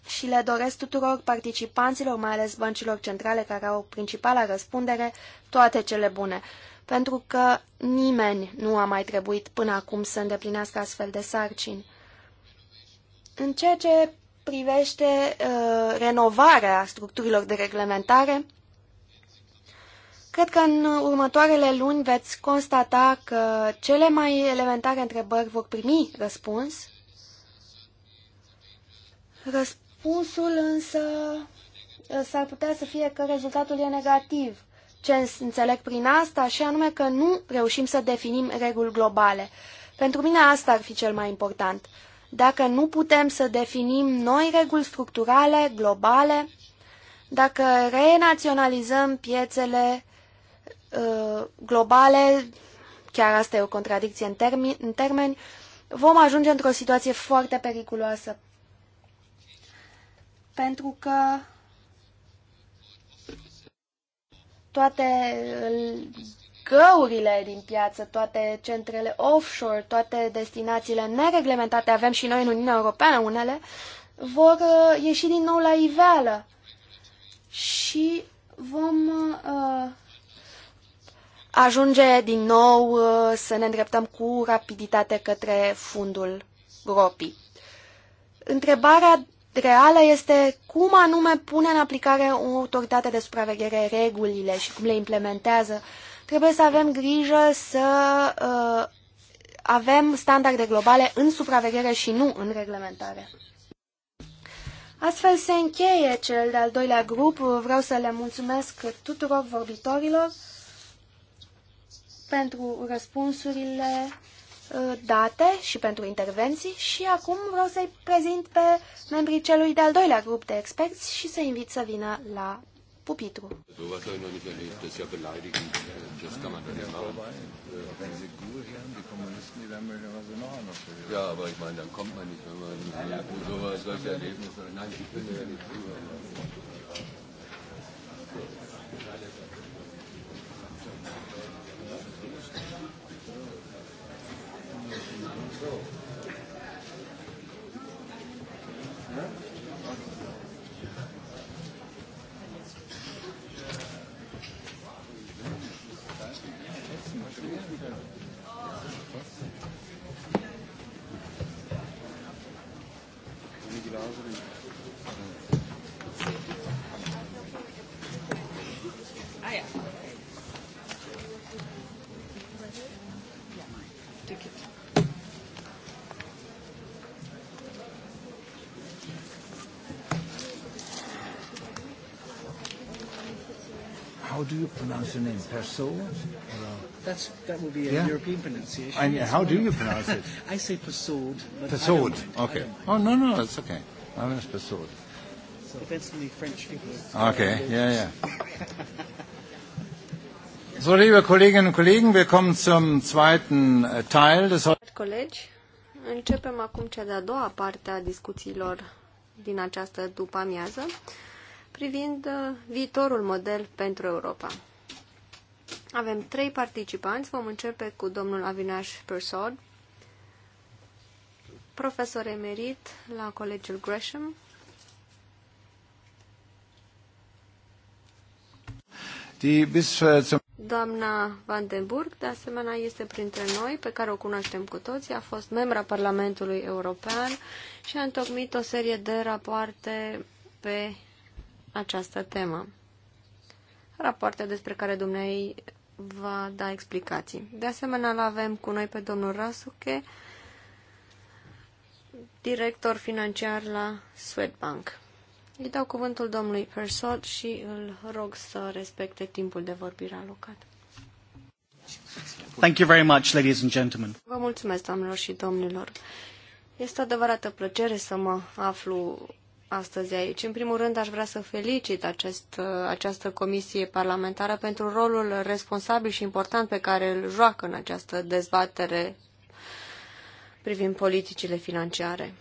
Și le doresc tuturor participanților, mai ales băncilor centrale care au principala răspundere, toate cele bune. Pentru că nimeni nu a mai trebuit până acum să îndeplinească astfel de sarcini. În ceea ce privește uh, renovarea structurilor de reglementare, Cred că în următoarele luni veți constata că cele mai elementare întrebări vor primi răspuns. Răspunsul însă ă, s-ar putea să fie că rezultatul e negativ. Ce înțeleg prin asta și anume că nu reușim să definim reguli globale. Pentru mine asta ar fi cel mai important. Dacă nu putem să definim noi reguli structurale, globale, dacă renaționalizăm piețele Uh, globale, chiar asta e o contradicție în, termi, în termeni, vom ajunge într-o situație foarte periculoasă. Pentru că toate uh, găurile din piață, toate centrele offshore, toate destinațiile nereglementate, avem și noi în Uniunea Europeană unele, vor uh, ieși din nou la iveală și vom uh, ajunge din nou uh, să ne îndreptăm cu rapiditate către fundul gropii. Întrebarea reală este cum anume pune în aplicare o autoritate de supraveghere regulile și cum le implementează. Trebuie să avem grijă să uh, avem standarde globale în supraveghere și nu în reglementare. Astfel se încheie cel de-al doilea grup. Vreau să le mulțumesc tuturor vorbitorilor pentru răspunsurile ă, date și pentru intervenții și acum vreau să-i prezint pe membrii celui de-al doilea grup de experți și să i invit să vină la pupitru.
Dumnezeu. pronounce your name? Perso? That's, that would be a yeah? European pronunciation. And how do you pronounce it?
I say Persaud. Persaud, okay. Oh, no, no,
it's okay. My name is Persaud.
So offensively French people. Okay,
yeah, yeah. So, liebe Kolleginnen und Kollegen, wir kommen zum zweiten äh, Teil des
Colegi, începem acum cea de-a doua parte a discuțiilor din această după-amiază privind uh, viitorul model pentru Europa. Avem trei participanți. Vom începe cu domnul Avinash Persod, profesor emerit la Colegiul Gresham.
Äh,
Doamna Vandenburg, de asemenea, este printre noi, pe care o cunoaștem cu toții, a fost membra Parlamentului European și a întocmit o serie de rapoarte pe această temă. Rapoarte despre care dumnei va da explicații. De asemenea, îl avem cu noi pe domnul Rasuke, director financiar la Swedbank. Îi dau cuvântul domnului Persod și îl rog să respecte timpul de vorbire alocat.
Thank you very much, ladies and gentlemen.
Vă mulțumesc, doamnelor și domnilor. Este o adevărată plăcere să mă aflu astăzi aici. În primul rând, aș vrea să felicit acest, această comisie parlamentară pentru rolul responsabil și important pe care îl joacă în această dezbatere privind politicile financiare.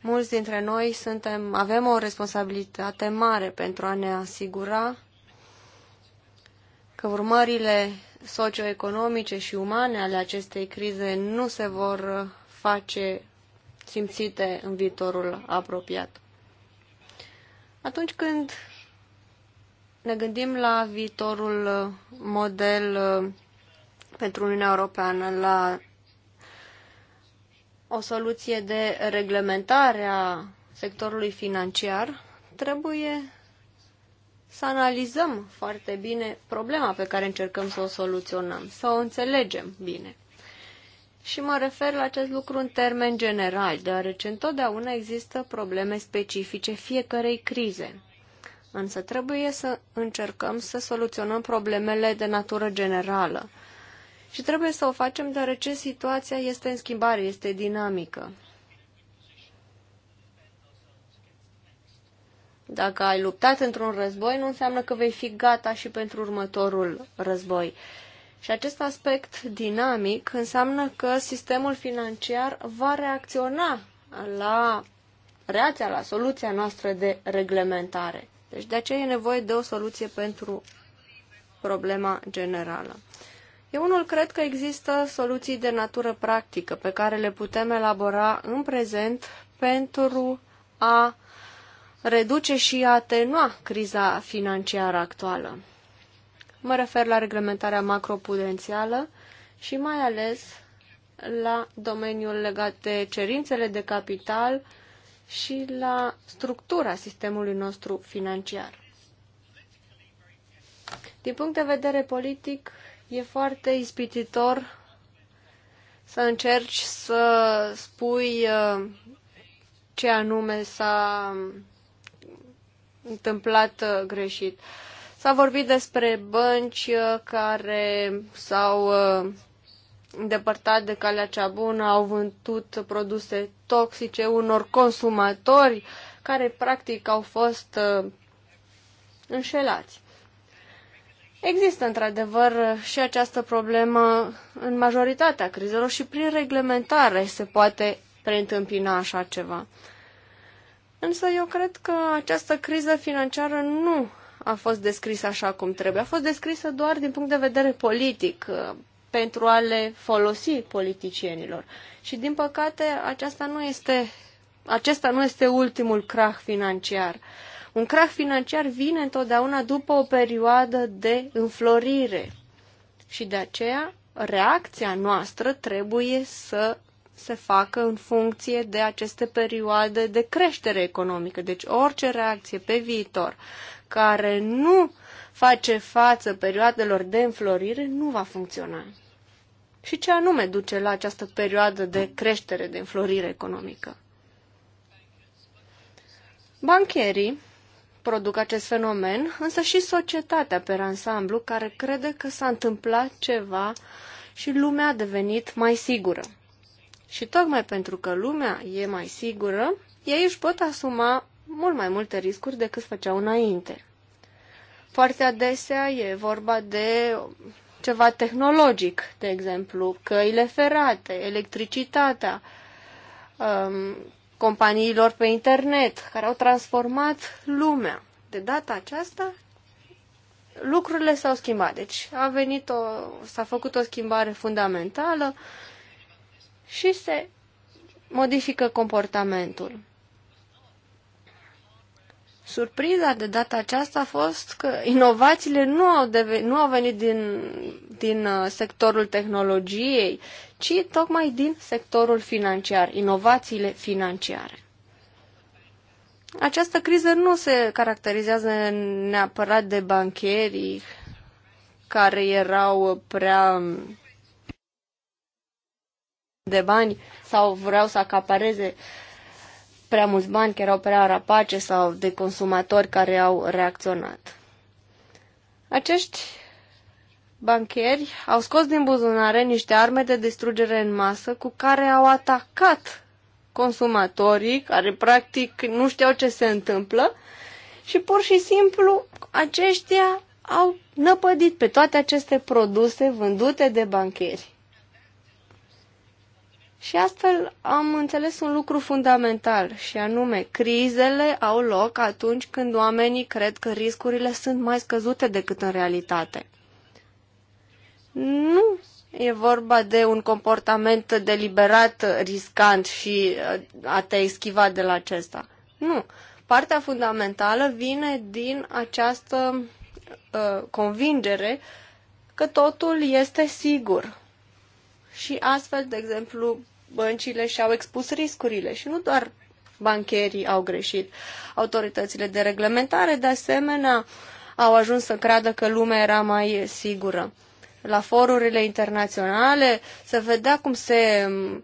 Mulți dintre noi suntem, avem o responsabilitate mare pentru a ne asigura că urmările socioeconomice și umane ale acestei crize nu se vor face simțite în viitorul apropiat. Atunci când ne gândim la viitorul model uh, pentru Uniunea Europeană, la o soluție de reglementare a sectorului financiar, trebuie să analizăm foarte bine problema pe care încercăm să o soluționăm, să o înțelegem bine. Și mă refer la acest lucru în termen general, deoarece întotdeauna există probleme specifice fiecarei crize. Însă trebuie să încercăm să soluționăm problemele de natură generală. Și trebuie să o facem deoarece situația este în schimbare, este dinamică. Dacă ai luptat într-un război, nu înseamnă că vei fi gata și pentru următorul război. Și acest aspect dinamic înseamnă că sistemul financiar va reacționa la reacția, la soluția noastră de reglementare. Deci de aceea e nevoie de o soluție pentru problema generală. Eu unul cred că există soluții de natură practică pe care le putem elabora în prezent pentru a reduce și a atenua criza financiară actuală. Mă refer la reglementarea macroprudențială și mai ales la domeniul legat de cerințele de capital și la structura sistemului nostru financiar. Din punct de vedere politic, e foarte ispititor să încerci să spui uh, ce anume s-a întâmplat uh, greșit. Uh, S-a vorbit despre bănci uh, care s-au uh, îndepărtat de calea cea bună, au vândut produse toxice unor consumatori care practic au fost uh, înșelați. Există într-adevăr și această problemă în majoritatea crizelor și prin reglementare se poate preîntâmpina așa ceva. Însă eu cred că această criză financiară nu a fost descrisă așa cum trebuie. A fost descrisă doar din punct de vedere politic, uh, pentru a le folosi politicienilor. Și din păcate, aceasta nu este, acesta nu este ultimul crach financiar. Un crach financiar vine întotdeauna după o perioadă de înflorire. Și de aceea, reacția noastră trebuie să se facă în funcție de aceste perioade de creștere economică. Deci orice reacție pe viitor care nu face față perioadelor de înflorire nu va funcționa. Și ce anume duce la această perioadă de creștere, de înflorire economică? Bancherii produc acest fenomen, însă și societatea pe ansamblu care crede că s-a întâmplat ceva și lumea a devenit mai sigură. Și tocmai pentru că lumea e mai sigură, ei își pot asuma mult mai multe riscuri decât făceau înainte. Foarte adesea e vorba de ceva tehnologic, de exemplu, căile ferate, electricitatea, um, companiilor pe internet, care au transformat lumea. De data aceasta, lucrurile s-au schimbat. Deci a venit o, s-a făcut o schimbare fundamentală și se modifică comportamentul. Surpriza de data aceasta a fost că inovațiile nu au, deve- nu au venit din, din uh, sectorul tehnologiei, ci tocmai din sectorul financiar, inovațiile financiare. Această criză nu se caracterizează neapărat de bancherii care erau prea de bani sau vreau să acapareze prea mulți bani care erau prea rapace sau de consumatori care au reacționat. Acești bancheri au scos din buzunare niște arme de distrugere în masă cu care au atacat consumatorii care practic nu știau ce se întâmplă și pur și simplu aceștia au năpădit pe toate aceste produse vândute de bancheri. Și astfel am înțeles un lucru fundamental, și anume, crizele au loc atunci când oamenii cred că riscurile sunt mai scăzute decât în realitate. Nu e vorba de un comportament deliberat riscant și uh, a te eschiva de la acesta. Nu. Partea fundamentală vine din această uh, convingere că totul este sigur, și astfel, de exemplu, băncile și-au expus riscurile și nu doar bancherii au greșit. Autoritățile de reglementare, de asemenea, au ajuns să creadă că lumea era mai sigură. La forurile internaționale se vedea cum se uh,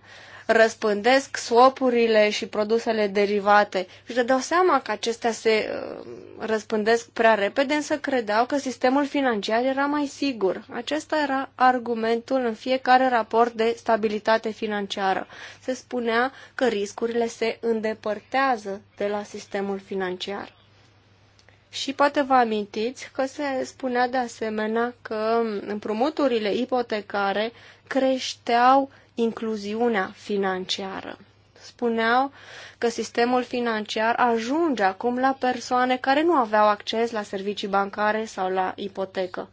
răspândesc swapurile și produsele derivate. Și dădeau seama că acestea se uh, răspândesc prea repede, însă credeau că sistemul financiar era mai sigur. Acesta era argumentul în fiecare raport de stabilitate financiară. Se spunea că riscurile se îndepărtează de la sistemul financiar. Și poate vă amintiți că se spunea de asemenea că împrumuturile ipotecare creșteau incluziunea financiară. Spuneau că sistemul financiar ajunge acum la persoane care nu aveau acces la servicii bancare sau la ipotecă.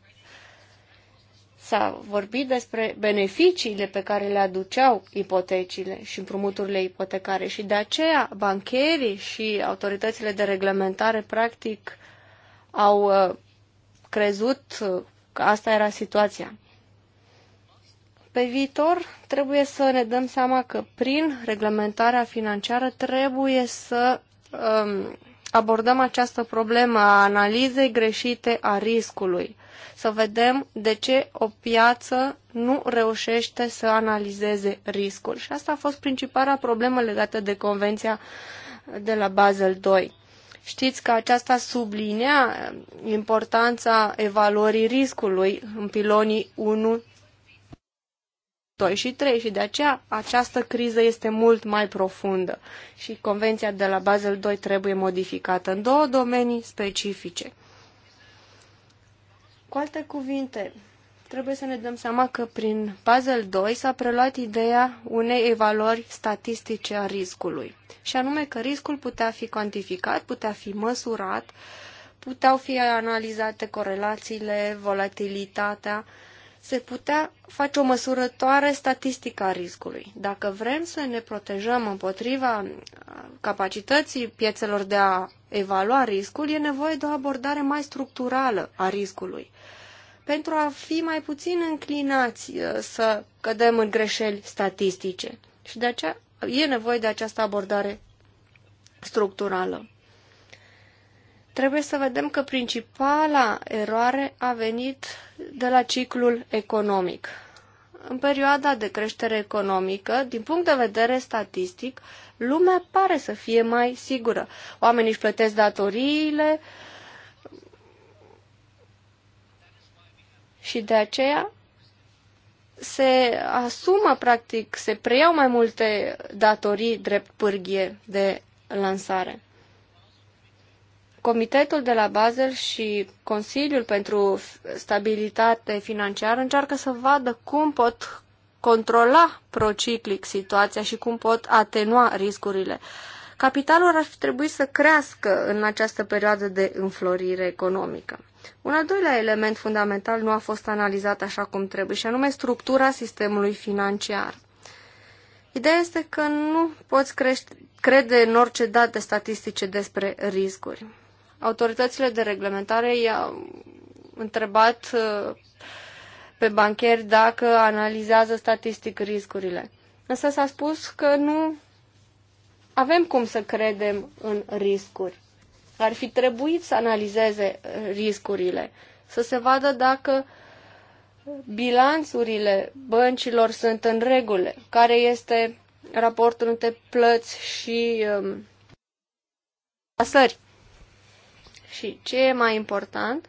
S-a vorbit despre beneficiile pe care le aduceau ipotecile și împrumuturile ipotecare și de aceea bancherii și autoritățile de reglementare practic au uh, crezut uh, că asta era situația. Pe viitor trebuie să ne dăm seama că prin reglementarea financiară trebuie să um, abordăm această problemă a analizei greșite a riscului. Să vedem de ce o piață nu reușește să analizeze riscul. Și asta a fost principala problemă legată de convenția de la Basel II. Știți că aceasta sublinea importanța evaluării riscului în pilonii 1 2 și 3 și de aceea această criză este mult mai profundă și convenția de la Basel II trebuie modificată în două domenii specifice. Cu alte cuvinte, trebuie să ne dăm seama că prin Basel II s-a preluat ideea unei evaluări statistice a riscului, și anume că riscul putea fi cuantificat, putea fi măsurat, puteau fi analizate corelațiile, volatilitatea, se putea face o măsurătoare statistică a riscului. Dacă vrem să ne protejăm împotriva uh, capacității piețelor de a evalua riscul, e nevoie de o abordare mai structurală a riscului pentru a fi mai puțin înclinați uh, să cădem în greșeli statistice. Și de aceea e nevoie de această abordare structurală trebuie să vedem că principala eroare a venit de la ciclul economic. În perioada de creștere economică, din punct de vedere statistic, lumea pare să fie mai sigură. Oamenii își plătesc datoriile și de aceea se asumă, practic, se preiau mai multe datorii drept pârghie de lansare. Comitetul de la Basel și Consiliul pentru Stabilitate Financiară încearcă să vadă cum pot controla prociclic situația și cum pot atenua riscurile. Capitalul ar trebui să crească în această perioadă de înflorire economică. Un al doilea element fundamental nu a fost analizat așa cum trebuie, și anume structura sistemului financiar. Ideea este că nu poți crește, crede în orice date statistice despre riscuri autoritățile de reglementare i-au întrebat uh, pe bancheri dacă analizează statistic riscurile. Însă s-a spus că nu avem cum să credem în riscuri. Ar fi trebuit să analizeze uh, riscurile, să se vadă dacă bilanțurile băncilor sunt în regulă, care este raportul între plăți și um, și ce e mai important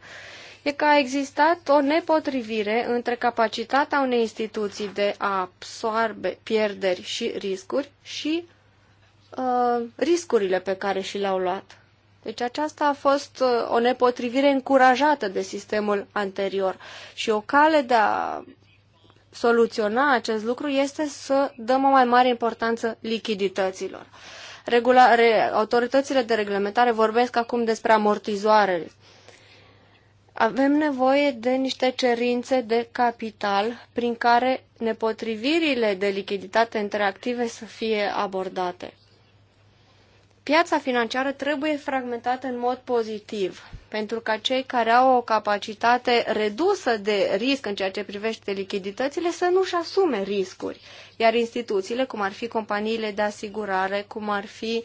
e că a existat o nepotrivire între capacitatea unei instituții de a absorbe pierderi și riscuri și uh, riscurile pe care și le-au luat. Deci aceasta a fost uh, o nepotrivire încurajată de sistemul anterior și o cale de a soluționa acest lucru este să dăm o mai mare importanță lichidităților. Regula, re, autoritățile de reglementare vorbesc acum despre amortizoare. Avem nevoie de niște cerințe de capital prin care nepotrivirile de lichiditate interactive să fie abordate. Piața financiară trebuie fragmentată în mod pozitiv, pentru ca cei care au o capacitate redusă de risc în ceea ce privește lichiditățile să nu-și asume riscuri, iar instituțiile, cum ar fi companiile de asigurare, cum ar fi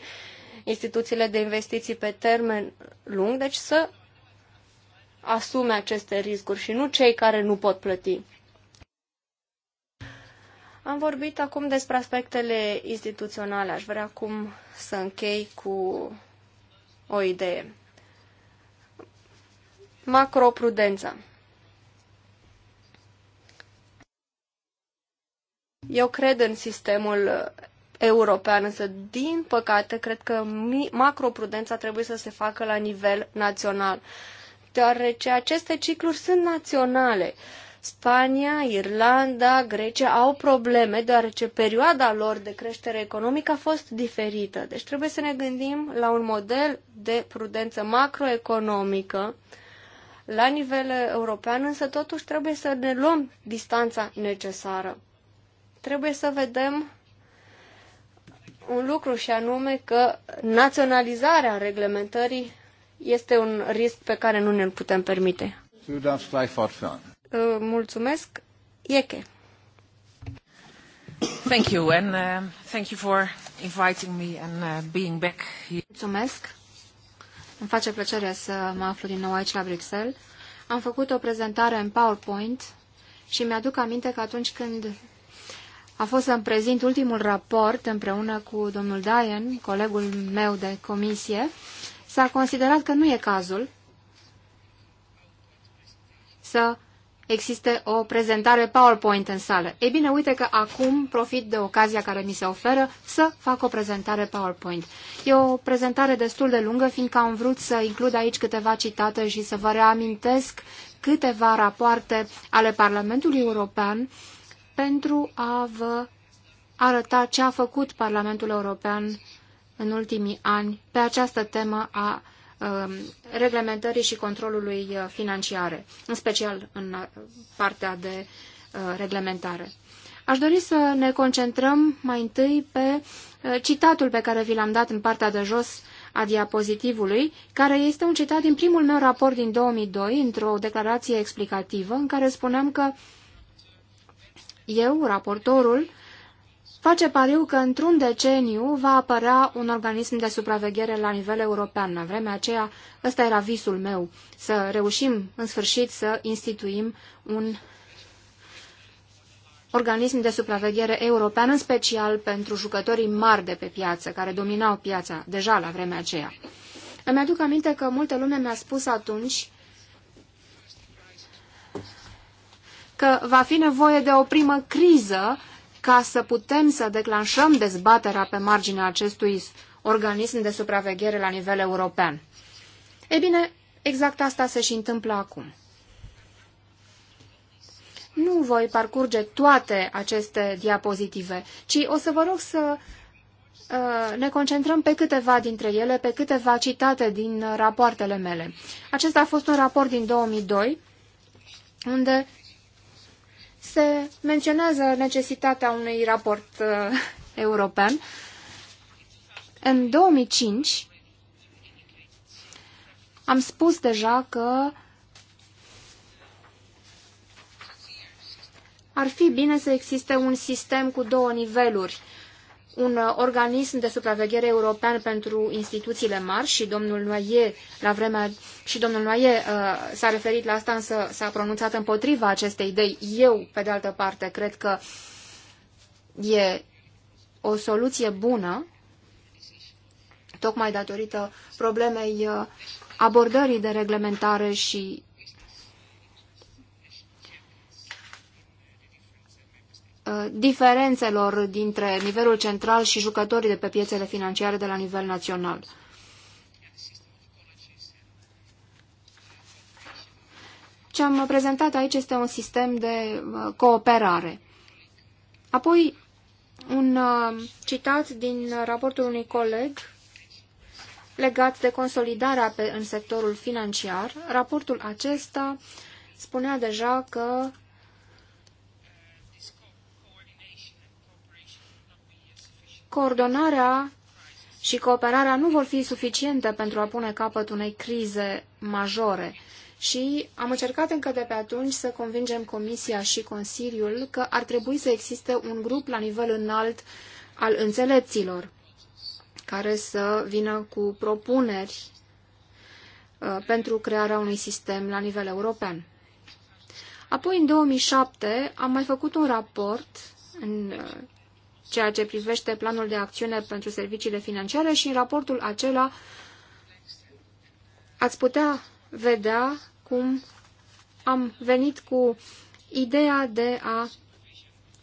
instituțiile de investiții pe termen lung, deci să asume aceste riscuri și nu cei care nu pot plăti. Am vorbit acum despre aspectele instituționale. Aș vrea acum să închei cu o idee. Macroprudența. Eu cred în sistemul european, însă, din păcate, cred că macroprudența trebuie să se facă la nivel național, deoarece aceste cicluri sunt naționale. Uh, Spania, Irlanda, Grecia au probleme deoarece perioada lor de creștere economică a fost diferită. Deci trebuie să ne gândim la un model de prudență macroeconomică la nivel european, însă totuși trebuie să ne luăm distanța necesară. Trebuie să vedem un lucru și anume că naționalizarea reglementării este un risc pe care nu ne-l putem permite. Uh, mulțumesc, Ieche.
Thank you and uh,
thank you for inviting me and uh, being back here. Mulțumesc. Îmi face plăcere să mă aflu din nou aici la Bruxelles. Am făcut o prezentare în PowerPoint și mi-aduc aminte că atunci când a fost să-mi prezint ultimul raport împreună cu domnul Dayan, colegul meu de comisie, s-a considerat că nu e cazul să existe o prezentare PowerPoint în sală. Ei bine, uite că acum profit de ocazia care mi se oferă să fac o prezentare PowerPoint. E o prezentare destul de lungă, fiindcă am vrut să includ aici câteva citate și să vă reamintesc câteva rapoarte ale Parlamentului European pentru a vă arăta ce a făcut Parlamentul European în ultimii ani pe această temă a Um, reglementării și controlului uh, financiare, în special în uh, partea de uh, reglementare. Aș dori să ne concentrăm mai întâi pe citatul pe care vi l-am dat în partea de jos a diapozitivului, care este un citat din primul meu raport din 2002, într-o declarație explicativă, în care spuneam că eu, raportorul, face pariu că într-un deceniu va apărea un organism de supraveghere la nivel european. În vremea aceea, ăsta era visul meu, să reușim în sfârșit să instituim un organism de supraveghere european, în special pentru jucătorii mari de pe piață, care dominau piața deja la vremea aceea. Îmi aduc aminte că multă lume mi-a spus atunci că va fi nevoie de o primă criză ca să putem să declanșăm dezbaterea pe marginea acestui organism de supraveghere la nivel european. Ei bine, exact asta se și întâmplă acum. Nu voi parcurge toate aceste diapozitive, ci o să vă rog să uh, ne concentrăm pe câteva dintre ele, pe câteva citate din rapoartele mele. Acesta a fost un raport din 2002, unde se menționează necesitatea unui raport uh, european. În 2005 am spus deja că ar fi bine să existe un sistem cu două niveluri un uh, organism de supraveghere european pentru instituțiile mari și domnul Noyer, la vremea, și domnul Noyer uh, s-a referit la asta, însă s-a pronunțat împotriva acestei idei. Eu, pe de altă parte, cred că e o soluție bună, tocmai datorită problemei uh, abordării de reglementare și Uh, diferențelor dintre nivelul central și jucătorii de pe piețele financiare de la nivel național. Ce am prezentat aici este un sistem de uh, cooperare. Apoi, un uh, citat din raportul unui coleg legat de consolidarea pe, în sectorul financiar. Raportul acesta spunea deja că coordonarea și cooperarea nu vor fi suficiente pentru a pune capăt unei crize majore. Și am încercat încă de pe atunci să convingem Comisia și Consiliul că ar trebui să existe un grup la nivel înalt al înțelepților, care să vină cu propuneri uh, pentru crearea unui sistem la nivel european. Apoi, în 2007, am mai făcut un raport în uh, ceea ce privește planul de acțiune pentru serviciile financiare și în raportul acela ați putea vedea cum am venit cu ideea de a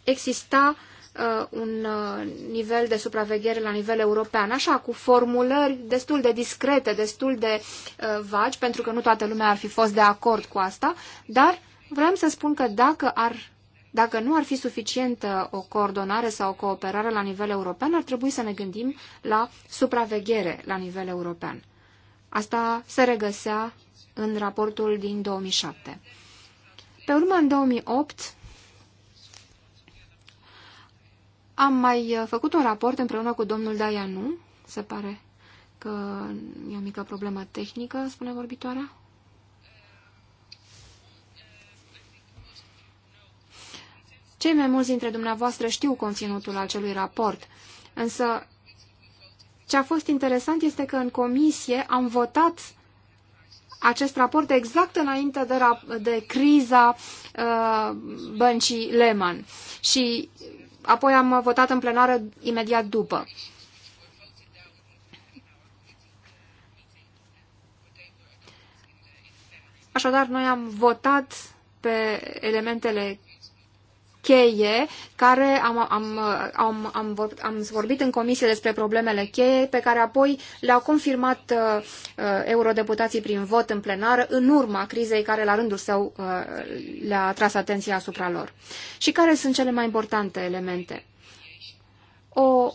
exista uh, un uh, nivel de supraveghere la nivel european, așa, cu formulări destul de discrete, destul de uh, vagi, pentru că nu toată lumea ar fi fost de acord cu asta, dar vreau să spun că dacă ar dacă nu ar fi suficientă uh, o coordonare sau o cooperare la nivel european, ar trebui să ne gândim la supraveghere la nivel european. Asta se regăsea în raportul din 2007. Pe urmă, în 2008, am mai uh, făcut un raport împreună cu domnul Daianu, se pare că e o mică problemă tehnică, spune vorbitoarea. Cei mai mulți dintre dumneavoastră știu conținutul acelui raport, însă ce a fost interesant este că în comisie am votat acest raport exact înainte de, de criza uh, băncii Lehman și apoi am votat în plenară imediat după. Așadar, noi am votat pe elementele cheie care am, am, am, am, vorbit, am vorbit în comisie despre problemele cheie pe care apoi le-au confirmat uh, uh, eurodeputații prin vot în plenară în urma crizei care la rândul său uh, le-a atras atenția asupra lor. Și care sunt cele mai importante elemente? O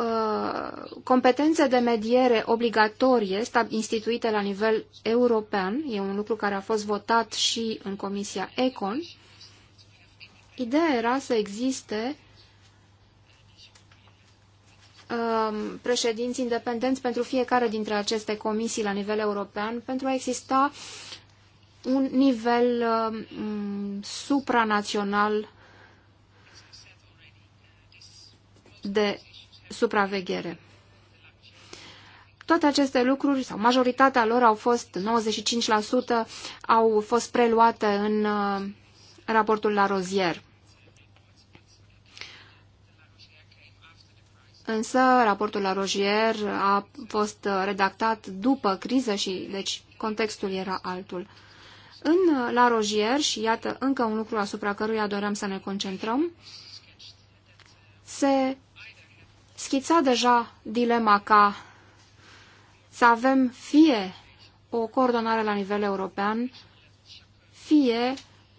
uh, competență de mediere obligatorie instituită la nivel european, e un lucru care a fost votat și în Comisia ECON, Ideea era să existe um, președinți independenți pentru fiecare dintre aceste comisii la nivel european, pentru a exista un nivel um, supranațional de supraveghere. Toate aceste lucruri, sau majoritatea lor au fost, 95%, au fost preluate în uh, raportul la rozier. Însă raportul la rozier a fost redactat după criză și deci contextul era altul. În la rozier, și iată încă un lucru asupra căruia doream să ne concentrăm, se schița deja dilema ca să avem fie o coordonare la nivel european, fie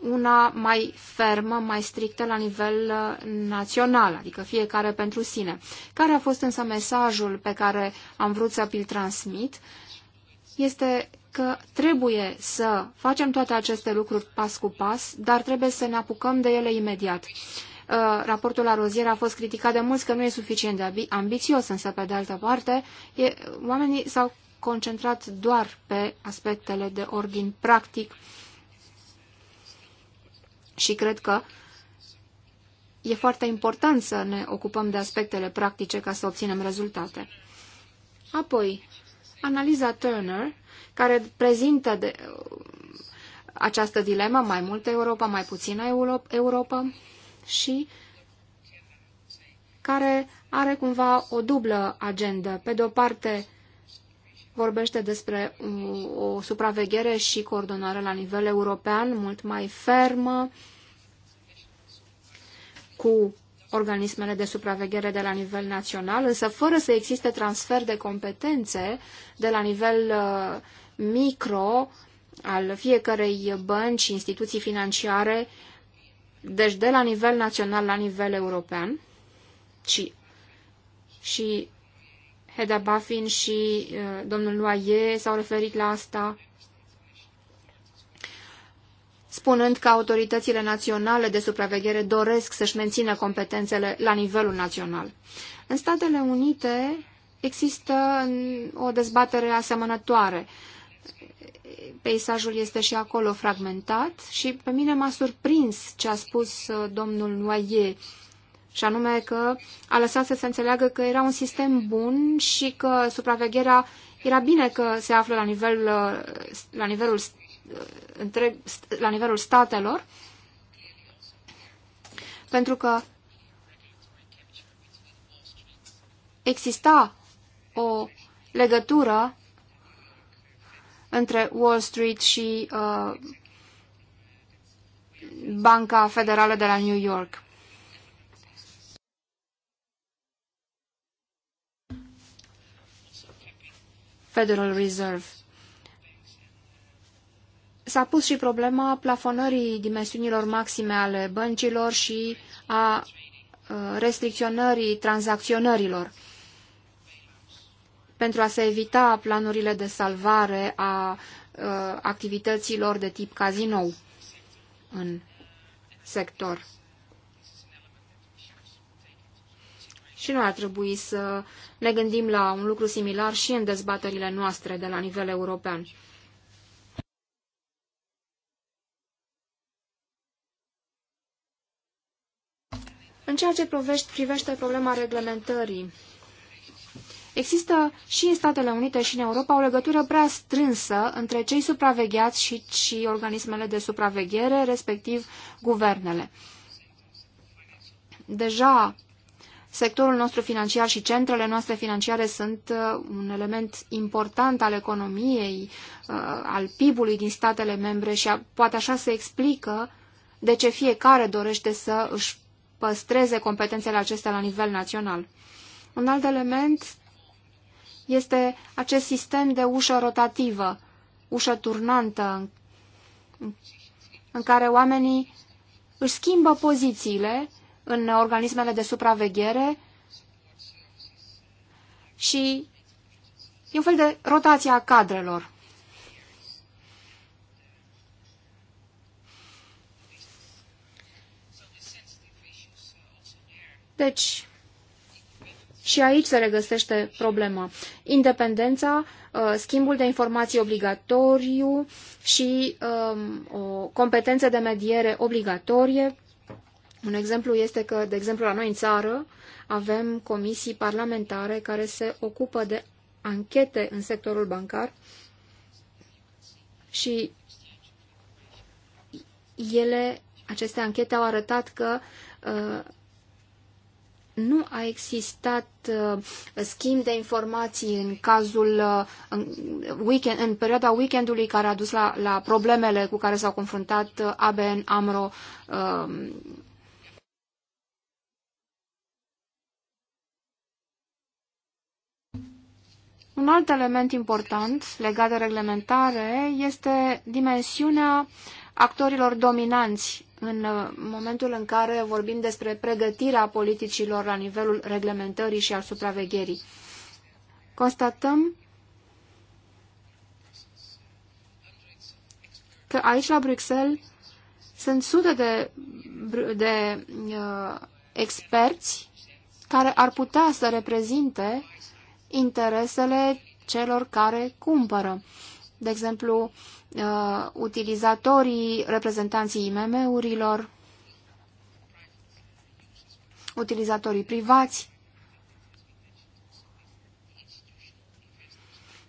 una mai fermă, mai strictă la nivel uh, național, adică fiecare pentru sine. Care a fost însă mesajul pe care am vrut să îl transmit? Este că trebuie să facem toate aceste lucruri pas cu pas, dar trebuie să ne apucăm de ele imediat. Uh, raportul la rozier a fost criticat de mulți că nu e suficient de ambițios, însă pe de altă parte e, oamenii s-au concentrat doar pe aspectele de ordin practic și cred că e foarte important să ne ocupăm de aspectele practice ca să obținem rezultate. Apoi, analiza Turner, care prezintă de, această dilemă, mai multă Europa, mai puțină Europa și care are cumva o dublă agendă. Pe de o parte, vorbește despre mm, o supraveghere și coordonare la nivel european mult mai fermă cu organismele de supraveghere de la nivel național, însă fără să existe transfer de competențe de la nivel uh, micro al fiecărei bănci și instituții financiare, deci de la nivel național la nivel european. Și, și Heda Baffin și uh, domnul Loaie s-au referit la asta, spunând că autoritățile naționale de supraveghere doresc să-și mențină competențele la nivelul național. În Statele Unite există o dezbatere asemănătoare. Peisajul este și acolo fragmentat și pe mine m-a surprins ce a spus uh, domnul Noyer și anume că a lăsat să se înțeleagă că era un sistem bun și că supravegherea era bine că se află la, nivel, uh, la, nivelul, uh, întreg, la nivelul statelor, pentru că exista o legătură între Wall Street și uh, Banca Federală de la New York. Federal Reserve. S-a pus și problema plafonării dimensiunilor maxime ale băncilor și a uh, restricționării tranzacționărilor pentru a se evita planurile de salvare a uh, activităților de tip cazinou în sector. Și noi ar trebui să ne gândim la un lucru similar și în dezbaterile noastre de la nivel european. În ceea ce privește problema reglementării, există și în Statele Unite și în Europa o legătură prea strânsă între cei supravegheați și, și organismele de supraveghere, respectiv guvernele. Deja Sectorul nostru financiar și centrele noastre financiare sunt uh, un element important al economiei, uh, al PIB-ului din statele membre și poate așa se explică de ce fiecare dorește să își păstreze competențele acestea la nivel național. Un alt element este acest sistem de ușă rotativă, ușă turnantă, în care oamenii își schimbă pozițiile în organismele de supraveghere și e un fel de rotație a cadrelor. Deci, și aici se regăsește problema. Independența, uh, schimbul de informații obligatoriu și um, o competență de mediere obligatorie un exemplu este că, de exemplu, la noi în țară avem comisii parlamentare care se ocupă de anchete în sectorul bancar și ele, aceste anchete au arătat că uh, nu a existat uh, schimb de informații în cazul uh, în, weekend, în perioada weekendului care a dus la, la problemele cu care s-au confruntat uh, ABN AMRO uh, Un alt element important legat de reglementare este dimensiunea actorilor dominanți în uh, momentul în care vorbim despre pregătirea politicilor la nivelul reglementării și al supravegherii. Constatăm că aici la Bruxelles sunt sute de, de uh, experți care ar putea să reprezinte interesele celor care cumpără. De exemplu, uh, utilizatorii, reprezentanții IMM-urilor, utilizatorii privați,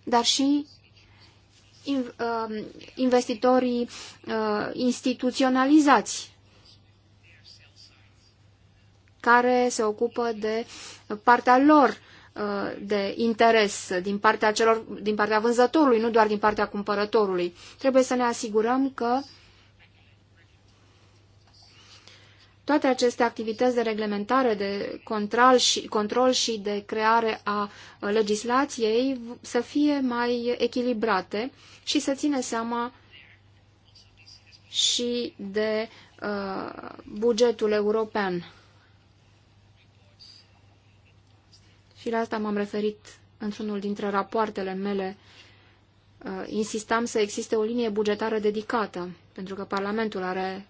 dar și uh, investitorii uh, instituționalizați care se ocupă de partea lor Uh, de interes din partea, celor, din partea vânzătorului, nu doar din partea cumpărătorului. Trebuie să ne asigurăm că toate aceste activități de reglementare, de control și, control și de creare a legislației să fie mai echilibrate și să ține seama și de uh, bugetul european. și la asta m-am referit într-unul dintre rapoartele mele, uh, insistam să existe o linie bugetară dedicată, pentru că Parlamentul are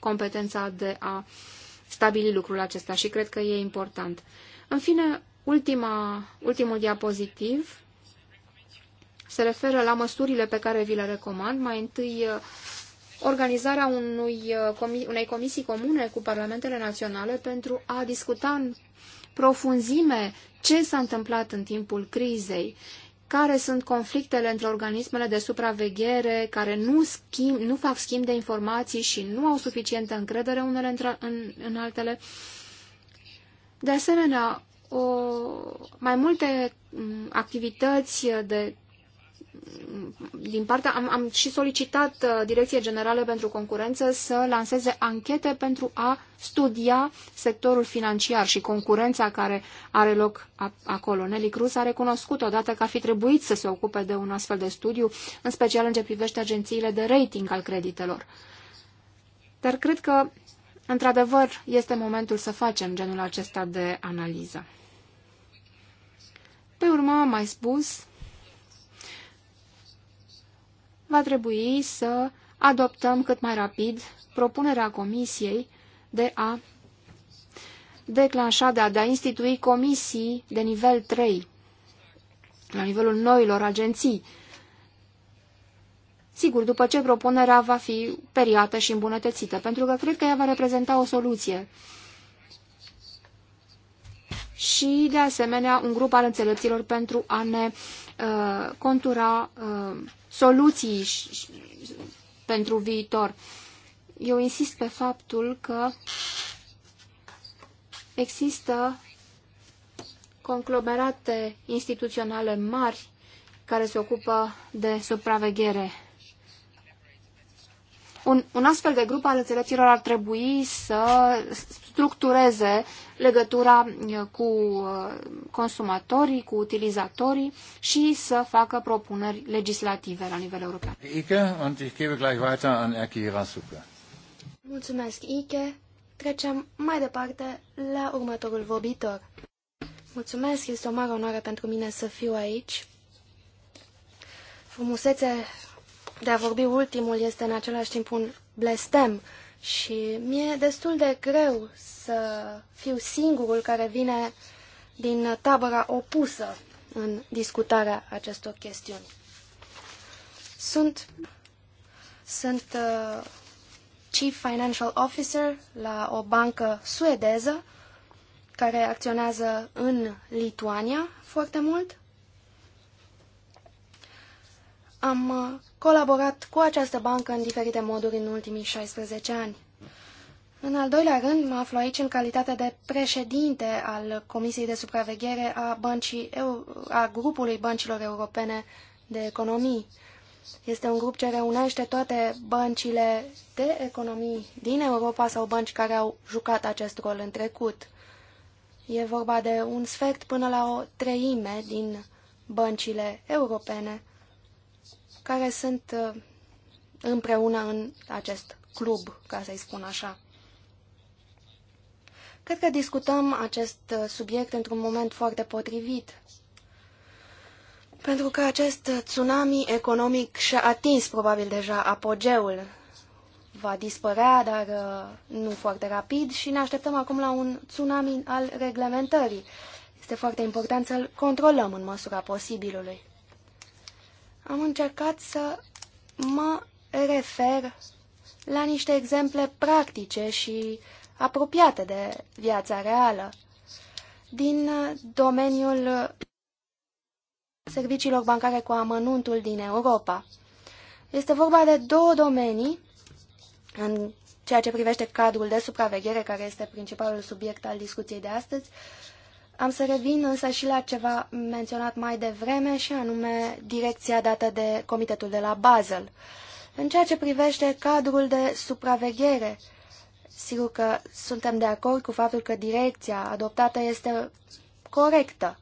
competența de a stabili lucrul acesta și cred că e important. În fine, ultima, ultimul diapozitiv se referă la măsurile pe care vi le recomand. Mai întâi, uh, organizarea unui, uh, unei comisii comune cu parlamentele naționale pentru a discuta în profunzime ce s-a întâmplat în timpul crizei, care sunt conflictele între organismele de supraveghere care nu, schimb, nu fac schimb de informații și nu au suficientă încredere unele în, în altele. De asemenea, o, mai multe activități de din partea, am, am și solicitat uh, Direcției Generale pentru Concurență să lanseze anchete pentru a studia sectorul financiar și concurența care are loc acolo. Nelly Cruz a recunoscut odată că ar fi trebuit să se ocupe de un astfel de studiu, în special în ce privește agențiile de rating al creditelor. Dar cred că, într-adevăr, este momentul să facem genul acesta de analiză. Pe urmă, am mai spus va trebui să adoptăm cât mai rapid propunerea Comisiei de a declanșa, de a, de a institui comisii de nivel 3, la nivelul noilor agenții. Sigur, după ce propunerea va fi periată și îmbunătățită, pentru că cred că ea va reprezenta o soluție. Și, de asemenea, un grup al înțelepților pentru a ne uh, contura uh, soluții pentru viitor. Eu insist pe faptul că există conglomerate instituționale mari care se ocupă de supraveghere un, un astfel de grup al înțelepților ar trebui să structureze legătura cu consumatorii, cu utilizatorii și să facă propuneri legislative la
nivel european.
Ike, und ich gebe gleich weiter an Erki Rasuke.
Mulțumesc, Ike. Trecem mai departe la următorul vorbitor. Mulțumesc, este o mare onoare pentru mine să fiu aici. Frumusețea de a vorbi ultimul este în același timp un blestem și mi-e destul de greu să fiu singurul care vine din tabăra opusă în discutarea acestor chestiuni. Sunt, sunt uh, Chief Financial Officer la o bancă suedeză care acționează în Lituania foarte mult am uh, colaborat cu această bancă în diferite moduri în ultimii 16 ani. În al doilea rând, mă aflu aici în calitate de președinte al Comisiei de Supraveghere a, Băncii, a grupului băncilor europene de economii. Este un grup ce reunește toate băncile de economii din Europa sau bănci care au jucat acest rol în trecut. E vorba de un sfert până la o treime din băncile europene care sunt uh, împreună în acest club, ca să-i spun așa. Cred că discutăm acest uh, subiect într-un moment foarte potrivit, pentru că acest tsunami economic și-a atins probabil deja apogeul. Va dispărea, dar uh, nu foarte rapid și ne așteptăm acum la un tsunami al reglementării. Este foarte important să-l controlăm în măsura posibilului am încercat să mă refer la niște exemple practice și apropiate de viața reală din domeniul serviciilor bancare cu amănuntul din Europa. Este vorba de două domenii în ceea ce privește cadrul de supraveghere, care este principalul subiect al discuției de astăzi, am să revin însă și la ceva menționat mai devreme și anume direcția dată de Comitetul de la Basel. În ceea ce privește cadrul de supraveghere, sigur că suntem de acord cu faptul că direcția adoptată este corectă.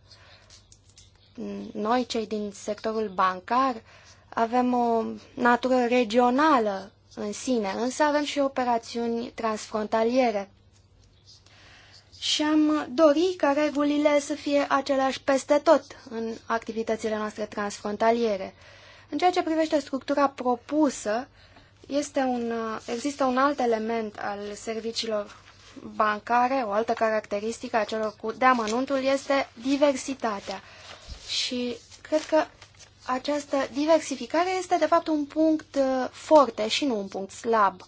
Noi, cei din sectorul bancar, avem o natură regională în sine, însă avem și operațiuni transfrontaliere și am dori ca regulile să fie aceleași peste tot în activitățile noastre transfrontaliere. În ceea ce privește structura propusă, este un, există un alt element al serviciilor bancare, o altă caracteristică a celor cu deamănuntul este diversitatea. Și cred că această diversificare este de fapt un punct uh, forte și nu un punct slab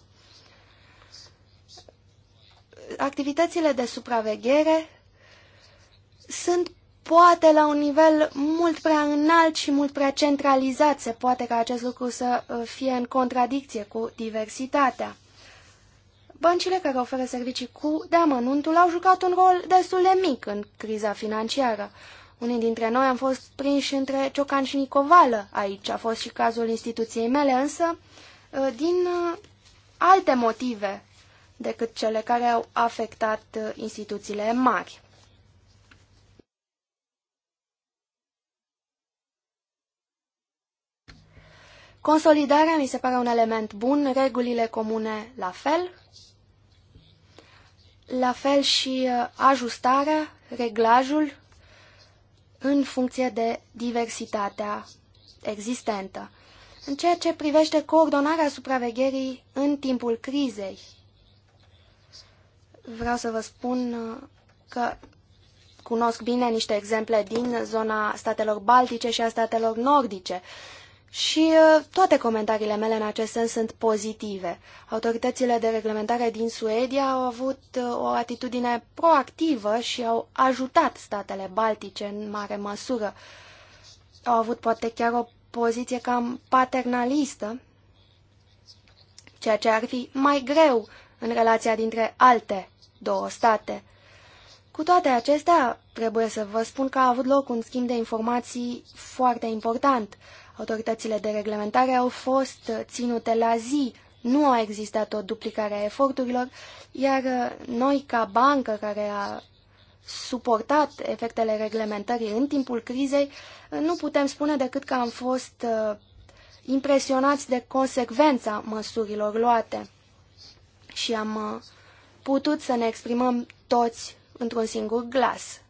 activitățile de supraveghere sunt poate la un nivel mult prea înalt și mult prea centralizat. Se poate ca acest lucru să uh, fie în contradicție cu diversitatea. Băncile care oferă servicii cu deamănuntul au jucat un rol destul de mic în criza financiară. Unii dintre noi am fost prinși între ciocan și nicovală aici. A fost și cazul instituției mele, însă uh, din uh, alte motive decât cele care au afectat uh, instituțiile mari. Consolidarea mi se pare un element bun, regulile comune la fel, la fel și uh, ajustarea, reglajul în funcție de diversitatea existentă. În ceea ce privește coordonarea supravegherii în timpul crizei, vreau să vă spun uh, că cunosc bine niște exemple din zona statelor baltice și a statelor nordice. Și uh, toate comentariile mele în acest sens sunt pozitive. Autoritățile de reglementare din Suedia au avut uh, o atitudine proactivă și au ajutat statele baltice în mare măsură. Au avut poate chiar o poziție cam paternalistă, ceea ce ar fi mai greu în relația dintre alte două state. Cu toate acestea, trebuie să vă spun că a avut loc un schimb de informații foarte important. Autoritățile de reglementare au fost ținute la zi, nu a existat o duplicare a eforturilor, iar uh, noi, ca bancă care a suportat efectele reglementării în timpul crizei, uh, nu putem spune decât că am fost uh, impresionați de consecvența măsurilor luate și am putut să ne exprimăm toți într-un singur glas.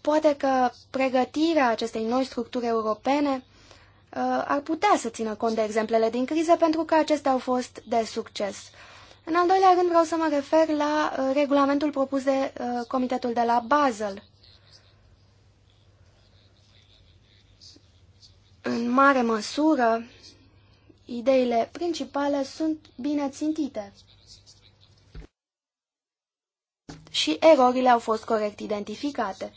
Poate că pregătirea acestei noi structuri europene uh, ar putea să țină cont de exemplele din criză pentru că acestea au fost de succes. În al doilea rând vreau să mă refer la uh, regulamentul propus de uh, comitetul de la Basel. În mare măsură, ideile principale sunt bine țintite și erorile au fost corect identificate.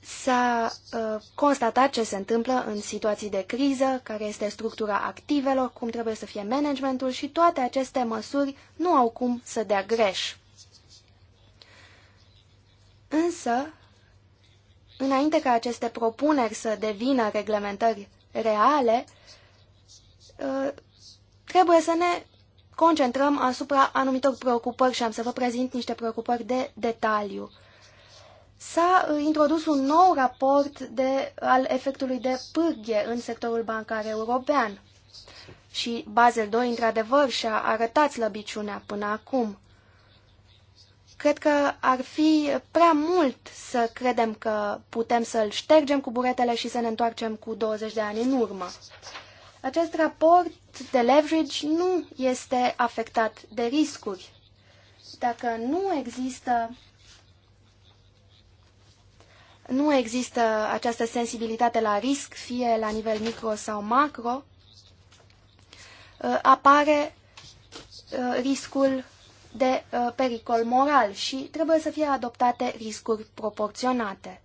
S-a uh, constatat ce se întâmplă în situații de criză, care este structura activelor, cum trebuie să fie managementul și toate aceste măsuri nu au cum să dea greș. Însă, înainte ca aceste propuneri să devină reglementări reale, Uh, trebuie să ne concentrăm asupra anumitor preocupări și am să vă prezint niște preocupări de detaliu. S-a uh, introdus un nou raport de, al efectului de pârghie în sectorul bancar european și Basel II, într-adevăr, și-a arătat slăbiciunea până acum. Cred că ar fi prea mult să credem că putem să-l ștergem cu buretele și să ne întoarcem cu 20 de ani în urmă. Acest raport de leverage nu este afectat de riscuri. Dacă nu există nu există această sensibilitate la risc, fie la nivel micro sau macro, uh, apare uh, riscul de uh, pericol moral și trebuie să fie adoptate riscuri proporționate.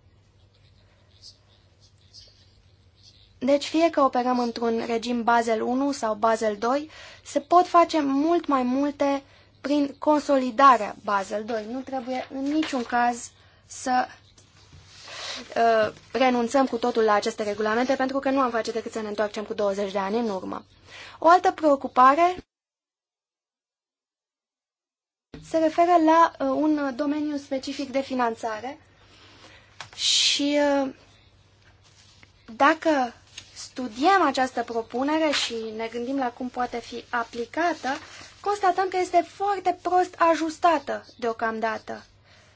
Deci fie că operăm într-un regim Basel 1 sau Basel 2, se pot face mult mai multe prin consolidarea Basel 2. Nu trebuie în niciun caz să uh, renunțăm cu totul la aceste regulamente pentru că nu am face decât să ne întoarcem cu 20 de ani în urmă. O altă preocupare se referă la uh, un domeniu specific de finanțare și uh, dacă studiem această propunere și ne gândim la cum poate fi aplicată, constatăm că este foarte prost ajustată deocamdată.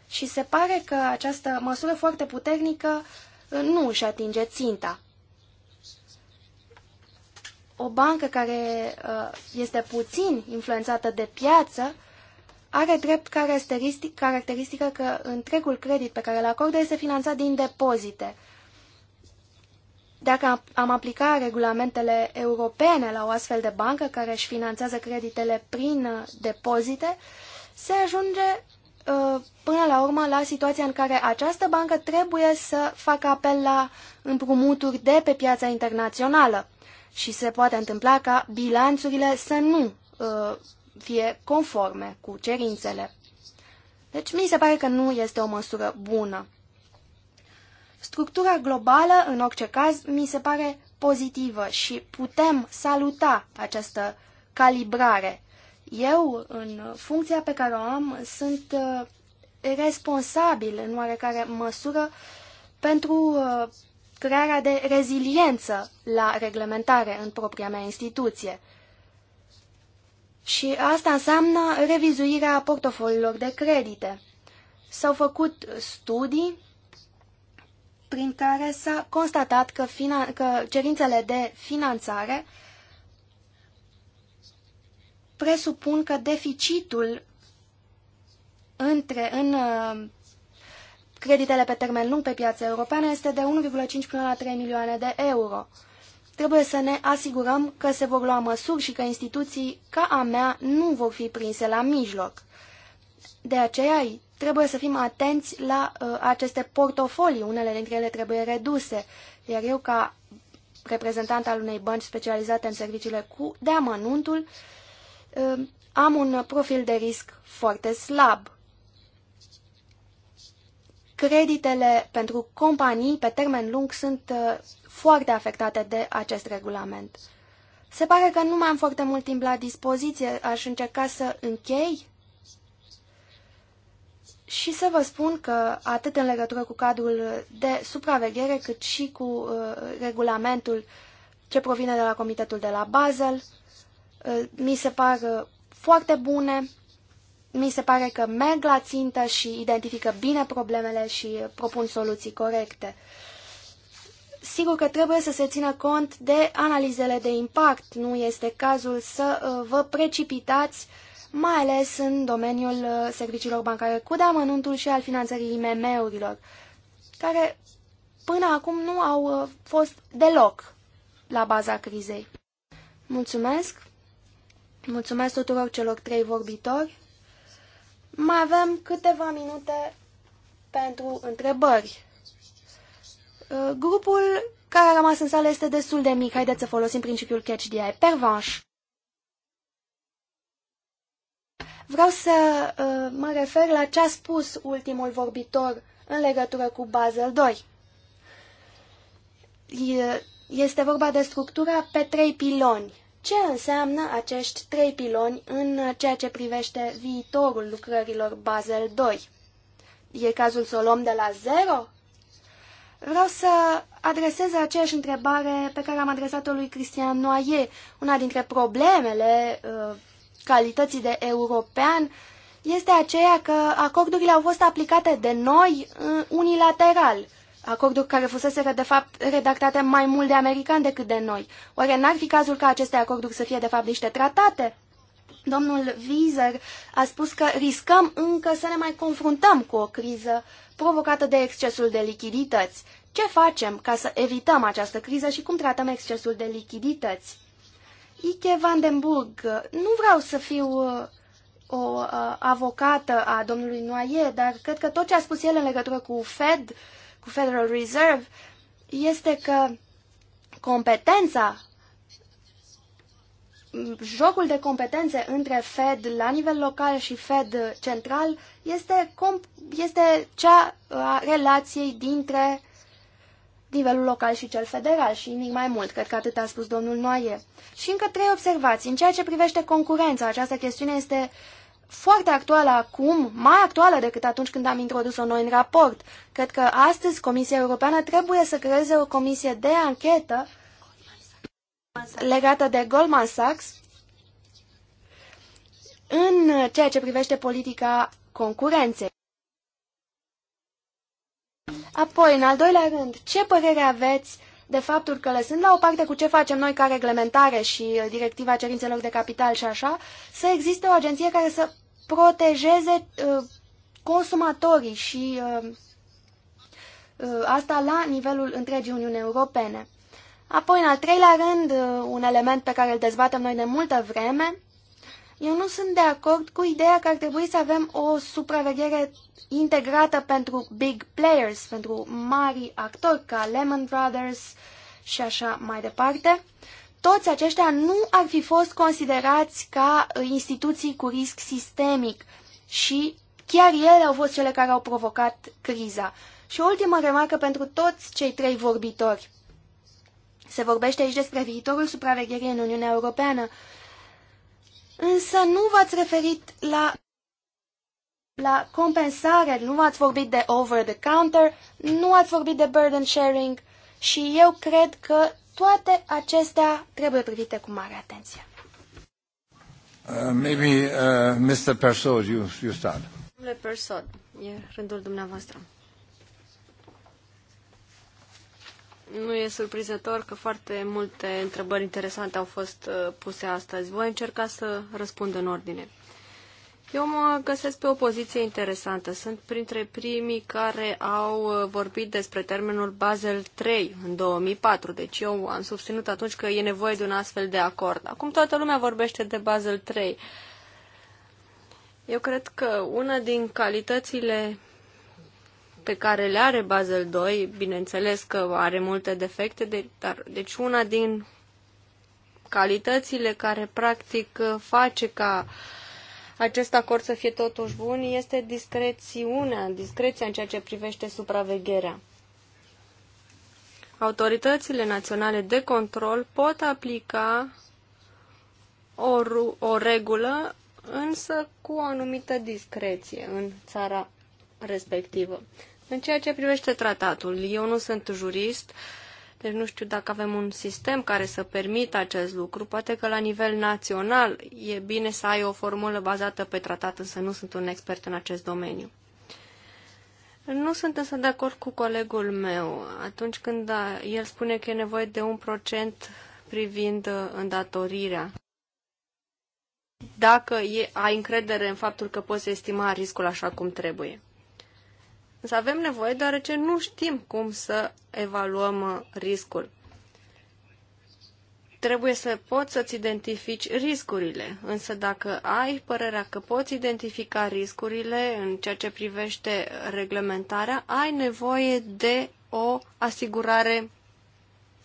Și se pare că această măsură foarte puternică uh, nu își atinge ținta. O bancă care uh, este puțin influențată de piață are drept caracteristică că întregul credit pe care îl acordă este finanțat din depozite dacă am aplica regulamentele europene la o astfel de bancă care își finanțează creditele prin uh, depozite, se ajunge uh, până la urmă la situația în care această bancă trebuie să facă apel la împrumuturi de pe piața internațională și se poate întâmpla ca bilanțurile să nu uh, fie conforme cu cerințele. Deci mi se pare că nu este o măsură bună. Structura globală, în orice caz, mi se pare pozitivă și putem saluta această calibrare. Eu, în funcția pe care o am, sunt uh, responsabil în oarecare măsură pentru uh, crearea de reziliență la reglementare în propria mea instituție. Și asta înseamnă revizuirea portofoliilor de credite. S-au făcut studii prin care s-a constatat că, că cerințele de finanțare presupun că deficitul între, în uh, creditele pe termen lung pe piața europeană este de 1,5 până la 3 milioane de euro. Trebuie să ne asigurăm că se vor lua măsuri și că instituții ca a mea nu vor fi prinse la mijloc. De aceea Trebuie să fim atenți la uh, aceste portofolii, unele dintre ele trebuie reduse, iar eu ca reprezentant al unei bănci specializate în serviciile cu de amănuntul, uh, am un profil de risc foarte slab. Creditele pentru companii pe termen lung sunt uh, foarte afectate de acest regulament. Se pare că nu mai am foarte mult timp la dispoziție, aș încerca să închei și să vă spun că atât în legătură cu cadrul de supraveghere, cât și cu uh, regulamentul ce provine de la Comitetul de la Basel, uh, mi se par uh, foarte bune, mi se pare că merg la țintă și identifică bine problemele și uh, propun soluții corecte. Sigur că trebuie să se țină cont de analizele de impact, nu este cazul să uh, vă precipitați uh, mai ales în domeniul uh, serviciilor bancare cu deamănuntul și al finanțării IMM-urilor, care până acum nu au uh, fost deloc la baza crizei. Mulțumesc! Mulțumesc tuturor celor trei vorbitori. Mai avem câteva minute pentru întrebări. Uh, grupul care a rămas în sală este destul de mic. Haideți să folosim principiul catch the eye. Pervanș. Vreau să uh, mă refer la ce a spus ultimul vorbitor în legătură cu Basel II. Este vorba de structura pe trei piloni. Ce înseamnă acești trei piloni în ceea ce privește viitorul lucrărilor Basel II? E cazul să o luăm de la zero? Vreau să adresez aceeași întrebare pe care am adresat-o lui Cristian Noaie. Una dintre problemele uh, calității de european este aceea că acordurile au fost aplicate de noi uh, unilateral, acorduri care fusese de fapt redactate mai mult de americani decât de noi. Oare n-ar fi cazul ca aceste acorduri să fie de fapt niște tratate? Domnul Wieser a spus că riscăm încă să ne mai confruntăm cu o criză provocată de excesul de lichidități. Ce facem ca să evităm această criză și cum tratăm excesul de lichidități? Ike Vandenburg, nu vreau să fiu uh, o uh, avocată a domnului Noaie, dar cred că tot ce a spus el în legătură cu Fed, cu Federal Reserve, este că competența, jocul de competențe între Fed la nivel local și Fed central este, este cea a relației dintre nivelul local și cel federal și nimic mai mult, cred că atât a spus domnul Noaie. Și încă trei observații. În ceea ce privește concurența, această chestiune este foarte actuală acum, mai actuală decât atunci când am introdus-o noi în raport. Cred că astăzi Comisia Europeană trebuie să creeze o comisie de anchetă legată de Goldman Sachs în ceea ce privește politica concurenței. Apoi, în al doilea rând, ce părere aveți de faptul că lăsând la o parte cu ce facem noi ca reglementare și uh, directiva cerințelor de capital și așa, să existe o agenție care să protejeze uh, consumatorii și uh, uh, asta la nivelul întregii Uniuni Europene. Apoi, în al treilea rând, uh, un element pe care îl dezbatem noi de multă vreme, eu nu sunt de acord cu ideea că ar trebui să avem o supraveghere integrată pentru big players, pentru mari actori ca Lemon Brothers și așa mai departe. Toți aceștia nu ar fi fost considerați ca instituții cu risc sistemic și chiar ele au fost cele care au provocat criza. Și o ultimă remarcă pentru toți cei trei vorbitori. Se vorbește aici despre viitorul supravegherii în Uniunea Europeană însă nu v-ați referit la, la compensare, nu v-ați vorbit de over-the-counter, nu ați vorbit de burden sharing și eu cred că toate acestea trebuie privite cu mare atenție.
Uh, maybe, uh, Mr. Persaud, you, you start.
Domnule
Persaud, e rândul dumneavoastră. Nu e surprizător că foarte multe întrebări interesante au fost uh, puse astăzi. Voi încerca să răspund în ordine. Eu mă găsesc pe o poziție interesantă. Sunt printre primii care au uh, vorbit despre termenul Basel 3 în 2004, deci eu am susținut atunci că e nevoie de un astfel de acord. Acum toată lumea vorbește de Basel 3. Eu cred că una din calitățile pe care le are Basel 2, bineînțeles că are multe defecte, de, dar deci una din calitățile care practic face ca acest acord să fie totuși bun este discrețiunea, discreția în ceea ce privește supravegherea. Autoritățile naționale de control pot aplica o, o regulă, însă cu o anumită discreție în țara respectivă. În ceea ce privește tratatul, eu nu sunt jurist, deci nu știu dacă avem un sistem care să permită acest lucru. Poate că la nivel național e bine să ai o formulă bazată pe tratat, însă nu sunt un expert în acest domeniu. Nu sunt însă de acord cu colegul meu atunci când el spune că e nevoie de un procent privind uh, îndatorirea. Dacă e, ai încredere în faptul că poți estima riscul așa cum trebuie. Însă avem nevoie deoarece nu știm cum să evaluăm uh, riscul. Trebuie să poți să-ți identifici riscurile, însă dacă ai părerea că poți identifica riscurile în ceea ce privește reglementarea, ai nevoie de o asigurare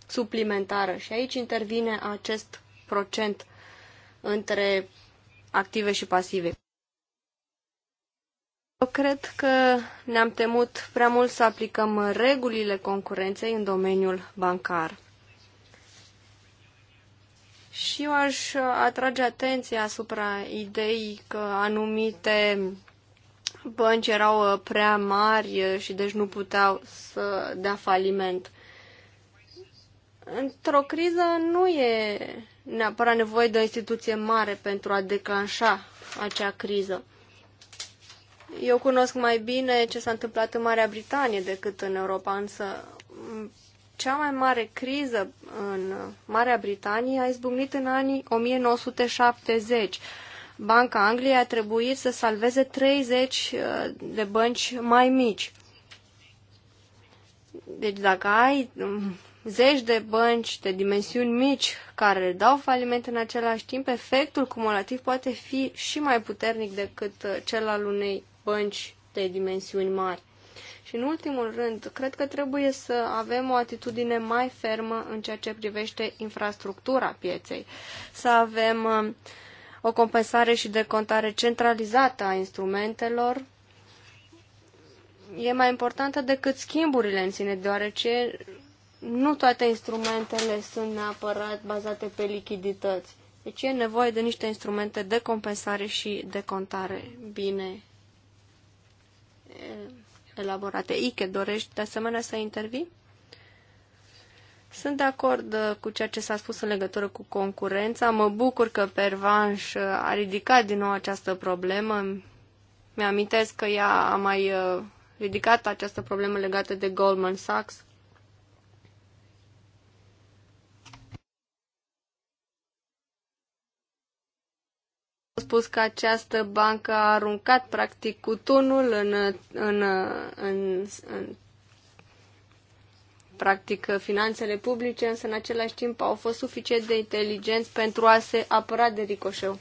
suplimentară. Și aici intervine acest procent între active și pasive. Eu cred că ne-am temut prea mult să aplicăm regulile concurenței în domeniul bancar. Și eu aș atrage atenția asupra ideii că anumite bănci erau prea mari și deci nu puteau să dea faliment. Într-o criză nu e neapărat nevoie de o instituție mare pentru a declanșa acea criză. Eu cunosc mai bine ce s-a întâmplat în Marea Britanie decât în Europa, însă cea mai mare criză în Marea Britanie a izbucnit în anii 1970. Banca Angliei a trebuit să salveze 30 uh, de bănci mai mici. Deci dacă ai um, zeci de bănci de dimensiuni mici care dau faliment în același timp, efectul cumulativ poate fi și mai puternic decât uh, cel al unei bănci de dimensiuni mari. Și în ultimul rând, cred că trebuie să avem o atitudine mai fermă în ceea ce privește infrastructura pieței. Să avem uh, o compensare și decontare centralizată a instrumentelor. E mai importantă decât schimburile în sine, deoarece nu toate instrumentele sunt neapărat bazate pe lichidități. Deci e nevoie de niște instrumente de compensare și de contare bine elaborate. Ike, dorești de asemenea să intervii? Sunt de acord uh, cu ceea ce s-a spus în legătură cu concurența. Mă bucur că Pervanș uh, a ridicat din nou această problemă. Mi-amintesc că ea a mai uh, ridicat această problemă legată de Goldman Sachs. spus că această bancă a aruncat practic cutunul în, în, în, în practic finanțele publice, însă în același timp au fost suficient de inteligenți pentru a se apăra de ricoșeu.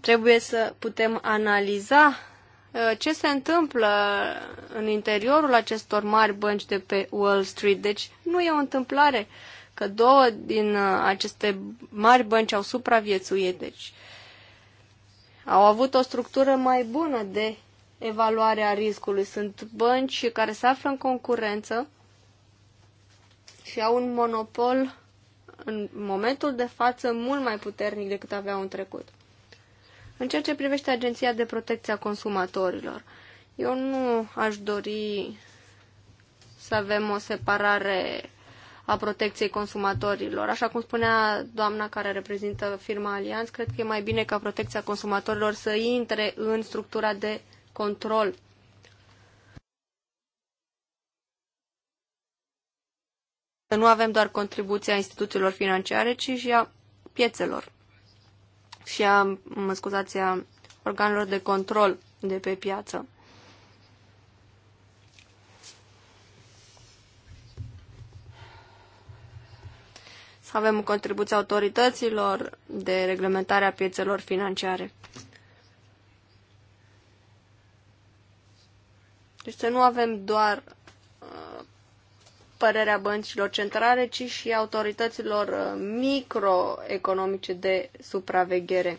Trebuie să putem analiza uh, ce se întâmplă în interiorul acestor mari bănci de pe Wall Street. Deci nu e o întâmplare că două din uh, aceste mari bănci au supraviețuit, deci au avut o structură mai bună de evaluare a riscului. Sunt bănci care se află în concurență și au un monopol în momentul de față mult mai puternic decât aveau în trecut. În ceea ce privește Agenția de Protecție a Consumatorilor, eu nu aș dori să avem o separare a protecției consumatorilor. Așa cum spunea doamna care reprezintă firma Allianz, cred că e mai bine ca protecția consumatorilor să intre în structura de control. Să nu avem doar contribuția instituțiilor financiare, ci și a piețelor și a, mă scuzați, a organelor de control de pe piață. Avem contribuția autorităților de reglementare a piețelor financiare. Deci să nu avem doar uh, părerea băncilor centrale, ci și autorităților uh, microeconomice de supraveghere.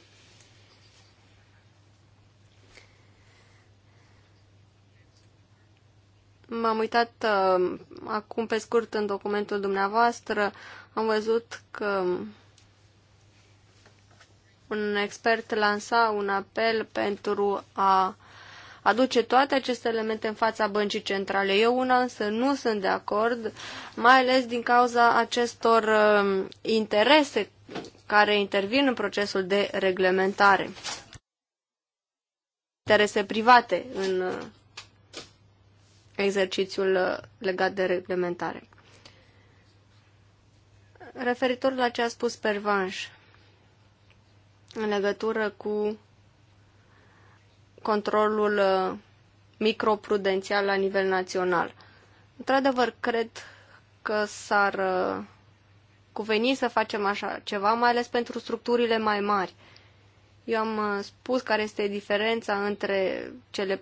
M-am uitat uh, acum pe scurt în documentul dumneavoastră. Am văzut că un expert lansa un apel pentru a aduce toate aceste elemente în fața băncii centrale. Eu una însă nu sunt de acord, mai ales din cauza acestor uh, interese care intervin în procesul de reglementare. Interese private în uh, exercițiul uh, legat de reglementare. Referitor la ce a spus Pervanș în legătură cu controlul uh, microprudențial la nivel național. Într-adevăr, cred că s-ar uh, cuveni să facem așa ceva, mai ales pentru structurile mai mari. Eu am uh, spus care este diferența între cele 40-50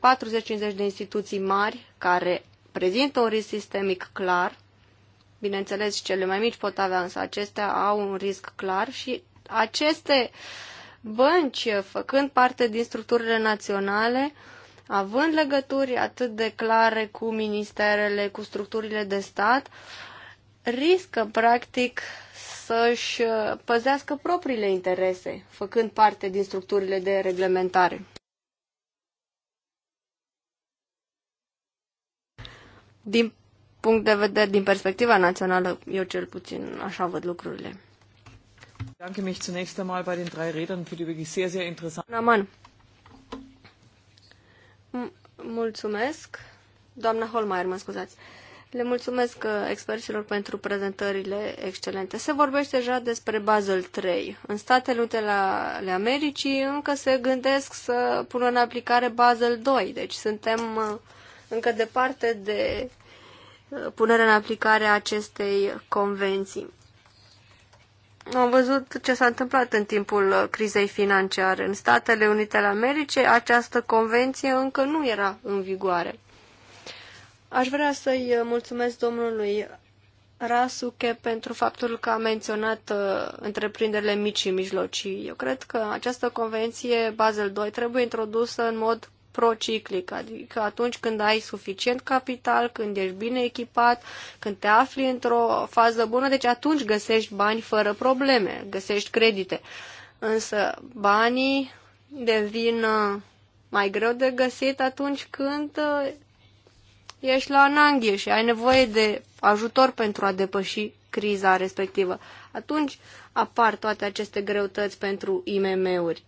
de instituții mari care prezintă un risc sistemic clar. Bineînțeles, și cele mai mici pot avea, însă acestea au un risc clar și aceste bănci, uh, făcând parte din structurile naționale, având legături atât de clare cu ministerele, cu structurile de stat, riscă practic să-și uh, păzească propriile interese, făcând parte din structurile de reglementare. Din punct de vedere, din perspectiva națională, eu cel puțin așa văd lucrurile.
Danke mich zunächst einmal bei den drei Rednern für die wirklich sehr, sehr Naman.
Mulțumesc. Doamna Holmeier, mă scuzați. Uh, le mulțumesc uh, experților pentru prezentările excelente. Se vorbește deja despre Basel 3. În Statele Unite ale Americii încă se gândesc să pună în aplicare Basel 2, deci suntem uh, încă departe de uh, punerea în aplicare a acestei convenții. Am văzut ce s-a întâmplat în timpul crizei financiare. În Statele Unite ale Americii această convenție încă nu era în vigoare. Aș vrea să-i mulțumesc domnului Rasuche pentru faptul că a menționat uh, întreprinderile mici și mijlocii. Eu cred că această convenție Basel II trebuie introdusă în mod prociclic, adică atunci când ai suficient capital, când ești bine echipat, când te afli într-o fază bună, deci atunci găsești bani fără probleme, găsești credite. Însă banii devin uh, mai greu de găsit atunci când uh, ești la ananghie și ai nevoie de ajutor pentru a depăși criza respectivă. Atunci apar toate aceste greutăți pentru IMM-uri.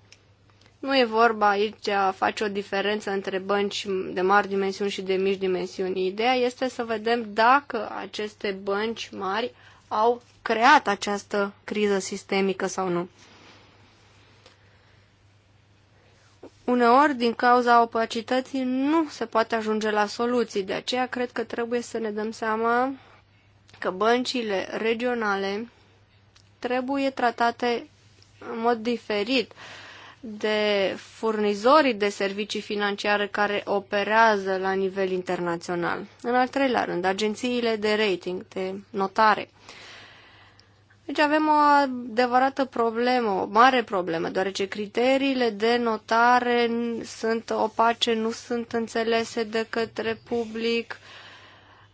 Nu e vorba aici de a face o diferență între bănci de mari dimensiuni și de mici dimensiuni. Ideea este să vedem dacă aceste bănci mari au creat această criză sistemică sau nu. Uneori, din cauza opacității, nu se poate ajunge la soluții, de aceea cred că trebuie să ne dăm seama că băncile regionale trebuie tratate în mod diferit de furnizorii de servicii financiare care operează la nivel internațional. În al treilea rând, agențiile de rating, de notare. Deci avem o adevărată problemă, o mare problemă, deoarece criteriile de notare sunt opace, nu sunt înțelese de către public.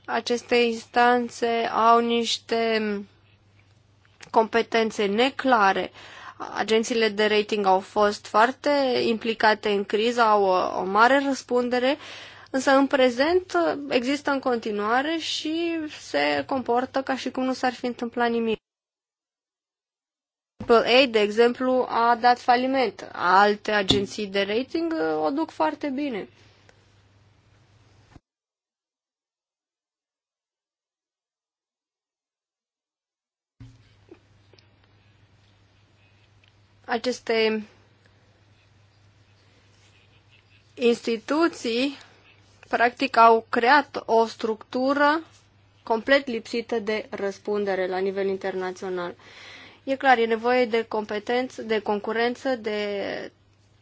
Aceste instanțe au niște competențe neclare. Agențiile de rating au fost foarte implicate în criză, au o, o mare răspundere, însă în prezent există în continuare și se comportă ca și cum nu s-ar fi întâmplat nimic. AAA, de exemplu, a dat faliment. Alte agenții de rating uh, o duc foarte bine. Aceste instituții practic au creat o structură complet lipsită de răspundere la nivel internațional. E clar, e nevoie de competență, de concurență, de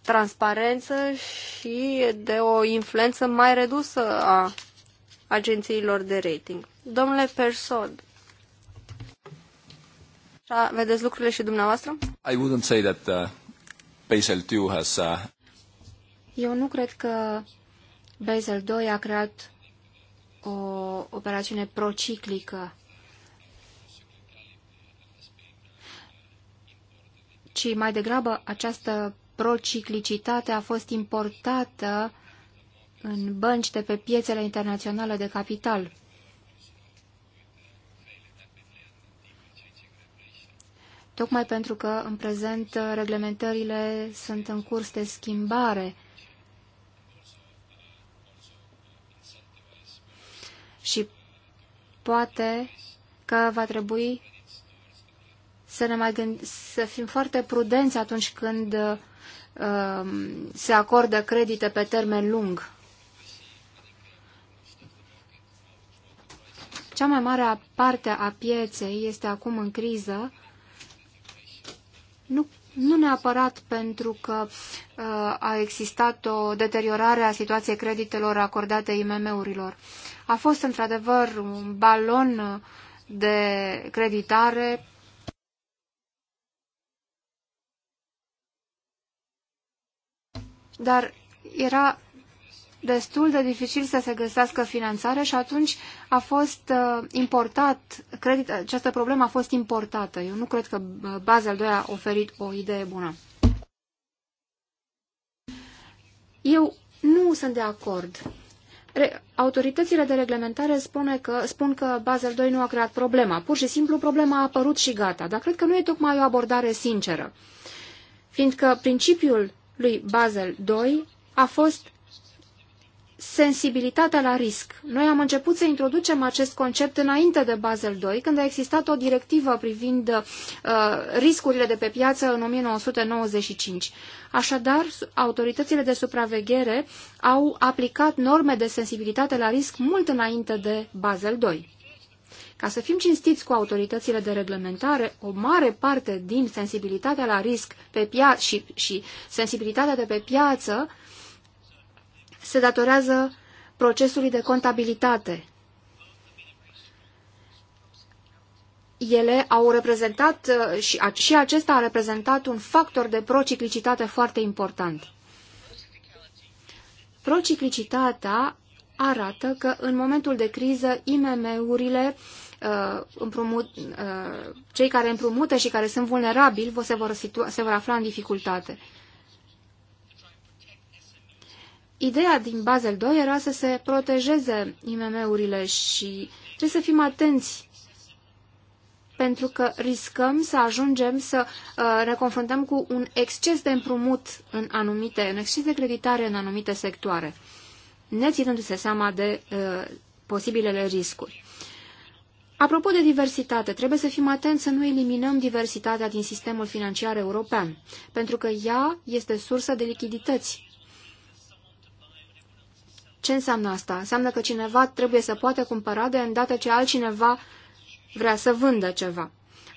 transparență și de o influență mai redusă a agențiilor de rating. Domnule Persod, da, vedeți lucrurile și dumneavoastră?
I wouldn't say that uh, Basel II has... Uh...
Eu nu cred că Basel II a creat o operațiune prociclică ci mai degrabă această prociclicitate a fost importată în bănci de pe piețele internaționale de capital. Tocmai pentru că în prezent reglementările sunt în curs de schimbare și poate că va trebui să, ne mai gând- să fim foarte prudenți atunci când uh, se acordă credite pe termen lung. Cea mai mare parte a pieței este acum în criză, nu, nu neapărat pentru că uh, a existat o deteriorare a situației creditelor acordate IMM-urilor. A fost într-adevăr un balon de creditare dar era destul de dificil să se găsească finanțare și atunci a fost uh, importat, credit, această problemă a fost importată. Eu nu cred că uh, Basel II a oferit o idee bună. Eu nu sunt de acord. Re Autoritățile de reglementare spune că, spun că Basel II nu a creat problema. Pur și simplu problema a apărut și gata. Dar cred că nu e tocmai o abordare sinceră. Fiindcă principiul lui Basel II a fost sensibilitatea la risc. Noi am început să introducem acest concept înainte de Basel II, când a existat o directivă privind uh, riscurile de pe piață în 1995. Așadar, autoritățile de supraveghere au aplicat norme de sensibilitate la risc mult înainte de Basel II. Ca să fim cinstiți cu autoritățile de reglementare, o mare parte din sensibilitatea la risc pe piață și, și sensibilitatea de pe piață se datorează procesului de contabilitate. Ele au reprezentat uh, și, și acesta a reprezentat un factor de prociclicitate foarte important. Prociclicitatea arată că în momentul de criză IMM-urile Uh, împrumut, uh, cei care împrumută și care sunt vulnerabili se vor, situa, se vor afla în dificultate. Ideea din Basel II era să se protejeze IMM-urile și trebuie să fim atenți pentru că riscăm să ajungem să uh, ne confruntăm cu un exces de împrumut în anumite, un exces de creditare în anumite sectoare, neținându-se seama de uh, posibilele riscuri. Apropo de diversitate, trebuie să fim atenți să nu eliminăm diversitatea din sistemul financiar european, pentru că ea este sursă de lichidități. Ce înseamnă asta? Înseamnă că cineva trebuie să poată cumpăra de îndată ce altcineva vrea să vândă ceva.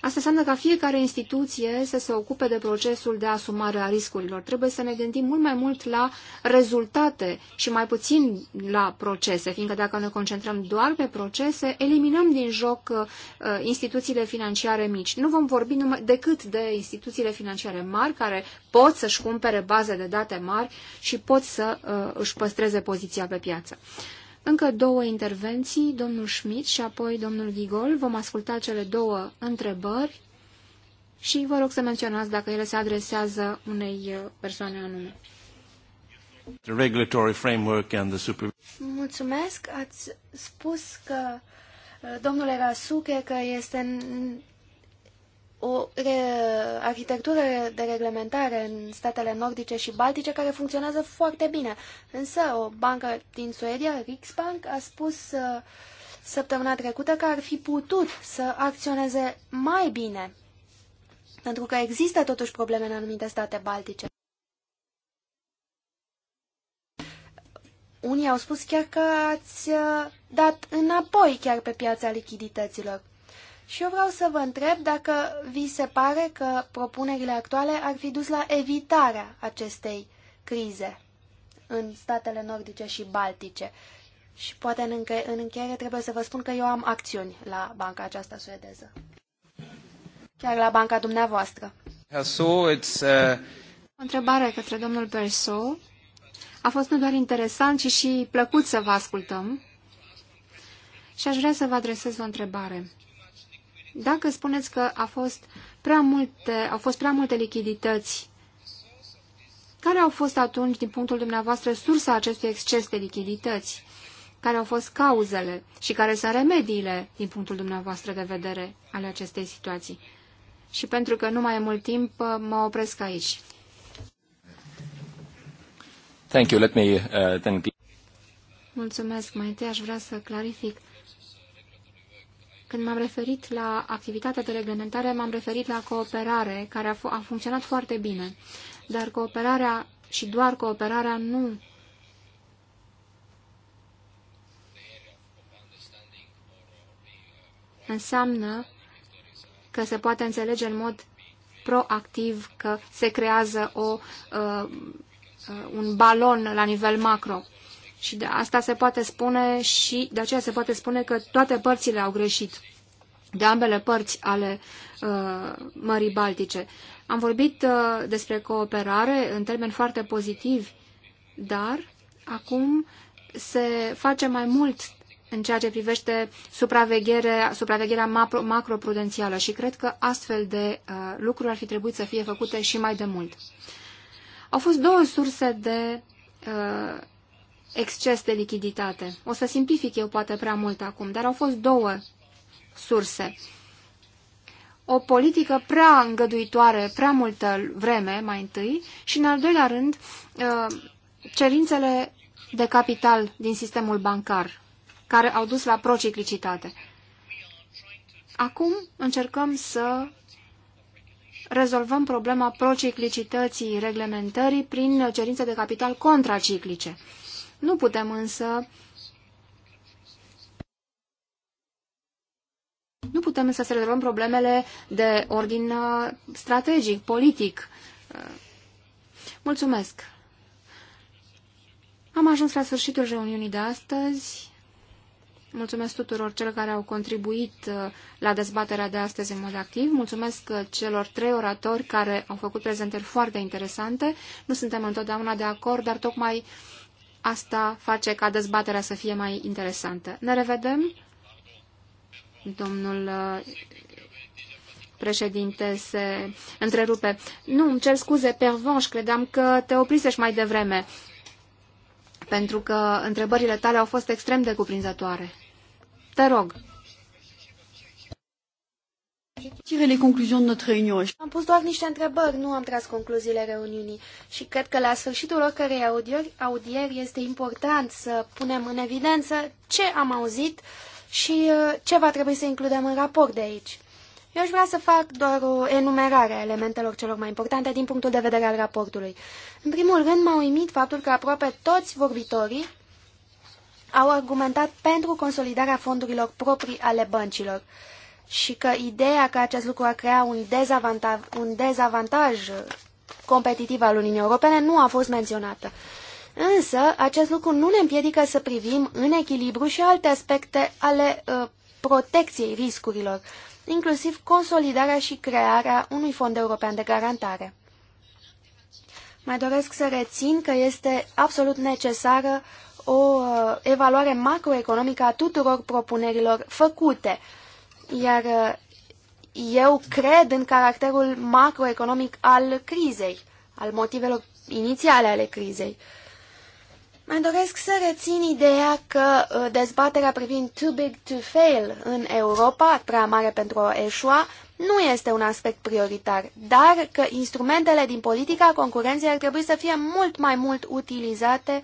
Asta înseamnă ca fiecare instituție să se ocupe de procesul de asumare a riscurilor. Trebuie să ne gândim mult mai mult la rezultate și mai puțin la procese, fiindcă dacă ne concentrăm doar pe procese, eliminăm din joc uh, instituțiile financiare mici. Nu vom vorbi numai decât de instituțiile financiare mari care pot să-și cumpere baze de date mari și pot să uh, își păstreze poziția pe piață. Încă două intervenții, domnul Schmidt și apoi domnul Ghigol. Vom asculta cele două întrebări și vă rog să menționați dacă ele se adresează unei uh, persoane anume.
The regulatory framework
and the
Mulțumesc. Ați spus că uh, domnule Rasuche că este arhitectură de reglementare în statele nordice și baltice care funcționează foarte bine. Însă o bancă din Suedia, Riksbank, a spus uh, săptămâna trecută că ar fi putut să acționeze mai bine, pentru că există totuși probleme în anumite state baltice. Unii au spus chiar că ați uh, dat înapoi chiar pe piața lichidităților. Și eu vreau să vă întreb dacă vi se pare că propunerile actuale ar fi dus la evitarea acestei crize în statele nordice și baltice. Și poate în, înche în încheiere trebuie să vă spun că eu am acțiuni la banca aceasta suedeză. Chiar la banca dumneavoastră.
So
it's, uh... O întrebare către domnul Perso. A fost nu doar interesant, ci și plăcut să vă ascultăm. Și aș vrea să vă adresez o întrebare. Dacă spuneți că a fost prea multe, au fost prea multe lichidități, care au fost atunci, din punctul dumneavoastră, sursa acestui exces de lichidități? Care au fost cauzele și care sunt remediile, din punctul dumneavoastră de vedere, ale acestei situații? Și pentru că nu mai e mult timp, mă opresc aici.
Thank you. Let me, uh, then...
Mulțumesc. Mai întâi aș vrea să clarific când m-am referit la activitatea de reglementare, m-am referit la cooperare, care a, a funcționat foarte bine. Dar cooperarea și doar cooperarea nu înseamnă că se poate înțelege în mod proactiv că se creează o, uh, uh un balon la nivel macro. Și de asta se poate spune și de aceea se poate spune că toate părțile au greșit de ambele părți ale uh, Mării Baltice. Am vorbit uh, despre cooperare în termeni foarte pozitivi, dar acum se face mai mult în ceea ce privește supraveghere, supravegherea macroprudențială și cred că astfel de uh, lucruri ar fi trebuit să fie făcute și mai de mult. Au fost două surse de uh, exces de lichiditate. O să simplific eu poate prea mult acum, dar au fost două surse. O politică prea îngăduitoare, prea multă vreme, mai întâi, și în al doilea rând, uh, cerințele de capital din sistemul bancar, care au dus la prociclicitate. Acum încercăm să rezolvăm problema prociclicității reglementării prin cerințe de capital contraciclice. Nu putem însă Nu putem însă să rezolvăm problemele de ordin uh, strategic, politic. Uh, mulțumesc! Am ajuns la sfârșitul reuniunii de astăzi. Mulțumesc tuturor celor care au contribuit uh, la dezbaterea de astăzi în mod activ. Mulțumesc celor trei oratori care au făcut prezentări foarte interesante. Nu suntem întotdeauna de acord, dar tocmai Asta face ca dezbaterea să fie mai interesantă. Ne revedem. Domnul uh, președinte se întrerupe. Nu, îmi cer scuze, pervanș, credeam că te oprisești mai devreme, pentru că
întrebările tale au fost extrem de cuprinzătoare. Te rog. Tire les de notre Am pus doar niște întrebări, nu am tras concluziile reuniunii și cred că la sfârșitul oricărei audieri, audieri este important să punem în evidență ce am auzit și uh, ce va trebui să includem în raport de aici. Eu aș vrea să fac doar o enumerare a elementelor celor mai importante din punctul de vedere al raportului. În primul rând, m-a uimit faptul că aproape toți vorbitorii au argumentat pentru consolidarea fondurilor proprii ale băncilor și că ideea că acest lucru ar crea un dezavantaj, un dezavantaj competitiv al Uniunii Europene nu a fost menționată. Însă, acest lucru nu ne împiedică să privim în echilibru și alte aspecte ale uh, protecției riscurilor, inclusiv consolidarea și crearea unui fond european de garantare. Mai doresc să rețin că este absolut necesară o uh, evaluare macroeconomică a tuturor propunerilor făcute, uh, iar uh, eu cred în caracterul macroeconomic al crizei, al motivelor inițiale ale crizei. Mai doresc să rețin ideea că uh, dezbaterea privind too big to fail în Europa, prea mare pentru a eșua, nu este un aspect prioritar, dar că instrumentele din politica concurenței ar trebui să fie mult mai mult utilizate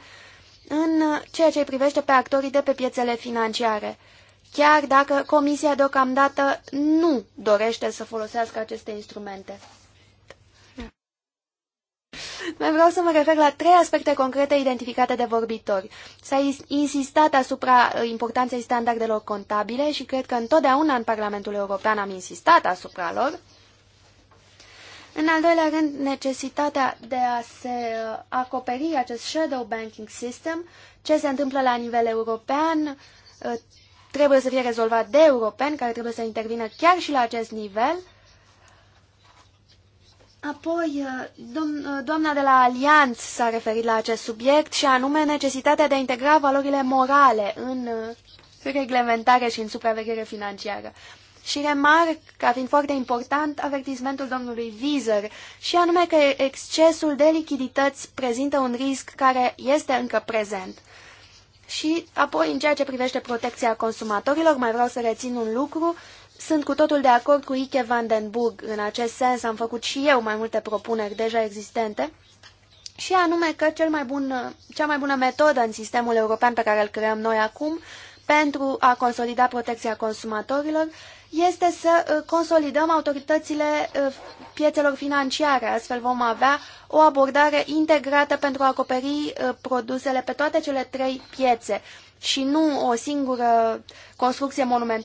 în uh, ceea ce privește pe actorii de pe piețele financiare chiar dacă Comisia deocamdată nu dorește să folosească aceste instrumente. Mai vreau să mă refer la trei aspecte concrete identificate de vorbitori. S-a insistat asupra uh, importanței standardelor contabile și cred că întotdeauna în Parlamentul European am insistat asupra lor. În al doilea rând, necesitatea de a se uh, acoperi acest shadow banking system, ce se întâmplă la nivel european, uh, trebuie să fie rezolvat de europeni, care trebuie să intervină chiar și la acest nivel. Apoi, uh, uh, doamna de la Alianț s-a referit la acest subiect și anume necesitatea de a integra valorile morale în uh, reglementare și în supraveghere financiară. Și remarc, ca fiind foarte important, avertismentul domnului Vizer, și anume că excesul de lichidități prezintă un risc care este încă prezent. Și apoi, în ceea ce privește protecția consumatorilor, mai vreau să rețin un lucru. Sunt cu totul de acord cu Ike Van den Burg. În acest sens am făcut și eu mai multe propuneri deja existente. Și anume că cel mai bun, cea mai bună metodă în sistemul european pe care îl creăm noi acum pentru a consolida protecția consumatorilor este să uh, consolidăm autoritățile uh, piețelor financiare. Astfel vom avea o abordare integrată pentru a acoperi uh, produsele pe toate cele trei piețe și nu o singură construcție monumentală.